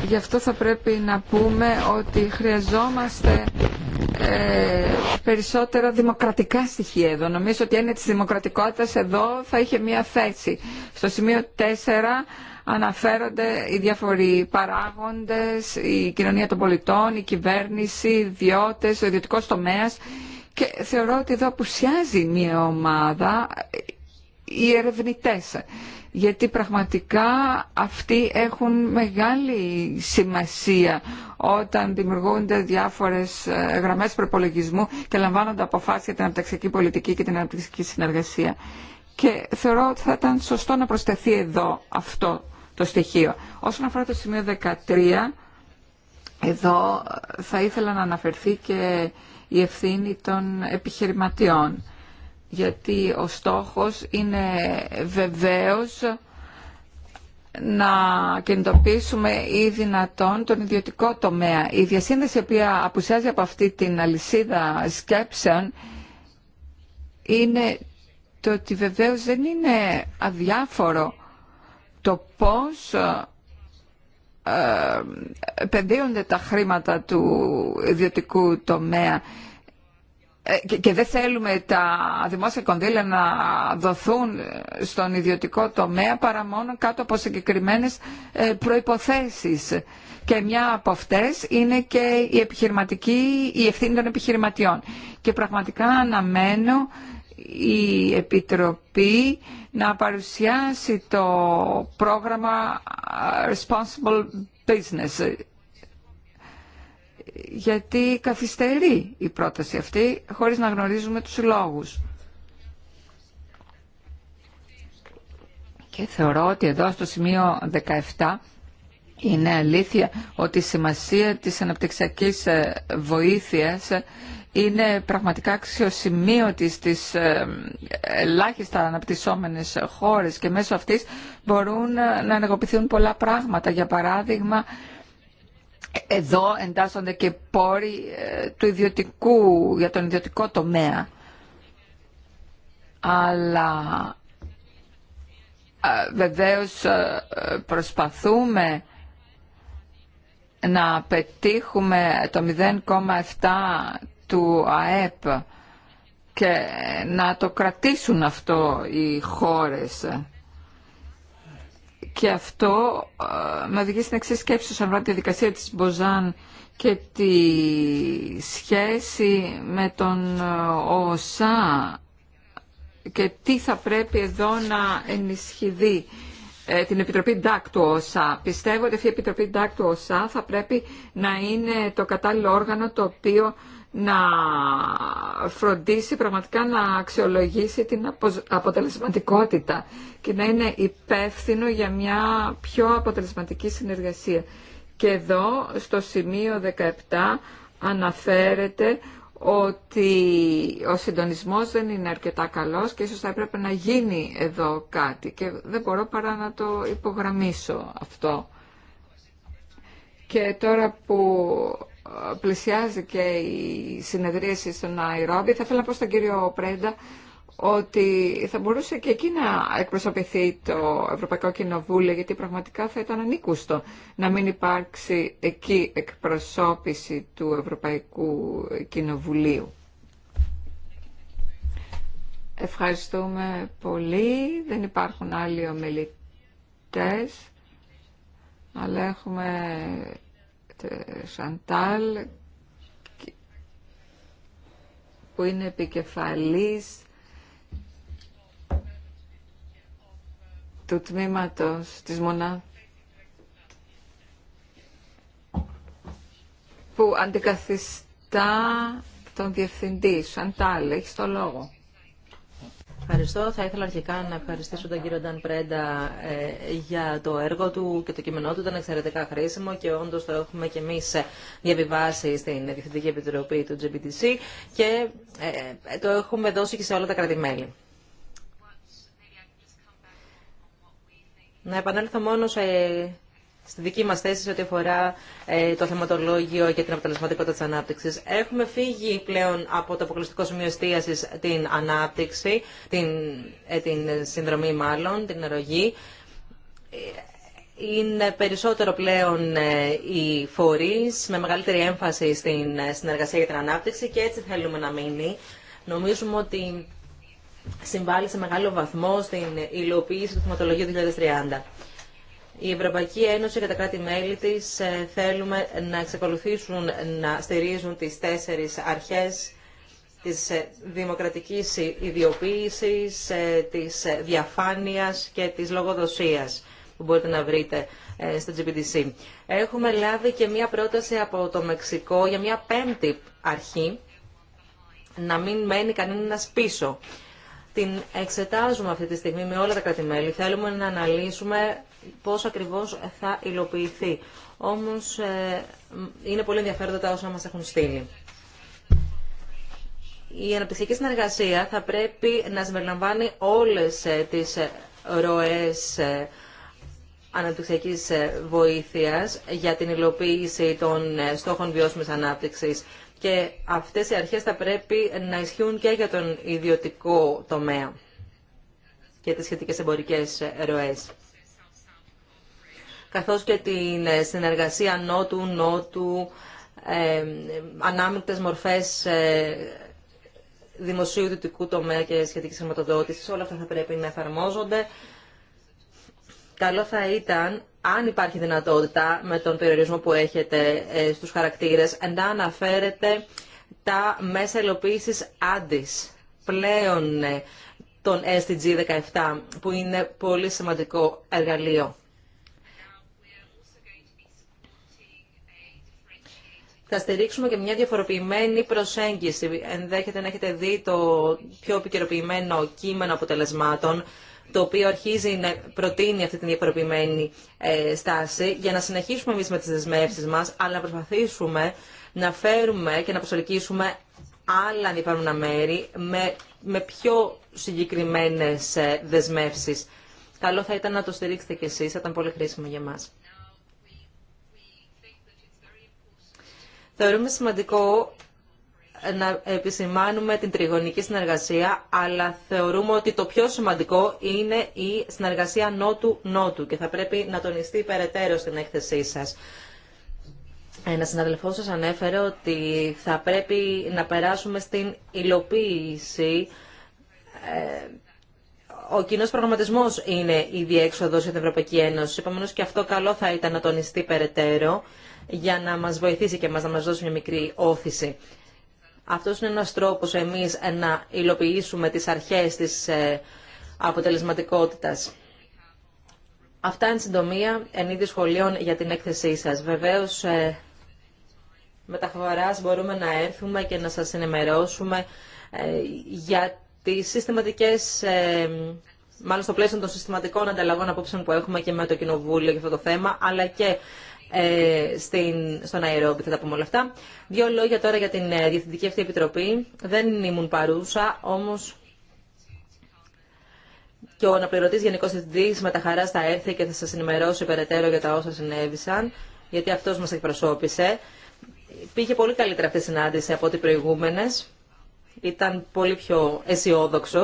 Γι' αυτό θα πρέπει να πούμε ότι χρειαζόμαστε ε, περισσότερα δημοκρατικά στοιχεία εδώ. Νομίζω ότι η έννοια της δημοκρατικότητας εδώ θα είχε μία θέση. Στο σημείο 4 αναφέρονται οι διάφοροι παράγοντες, η κοινωνία των πολιτών, η κυβέρνηση, οι ιδιώτες, ο ιδιωτικό τομέας και θεωρώ ότι εδώ απουσιάζει μια ομάδα οι ερευνητές γιατί πραγματικά αυτοί έχουν μεγάλη σημασία όταν δημιουργούνται διάφορες ε, γραμμές προπολογισμού και λαμβάνονται αποφάσεις για την αναπτυξιακή πολιτική και την αναπτυξιακή συνεργασία. Και θεωρώ ότι θα ήταν σωστό να προσθεθεί εδώ αυτό το στοιχείο. Όσον αφορά το σημείο 13, εδώ θα ήθελα να αναφερθεί και η ευθύνη των επιχειρηματιών, γιατί ο στόχος είναι βεβαίως να κινητοποιήσουμε ή δυνατόν τον ιδιωτικό τομέα. Η διασύνδεση η οποία απουσιάζει από αυτή την αλυσίδα σκέψεων είναι το ότι βεβαίως δεν είναι αδιάφορο το πώς ε, ε, επενδύονται τα χρήματα του ιδιωτικού τομέα ε, και δεν θέλουμε τα δημόσια κονδύλια να δοθούν στον ιδιωτικό τομέα παρά μόνο κάτω από συγκεκριμένες προϋποθέσεις. Και μια από αυτές είναι και η, επιχειρηματική, η ευθύνη των επιχειρηματιών. Και πραγματικά αναμένω η Επιτροπή να παρουσιάσει το πρόγραμμα Responsible Business γιατί καθυστερεί η πρόταση αυτή χωρίς να γνωρίζουμε τους λόγους. Και θεωρώ ότι εδώ στο σημείο 17 είναι αλήθεια ότι η σημασία της αναπτυξιακής ε, βοήθειας ε, είναι πραγματικά αξιοσημείωτη στις ε, ελάχιστα αναπτυσσόμενες χώρες και μέσω αυτής μπορούν να ενεργοποιηθούν πολλά πράγματα. Για παράδειγμα, εδώ εντάσσονται και πόροι του ιδιωτικού, για τον ιδιωτικό τομέα. Αλλά βεβαίως προσπαθούμε να πετύχουμε το 0,7 του ΑΕΠ και να το κρατήσουν αυτό οι χώρες. Και αυτό ε, με οδηγεί στην εξή σκέψη όσον τη δικασία της Μποζάν και τη σχέση με τον ε, ΟΣΑ και τι θα πρέπει εδώ να ενισχυθεί ε, την Επιτροπή ΝΤΑΚ του ΩΣΑ. Πιστεύω ότι αυτή η Επιτροπή ΝΤΑΚ του ΩΣΑ θα πρέπει να είναι το κατάλληλο όργανο το οποίο να φροντίσει πραγματικά να αξιολογήσει την αποτελεσματικότητα και να είναι υπεύθυνο για μια πιο αποτελεσματική συνεργασία. Και εδώ στο σημείο 17 αναφέρεται ότι ο συντονισμός δεν είναι αρκετά καλός και ίσως θα έπρεπε να γίνει εδώ κάτι και δεν μπορώ παρά να το υπογραμμίσω αυτό. Και τώρα που πλησιάζει και η συνεδρίαση στον Αϊρόμπι, θα ήθελα να πω στον κύριο Πρέντα ότι θα μπορούσε και εκεί να εκπροσωπηθεί το Ευρωπαϊκό Κοινοβούλιο, γιατί πραγματικά θα ήταν ανήκουστο να μην υπάρξει εκεί εκπροσώπηση του Ευρωπαϊκού Κοινοβουλίου. Ευχαριστούμε πολύ. Δεν υπάρχουν άλλοι ομιλητές, αλλά έχουμε Σαντάλ που είναι επικεφαλής του τμήματος της μονά που αντικαθιστά τον διευθυντή σου. Αν έχεις το λόγο. Ευχαριστώ. Θα ήθελα αρχικά να ευχαριστήσω τον κύριο Νταν Πρέντα ε, για το έργο του και το κείμενό του. Ήταν εξαιρετικά χρήσιμο και όντω το έχουμε και εμεί ε, διαβιβάσει στην Διευθυντική Επιτροπή του GBTC και ε, το έχουμε δώσει και σε όλα τα κράτη-μέλη. Να επανέλθω μόνο σε, στη δική μας θέση σε ό,τι αφορά ε, το θεματολόγιο και την αποτελεσματικότητα της ανάπτυξης. Έχουμε φύγει πλέον από το αποκλειστικό σημείο εστίασης την ανάπτυξη, την, ε, την συνδρομή μάλλον, την αρρωγή. Ε, είναι περισσότερο πλέον οι φορείς με μεγαλύτερη έμφαση στην συνεργασία για την ανάπτυξη και έτσι θέλουμε να μείνει. Νομίζουμε ότι συμβάλλει σε μεγάλο βαθμό στην υλοποίηση του θεματολογίου 2030. Η Ευρωπαϊκή Ένωση και τα κράτη-μέλη της ε, θέλουμε να εξακολουθήσουν να στηρίζουν τις τέσσερις αρχές της ε, δημοκρατικής ιδιοποίησης, ε, της διαφάνειας και της λογοδοσίας που μπορείτε να βρείτε στο GPTC. Έχουμε λάβει και μία πρόταση από το Μεξικό για μία πέμπτη αρχή να μην μένει κανένας πίσω την εξετάζουμε αυτή τη στιγμή με όλα τα κρατημέλη. Θέλουμε να αναλύσουμε πώς ακριβώς θα υλοποιηθεί. Όμως ε, είναι πολύ ενδιαφέροντα τα όσα μας έχουν στείλει. Η αναπτυξιακή συνεργασία θα πρέπει να συμπεριλαμβάνει όλες ε, τις ε, ροές αναπτυξιακής βοήθειας για την υλοποίηση των στόχων βιώσιμης ανάπτυξης και αυτές οι αρχές θα πρέπει να ισχύουν και για τον ιδιωτικό τομέα και τις σχετικές εμπορικές ροές καθώς και την ε, συνεργασία νότου-νότου, ε, ανάμεικτες μορφές ε, δημοσίου ιδιωτικού τομέα και σχετικής χρηματοδότησης. Όλα αυτά θα πρέπει να εφαρμόζονται καλό θα ήταν, αν υπάρχει δυνατότητα με τον περιορισμό που έχετε ε, στους χαρακτήρες, να αναφέρετε τα μέσα υλοποίησης άντις πλέον ε, τον SDG 17, που είναι πολύ σημαντικό εργαλείο. Θα στηρίξουμε και μια διαφοροποιημένη προσέγγιση. Ενδέχεται να έχετε δει το πιο επικαιροποιημένο κείμενο αποτελεσμάτων το οποίο αρχίζει να προτείνει αυτή την διαφοροποιημένη ε, στάση για να συνεχίσουμε εμείς με τις δεσμεύσεις μας, αλλά να προσπαθήσουμε να φέρουμε και να προσελκύσουμε άλλα υπάρχουν μέρη με, με πιο συγκεκριμένες ε, δεσμεύσεις. Καλό θα ήταν να το στηρίξετε κι εσείς, θα ήταν πολύ χρήσιμο για μας. Θεωρούμε σημαντικό να επισημάνουμε την τριγωνική συνεργασία, αλλά θεωρούμε ότι το πιο σημαντικό είναι η συνεργασία νότου-νότου και θα πρέπει να τονιστεί περαιτέρω στην έκθεσή σας. Ένα συναδελφό σας ανέφερε ότι θα πρέπει να περάσουμε στην υλοποίηση. Ε, ο κοινό προγραμματισμό είναι η διέξοδο για την Ευρωπαϊκή Ένωση. Επομένω και αυτό καλό θα ήταν να τονιστεί περαιτέρω για να μα βοηθήσει και μας να μα δώσει μια μικρή όθηση. Αυτό είναι ένα τρόπο εμείς να υλοποιήσουμε τις αρχές της ε, αποτελεσματικότητας. Αυτά είναι συντομία, εν είδη σχολείων για την έκθεσή σας. Βεβαίως, ε, μεταχωράς μπορούμε να έρθουμε και να σας ενημερώσουμε ε, για τις συστηματικές, μάλλον στο πλαίσιο των συστηματικών ανταλλαγών απόψεων που έχουμε και με το Κοινοβούλιο για αυτό το θέμα, αλλά και ε, στον αερόμπι. Θα τα πούμε όλα αυτά. Δύο λόγια τώρα για την ε, Διευθυντική αυτή επιτροπή. Δεν ήμουν παρούσα, όμως και ο αναπληρωτή Γενικό Διευθυντή με τα χαρά θα έρθει και θα σα ενημερώσει περαιτέρω για τα όσα συνέβησαν, γιατί αυτό μα εκπροσώπησε. Πήγε πολύ καλύτερα αυτή η συνάντηση από ό,τι προηγούμενε. Ήταν πολύ πιο αισιόδοξο.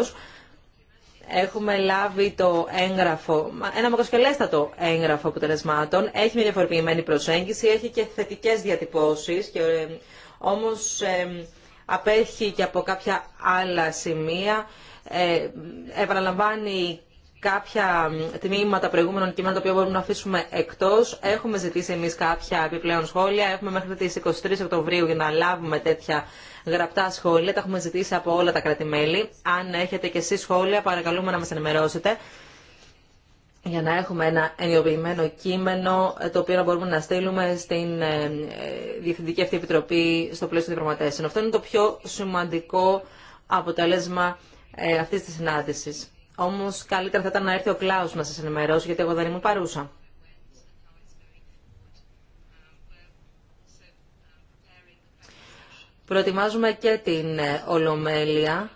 Έχουμε λάβει το έγγραφο, ένα μακροσκελέστατο έγγραφο αποτελεσμάτων. Έχει μια διαφοροποιημένη προσέγγιση, έχει και θετικές διατυπώσεις, και, ε, όμως ε, απέχει και από κάποια άλλα σημεία. Ε, επαναλαμβάνει κάποια τμήματα προηγούμενων κειμένων τα οποία μπορούμε να αφήσουμε εκτός. Έχουμε ζητήσει εμείς κάποια επιπλέον σχόλια. Έχουμε μέχρι τις 23 Οκτωβρίου για να λάβουμε τέτοια γραπτά σχόλια. Τα έχουμε ζητήσει από όλα τα κρατημέλη. Αν έχετε και εσείς σχόλια, παρακαλούμε να μας ενημερώσετε για να έχουμε ένα ενιοποιημένο κείμενο ε, το οποίο να μπορούμε να στείλουμε στην ε, ε, Διευθυντική αυτή Επιτροπή στο πλαίσιο των διπλωματέσεων. Αυτό είναι το πιο σημαντικό αποτέλεσμα αυτής της συνάντησης. Όμως καλύτερα θα ήταν να έρθει ο Κλάους να σας ενημερώσει γιατί εγώ δεν ήμουν παρούσα. Προετοιμάζουμε και την ε, Ολομέλεια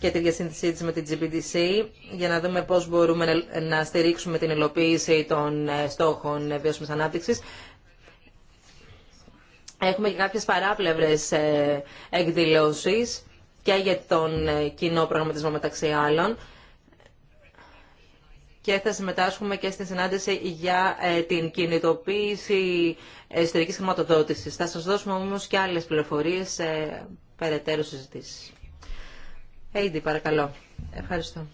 και τη διασύνδεσή της με την GPTC για να δούμε πώς μπορούμε να στηρίξουμε την υλοποίηση των ε, στόχων ε, βιώσιμης ανάπτυξης. Έχουμε και κάποιες παράπλευρες εκδηλώσεις και για τον κοινό προγραμματισμό μεταξύ άλλων και θα συμμετάσχουμε και στην συνάντηση για ε, την κινητοποίηση εσωτερική χρηματοδότηση. Θα σας δώσουμε όμως και άλλες πληροφορίες σε περαιτέρω συζητήσει. Έιντι, παρακαλώ. Ευχαριστώ.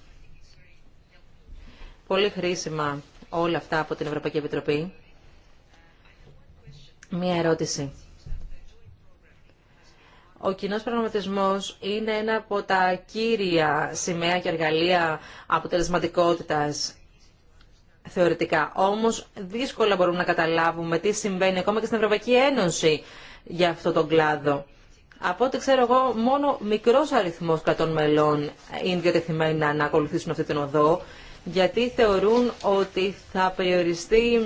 Πολύ χρήσιμα όλα αυτά από την Ευρωπαϊκή Επιτροπή. Μία ερώτηση. Ο κοινό προγραμματισμό είναι ένα από τα κύρια σημαία και εργαλεία αποτελεσματικότητας θεωρητικά. Όμως δύσκολα μπορούμε να καταλάβουμε τι συμβαίνει ακόμα και στην Ευρωπαϊκή Ένωση για αυτό τον κλάδο. Από ό,τι ξέρω εγώ, μόνο μικρός αριθμός κρατών μελών είναι διατεθειμένοι να ακολουθήσουν αυτή την οδό, γιατί θεωρούν ότι θα περιοριστεί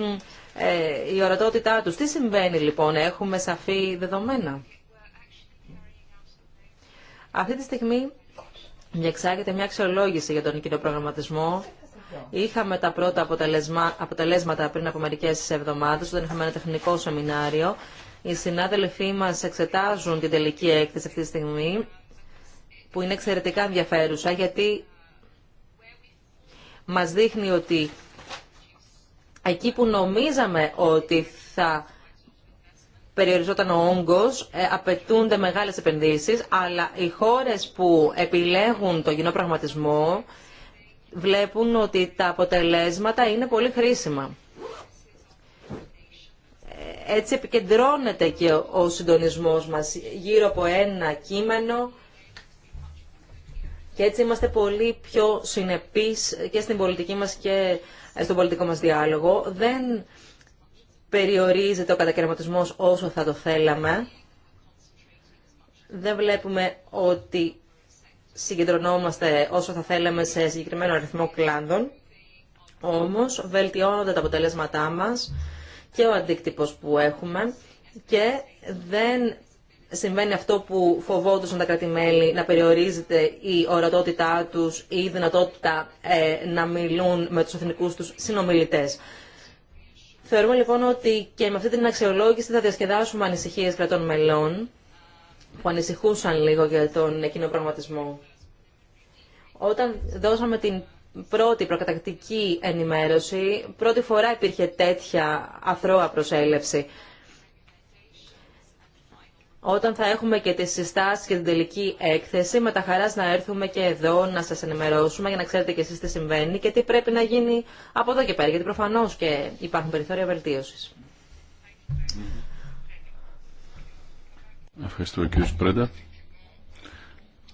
ε, η ορατότητά του. Τι συμβαίνει λοιπόν, έχουμε σαφή δεδομένα. Αυτή τη στιγμή διεξάγεται μια αξιολόγηση για τον κοινό προγραμματισμό. Είχαμε τα πρώτα αποτελέσματα πριν από μερικέ εβδομάδε, όταν είχαμε ένα τεχνικό σεμινάριο. Οι συνάδελφοί μα εξετάζουν την τελική έκθεση αυτή τη στιγμή, που είναι εξαιρετικά ενδιαφέρουσα, γιατί μα δείχνει ότι εκεί που νομίζαμε ότι θα περιοριζόταν ο όγκος, ε, απαιτούνται μεγάλες επενδύσεις, αλλά οι χώρες που επιλέγουν τον κοινό πραγματισμό βλέπουν ότι τα αποτελέσματα είναι πολύ χρήσιμα. Ε, έτσι επικεντρώνεται και ο συντονισμός μας γύρω από ένα κείμενο και έτσι είμαστε πολύ πιο συνεπείς και στην πολιτική μας και στον πολιτικό μας διάλογο. Δεν περιορίζεται ο κατακαιρματισμός όσο θα το θέλαμε. Δεν βλέπουμε ότι συγκεντρωνόμαστε όσο θα θέλαμε σε συγκεκριμένο αριθμό κλάδων. Όμως βελτιώνονται τα αποτελέσματά μας και ο αντίκτυπος που έχουμε και δεν συμβαίνει αυτό που φοβόντουσαν τα κρατη να περιορίζεται η ορατότητά τους ή η δυνατότητα ε, να μιλούν με τους εθνικούς τους συνομιλητές. Θεωρούμε λοιπόν ότι και με αυτή την αξιολόγηση θα διασκεδάσουμε ανησυχίες κρατών μελών που ανησυχούσαν λίγο για τον κοινό πραγματισμό. Όταν δώσαμε την πρώτη προκατακτική ενημέρωση, πρώτη φορά υπήρχε τέτοια αθρώα προσέλευση όταν θα έχουμε και τις συστάσεις και την τελική έκθεση, με τα χαράς να έρθουμε και εδώ να σας ενημερώσουμε για να ξέρετε και εσείς τι συμβαίνει και τι πρέπει να γίνει από εδώ και πέρα, γιατί προφανώς και υπάρχουν περιθώρια βελτίωσης. Ευχαριστώ κύριε Πρέντα.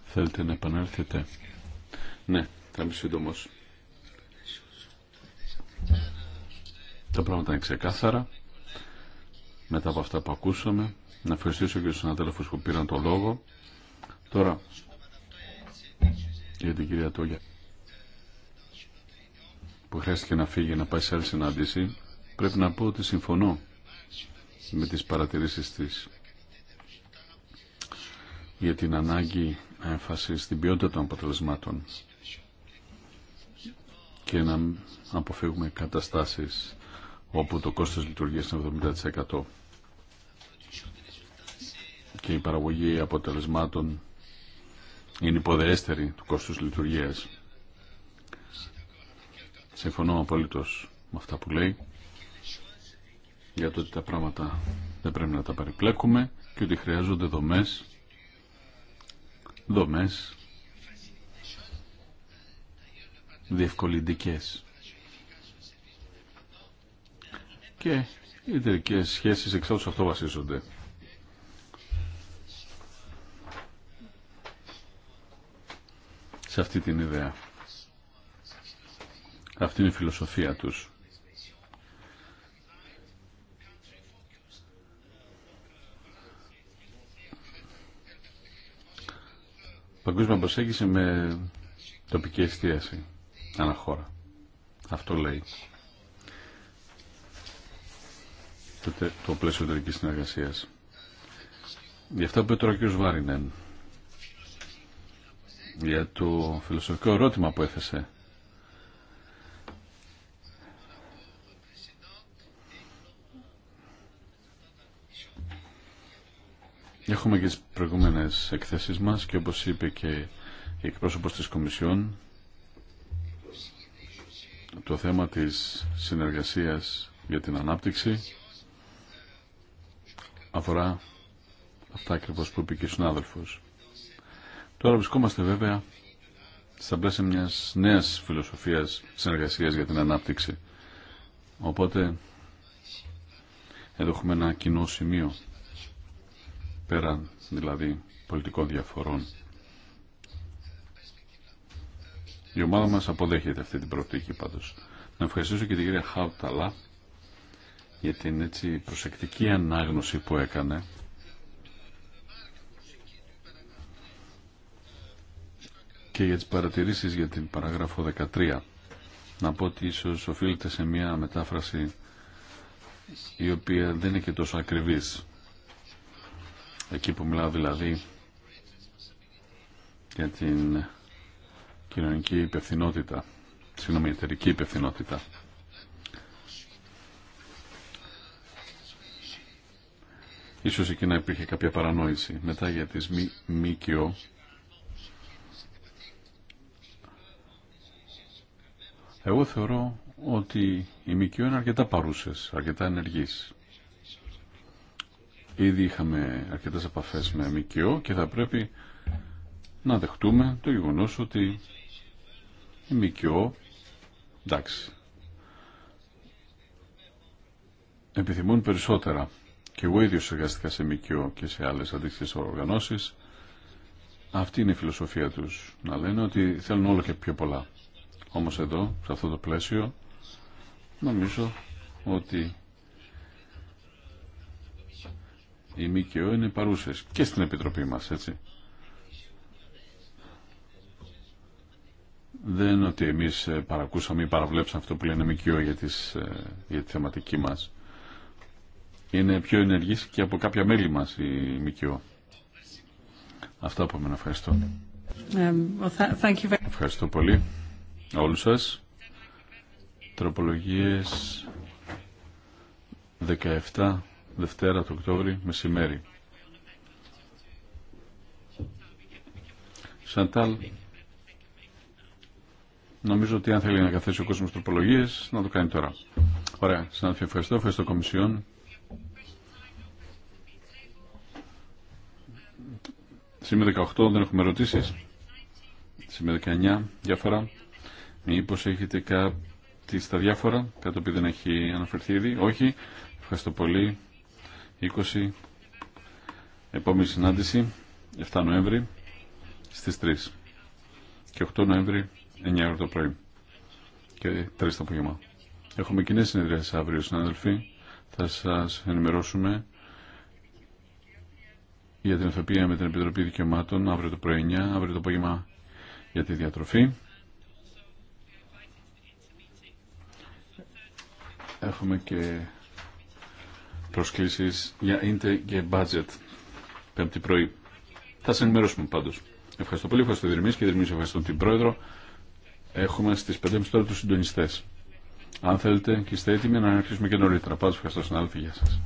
Θέλετε να επανέλθετε. Ναι, θα είμαι σύντομο. Τα πράγματα είναι ξεκάθαρα. Μετά από αυτά που ακούσαμε, να ευχαριστήσω και του συναδέλφους που πήραν το λόγο. Τώρα, για την κυρία Τόγια, που χρειάστηκε να φύγει να πάει σε άλλη συνάντηση, πρέπει να πω ότι συμφωνώ με τις παρατηρήσεις της για την ανάγκη έμφαση στην ποιότητα των αποτελεσμάτων και να αποφύγουμε καταστάσεις όπου το κόστος λειτουργίας είναι 70% και η παραγωγή αποτελεσμάτων είναι υποδεέστερη του κόστους λειτουργίας. Συμφωνώ απολύτως με αυτά που λέει για το ότι τα πράγματα δεν πρέπει να τα περιπλέκουμε και ότι χρειάζονται δομές δομές διευκολυντικές και οι εταιρικέ σχέσεις εξάλλου αυτό βασίζονται σε αυτή την ιδέα. Αυτή είναι η φιλοσοφία τους. Παγκόσμια προσέγγιση με τοπική εστίαση αναχώρα. Αυτό λέει το, το πλαίσιο εταιρική συνεργασία. Γι' αυτό που είπε τώρα ο κ. Βάρινεν, για το φιλοσοφικό ερώτημα που έθεσε. Έχουμε και τις προηγούμενες εκθέσεις μας και όπως είπε και η εκπρόσωπος της Κομισιόν το θέμα της συνεργασίας για την ανάπτυξη αφορά αυτά ακριβώς που είπε και ο συνάδελφος. Τώρα βρισκόμαστε βέβαια στα πλαίσια μιας νέας φιλοσοφίας συνεργασία για την ανάπτυξη. Οπότε εδώ έχουμε ένα κοινό σημείο πέραν δηλαδή πολιτικών διαφορών. Η ομάδα μας αποδέχεται αυτή την προοπτική πάντως. Να ευχαριστήσω και την κυρία Χάουταλα για την έτσι προσεκτική ανάγνωση που έκανε και για τις παρατηρήσεις για την παράγραφο 13. Να πω ότι ίσως οφείλεται σε μια μετάφραση η οποία δεν είναι και τόσο ακριβής. Εκεί που μιλάω δηλαδή για την κοινωνική υπευθυνότητα, συγγνώμη, εταιρική υπευθυνότητα. Ίσως εκεί να υπήρχε κάποια παρανόηση. Μετά για τις μη μη, Εγώ θεωρώ ότι η ΜΚΟ είναι αρκετά παρούσες, αρκετά ενεργείς. Ήδη είχαμε αρκετές επαφές με ΜΚΟ και θα πρέπει να δεχτούμε το γεγονός ότι η ΜΚΟ, εντάξει, επιθυμούν περισσότερα. Και εγώ ίδιος εργαστήκα σε ΜΚΟ και σε άλλες αντίστοιχες οργανώσεις. Αυτή είναι η φιλοσοφία τους, να λένε ότι θέλουν όλο και πιο πολλά. Όμως εδώ, σε αυτό το πλαίσιο, νομίζω ότι η ΜΚΟ είναι παρούσες και στην Επιτροπή μας, έτσι. Δεν είναι ότι εμείς ε, παρακούσαμε ή παραβλέψαμε αυτό που λένε ΜΚΟ για, τις, ε, για τη θεματική μας. Είναι πιο ενεργής και από κάποια μέλη μας η ΜΚΟ. Αυτά από εμένα. Ευχαριστώ. Ε, thank you very... Ευχαριστώ πολύ όλους σας. Τροπολογίες 17 Δευτέρα του Οκτώβρη μεσημέρι. Σαντάλ, νομίζω ότι αν θέλει να καθέσει ο κόσμος τροπολογίες, να το κάνει τώρα. Ωραία, συνάδελφοι, ευχαριστώ. Ευχαριστώ Κομισιόν. Σήμερα 18 δεν έχουμε ερωτήσεις. Σήμερα 19 διάφορα. Μήπως έχετε κάτι στα διάφορα, κάτω που δεν έχει αναφερθεί ήδη. Όχι. Ευχαριστώ πολύ. 20. Επόμενη συνάντηση, 7 Νοέμβρη, στις 3. Και 8 Νοέμβρη, 9 ώρα το πρωί. Και 3 το απόγευμα. Έχουμε κοινέ συνεδρίες αύριο, συνάδελφοι. Θα σας ενημερώσουμε για την εφεπία με την Επιτροπή Δικαιωμάτων αύριο το πρωί 9, αύριο το απόγευμα για τη διατροφή. έχουμε και προσκλήσεις για ίντε και budget πέμπτη πρωί. Θα σε ενημερώσουμε πάντως. Ευχαριστώ πολύ, ευχαριστώ Δερμής και Δερμής ευχαριστώ την Πρόεδρο. Έχουμε στις 5.30 τώρα τους συντονιστές. Αν θέλετε και είστε έτοιμοι να αρχίσουμε και νωρίτερα. Πάντως ευχαριστώ άλλη. γεια σας.